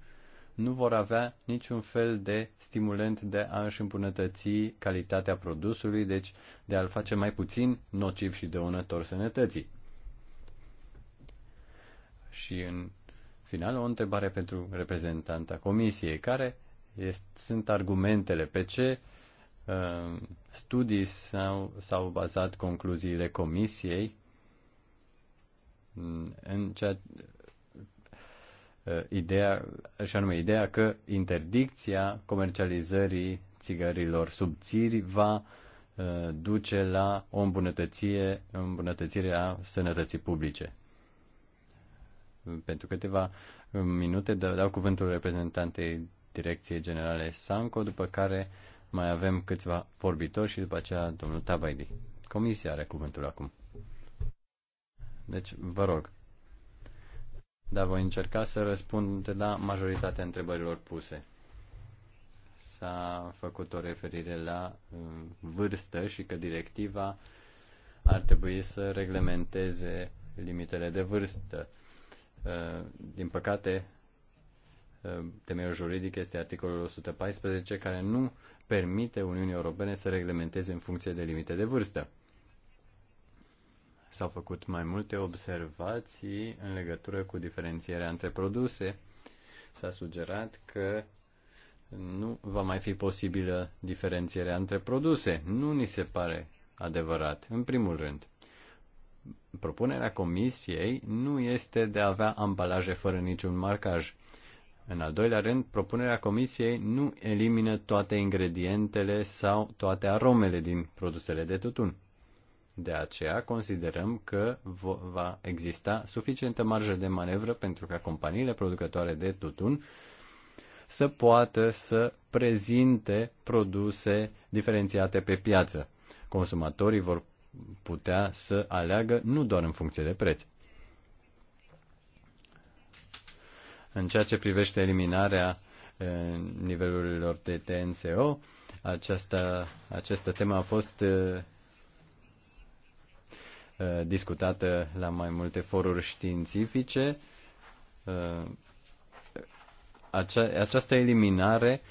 nu vor avea niciun fel de stimulant de a-și îmbunătăți calitatea produsului, deci de a-l face mai puțin nociv și dăunător sănătății. Și în final o întrebare pentru reprezentanta comisiei. Care este, sunt argumentele? Pe ce uh, studii s-au, s-au bazat concluziile comisiei în ceea uh, ideea, și anume ideea că interdicția comercializării țigărilor subțiri va uh, duce la o îmbunătățire, îmbunătățire a sănătății publice pentru câteva uh, minute dau cuvântul reprezentantei Direcției Generale Sanco, după care mai avem câțiva vorbitori și după aceea domnul Tabaidi. Comisia are cuvântul acum. Deci, vă rog. Dar voi încerca să răspund la majoritatea întrebărilor puse. S-a făcut o referire la uh, vârstă și că directiva ar trebui să reglementeze limitele de vârstă. Eh, din păcate, eh, temeiul juridic este articolul 114 care nu permite Uniunii Europene să reglementeze în funcție de limite de vârstă. S-au făcut mai multe observații în legătură cu diferențierea între produse. S-a sugerat că nu va mai fi posibilă diferențierea între produse. Nu ni se pare adevărat, în primul rând propunerea comisiei nu este de a avea ambalaje fără niciun marcaj. În al doilea rând, propunerea comisiei nu elimină toate ingredientele sau toate aromele din produsele de tutun. De aceea considerăm că va exista suficientă marjă de manevră pentru ca companiile producătoare de tutun să poată să prezinte produse diferențiate pe piață. Consumatorii vor putea să aleagă nu doar în funcție de preț. În ceea ce privește eliminarea eh, nivelurilor de TNCO, aceasta, această temă a fost eh, eh, discutată la mai multe foruri științifice. această eliminare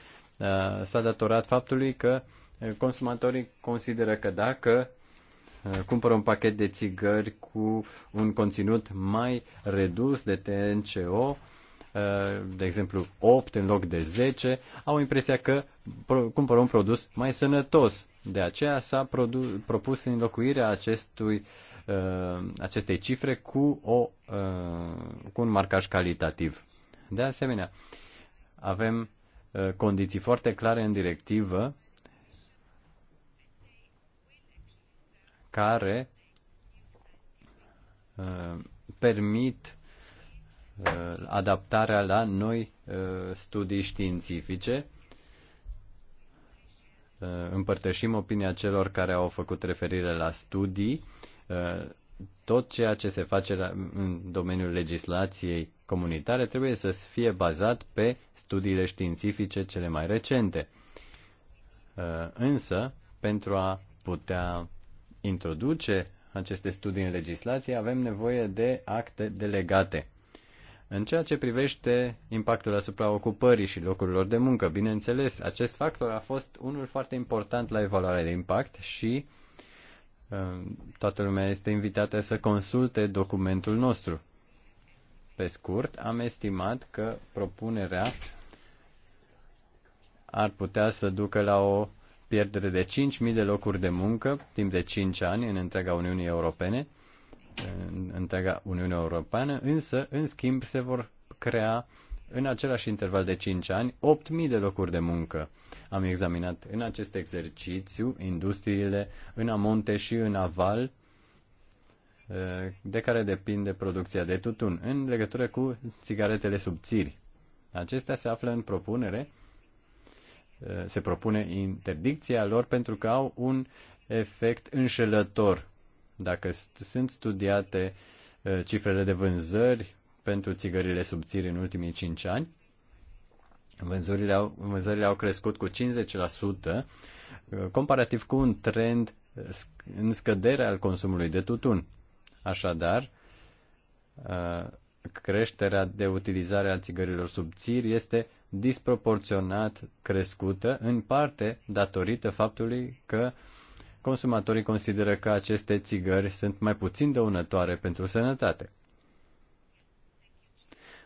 s-a datorat faptului că consumatorii consideră că dacă Uh, cumpără un pachet de țigări cu un conținut mai redus de TNCO, uh, de exemplu 8 în loc de 10, au impresia că cumpără un produs mai sănătos. De aceea s-a propus înlocuirea acestui, uh, acestei cifre cu, o, cu un marcaj calitativ. De asemenea, avem condiții foarte clare în directivă care uh, permit uh, adaptarea la noi uh, studii științifice. Împărtășim opinia celor care au făcut referire la studii. Tot ceea ce se face în domeniul legislației comunitare trebuie să fie bazat pe studiile științifice cele mai recente. Însă, pentru a putea introduce aceste studii în legislație, avem nevoie de acte delegate. În ceea ce privește impactul asupra ocupării și locurilor de muncă, bineînțeles, acest factor a fost unul foarte important la evaluarea de impact și uh, toată lumea este invitată să consulte documentul nostru. Pe scurt, am estimat că propunerea ar putea să ducă la o pierdere de 5.000 de locuri de muncă timp de 5 ani în întreaga Uniune Europene, în întreaga Uniune Europeană, însă, în schimb, se vor crea în același interval de 5 ani 8.000 de locuri de muncă. Am examinat în acest exercițiu industriile în amonte și în aval de care depinde producția de tutun în legătură cu țigaretele subțiri. Acestea se află în propunere Eh, se propune interdicția lor pentru că au un efect înșelător. Dacă sunt studiate eh, cifrele de vânzări pentru țigările subțiri în ultimii 5 ani, vânzările au, vânzările au crescut cu 50% eh, comparativ cu un trend în scădere al consumului de tutun. Așadar, creșterea de utilizare a țigărilor subțiri este disproporționat crescută, în parte datorită faptului că consumatorii consideră că aceste țigări sunt mai puțin dăunătoare pentru sănătate.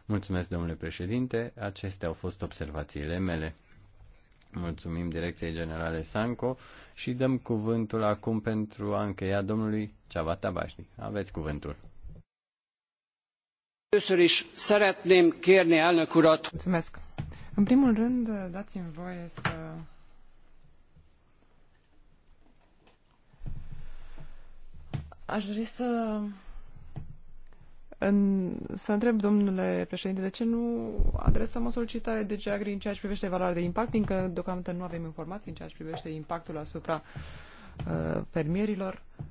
Mulțumesc, domnule președinte, acestea au fost observațiile mele. Mulțumim Direcției Generale Sanco și dăm cuvântul acum pentru a încheia domnului Ceava Tabașnic. Aveți cuvântul. Mulțumesc. În primul rând, dați-mi voie să Aș dori să în, să întreb, domnule președinte, de ce nu adresăm o solicitare de GEAGRI în ceea ce privește valoarea de impact, fiindcă deocamdată nu avem informații în ceea ce privește impactul asupra uh, fermierilor. Uh,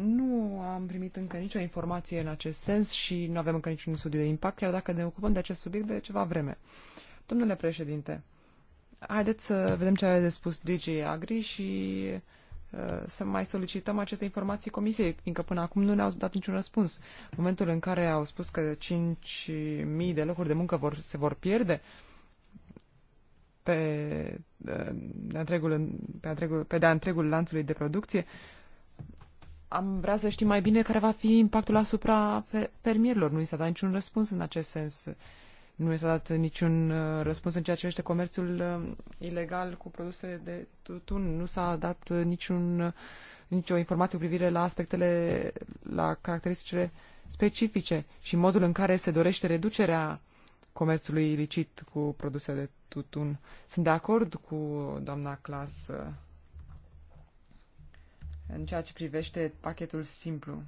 Nu am primit încă nicio informație în acest sens și nu avem încă niciun studiu de impact, chiar dacă ne ocupăm de acest subiect de ceva vreme. Domnule președinte, haideți să vedem ce are de spus DJ Agri și uh, să mai solicităm aceste informații comisiei, fiindcă până acum nu ne-au dat niciun răspuns. În momentul în care au spus că 5.000 de locuri de muncă vor, se vor pierde, pe, uh, de întregul, pe, întregul, pe de-a întregul lanțului de producție, am vrea să știm mai bine care va fi impactul asupra fermierilor. Nu i s-a dat niciun răspuns în acest sens. Nu i s-a dat niciun uh, răspuns în ceea ce privește comerțul uh, ilegal cu produse de tutun. Nu s-a dat uh, niciun, nicio informație cu privire la aspectele, la caracteristicile specifice și modul în care se dorește reducerea comerțului ilicit cu produse de tutun. Sunt de acord cu doamna Clas în ceea ce privește pachetul simplu.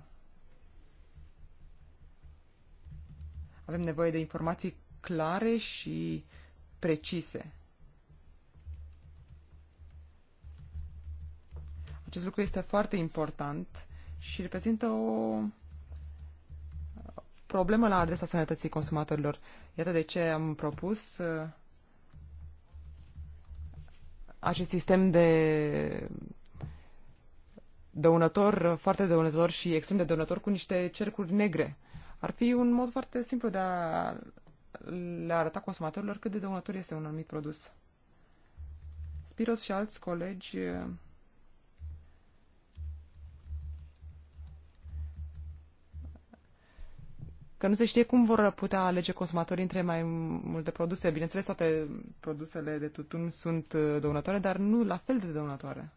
Avem nevoie de informații clare și precise. Acest lucru este foarte important și reprezintă o problemă la adresa sănătății consumatorilor. Iată de ce am propus uh, acest sistem de dăunător, foarte dăunător și extrem de dăunător cu niște cercuri negre. Ar fi un mod foarte simplu de a le arăta consumatorilor cât de dăunător este un anumit produs. Spiros și alți colegi că nu se știe cum vor putea alege consumatorii între mai multe produse. Bineînțeles, toate produsele de tutun sunt dăunătoare, dar nu la fel de dăunătoare.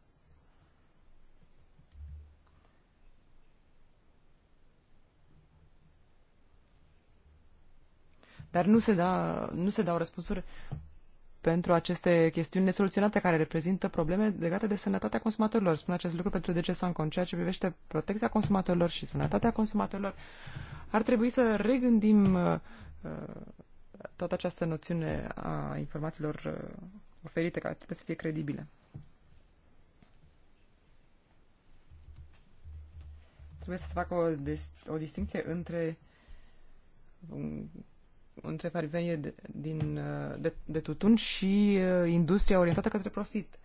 Dar nu se, da, nu se dau răspunsuri pentru aceste chestiuni nesoluționate care reprezintă probleme legate de sănătatea consumatorilor. Spun acest lucru pentru DG Sancon, ceea ce privește protecția consumatorilor și sănătatea consumatorilor. Ar trebui să regândim uh, uh toată această noțiune a informațiilor uh, oferite, care trebuie să fie credibile. Trebuie să se facă o, o distinție între între parvenire de, din, uh, de, de tutun și uh, industria orientată către profit.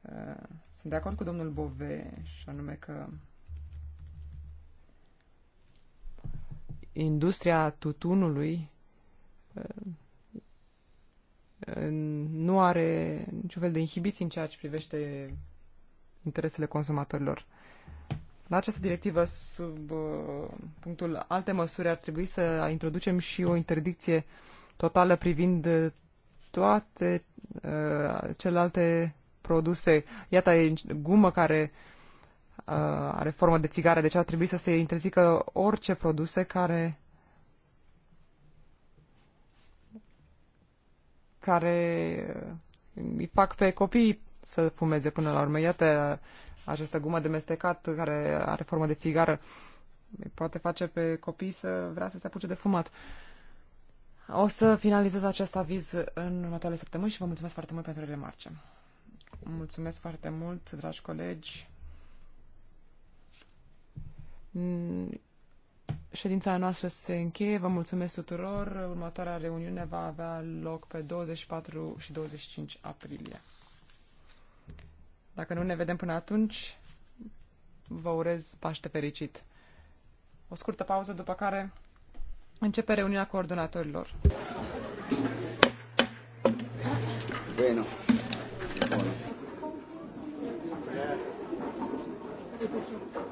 Uh, sunt de acord cu domnul Bove și anume că industria tutunului nu are niciun fel de inhibiții în ceea ce privește interesele consumatorilor. La această directivă, sub uh, punctul alte măsuri, ar trebui să introducem și o interdicție totală privind uh, toate uh, celelalte produse. Iată, e gumă care uh, are formă de țigară, deci ar trebui să se interzică orice produse care care uh, îi fac pe copii să fumeze până la urmă. Iată, această gumă de mestecat care are formă de țigară poate face pe copii să vrea să se apuce de fumat. O să finalizez acest aviz în următoarele săptămâni și vă mulțumesc foarte mult pentru remarce. Mulțumesc foarte mult, dragi colegi. Ședința noastră se încheie. Vă mulțumesc tuturor. Următoarea reuniune va avea loc pe 24 și 25 aprilie. Dacă nu ne vedem până atunci, vă urez Paște fericit. O scurtă pauză, după care începe reuniunea coordonatorilor. Bueno. Thank you.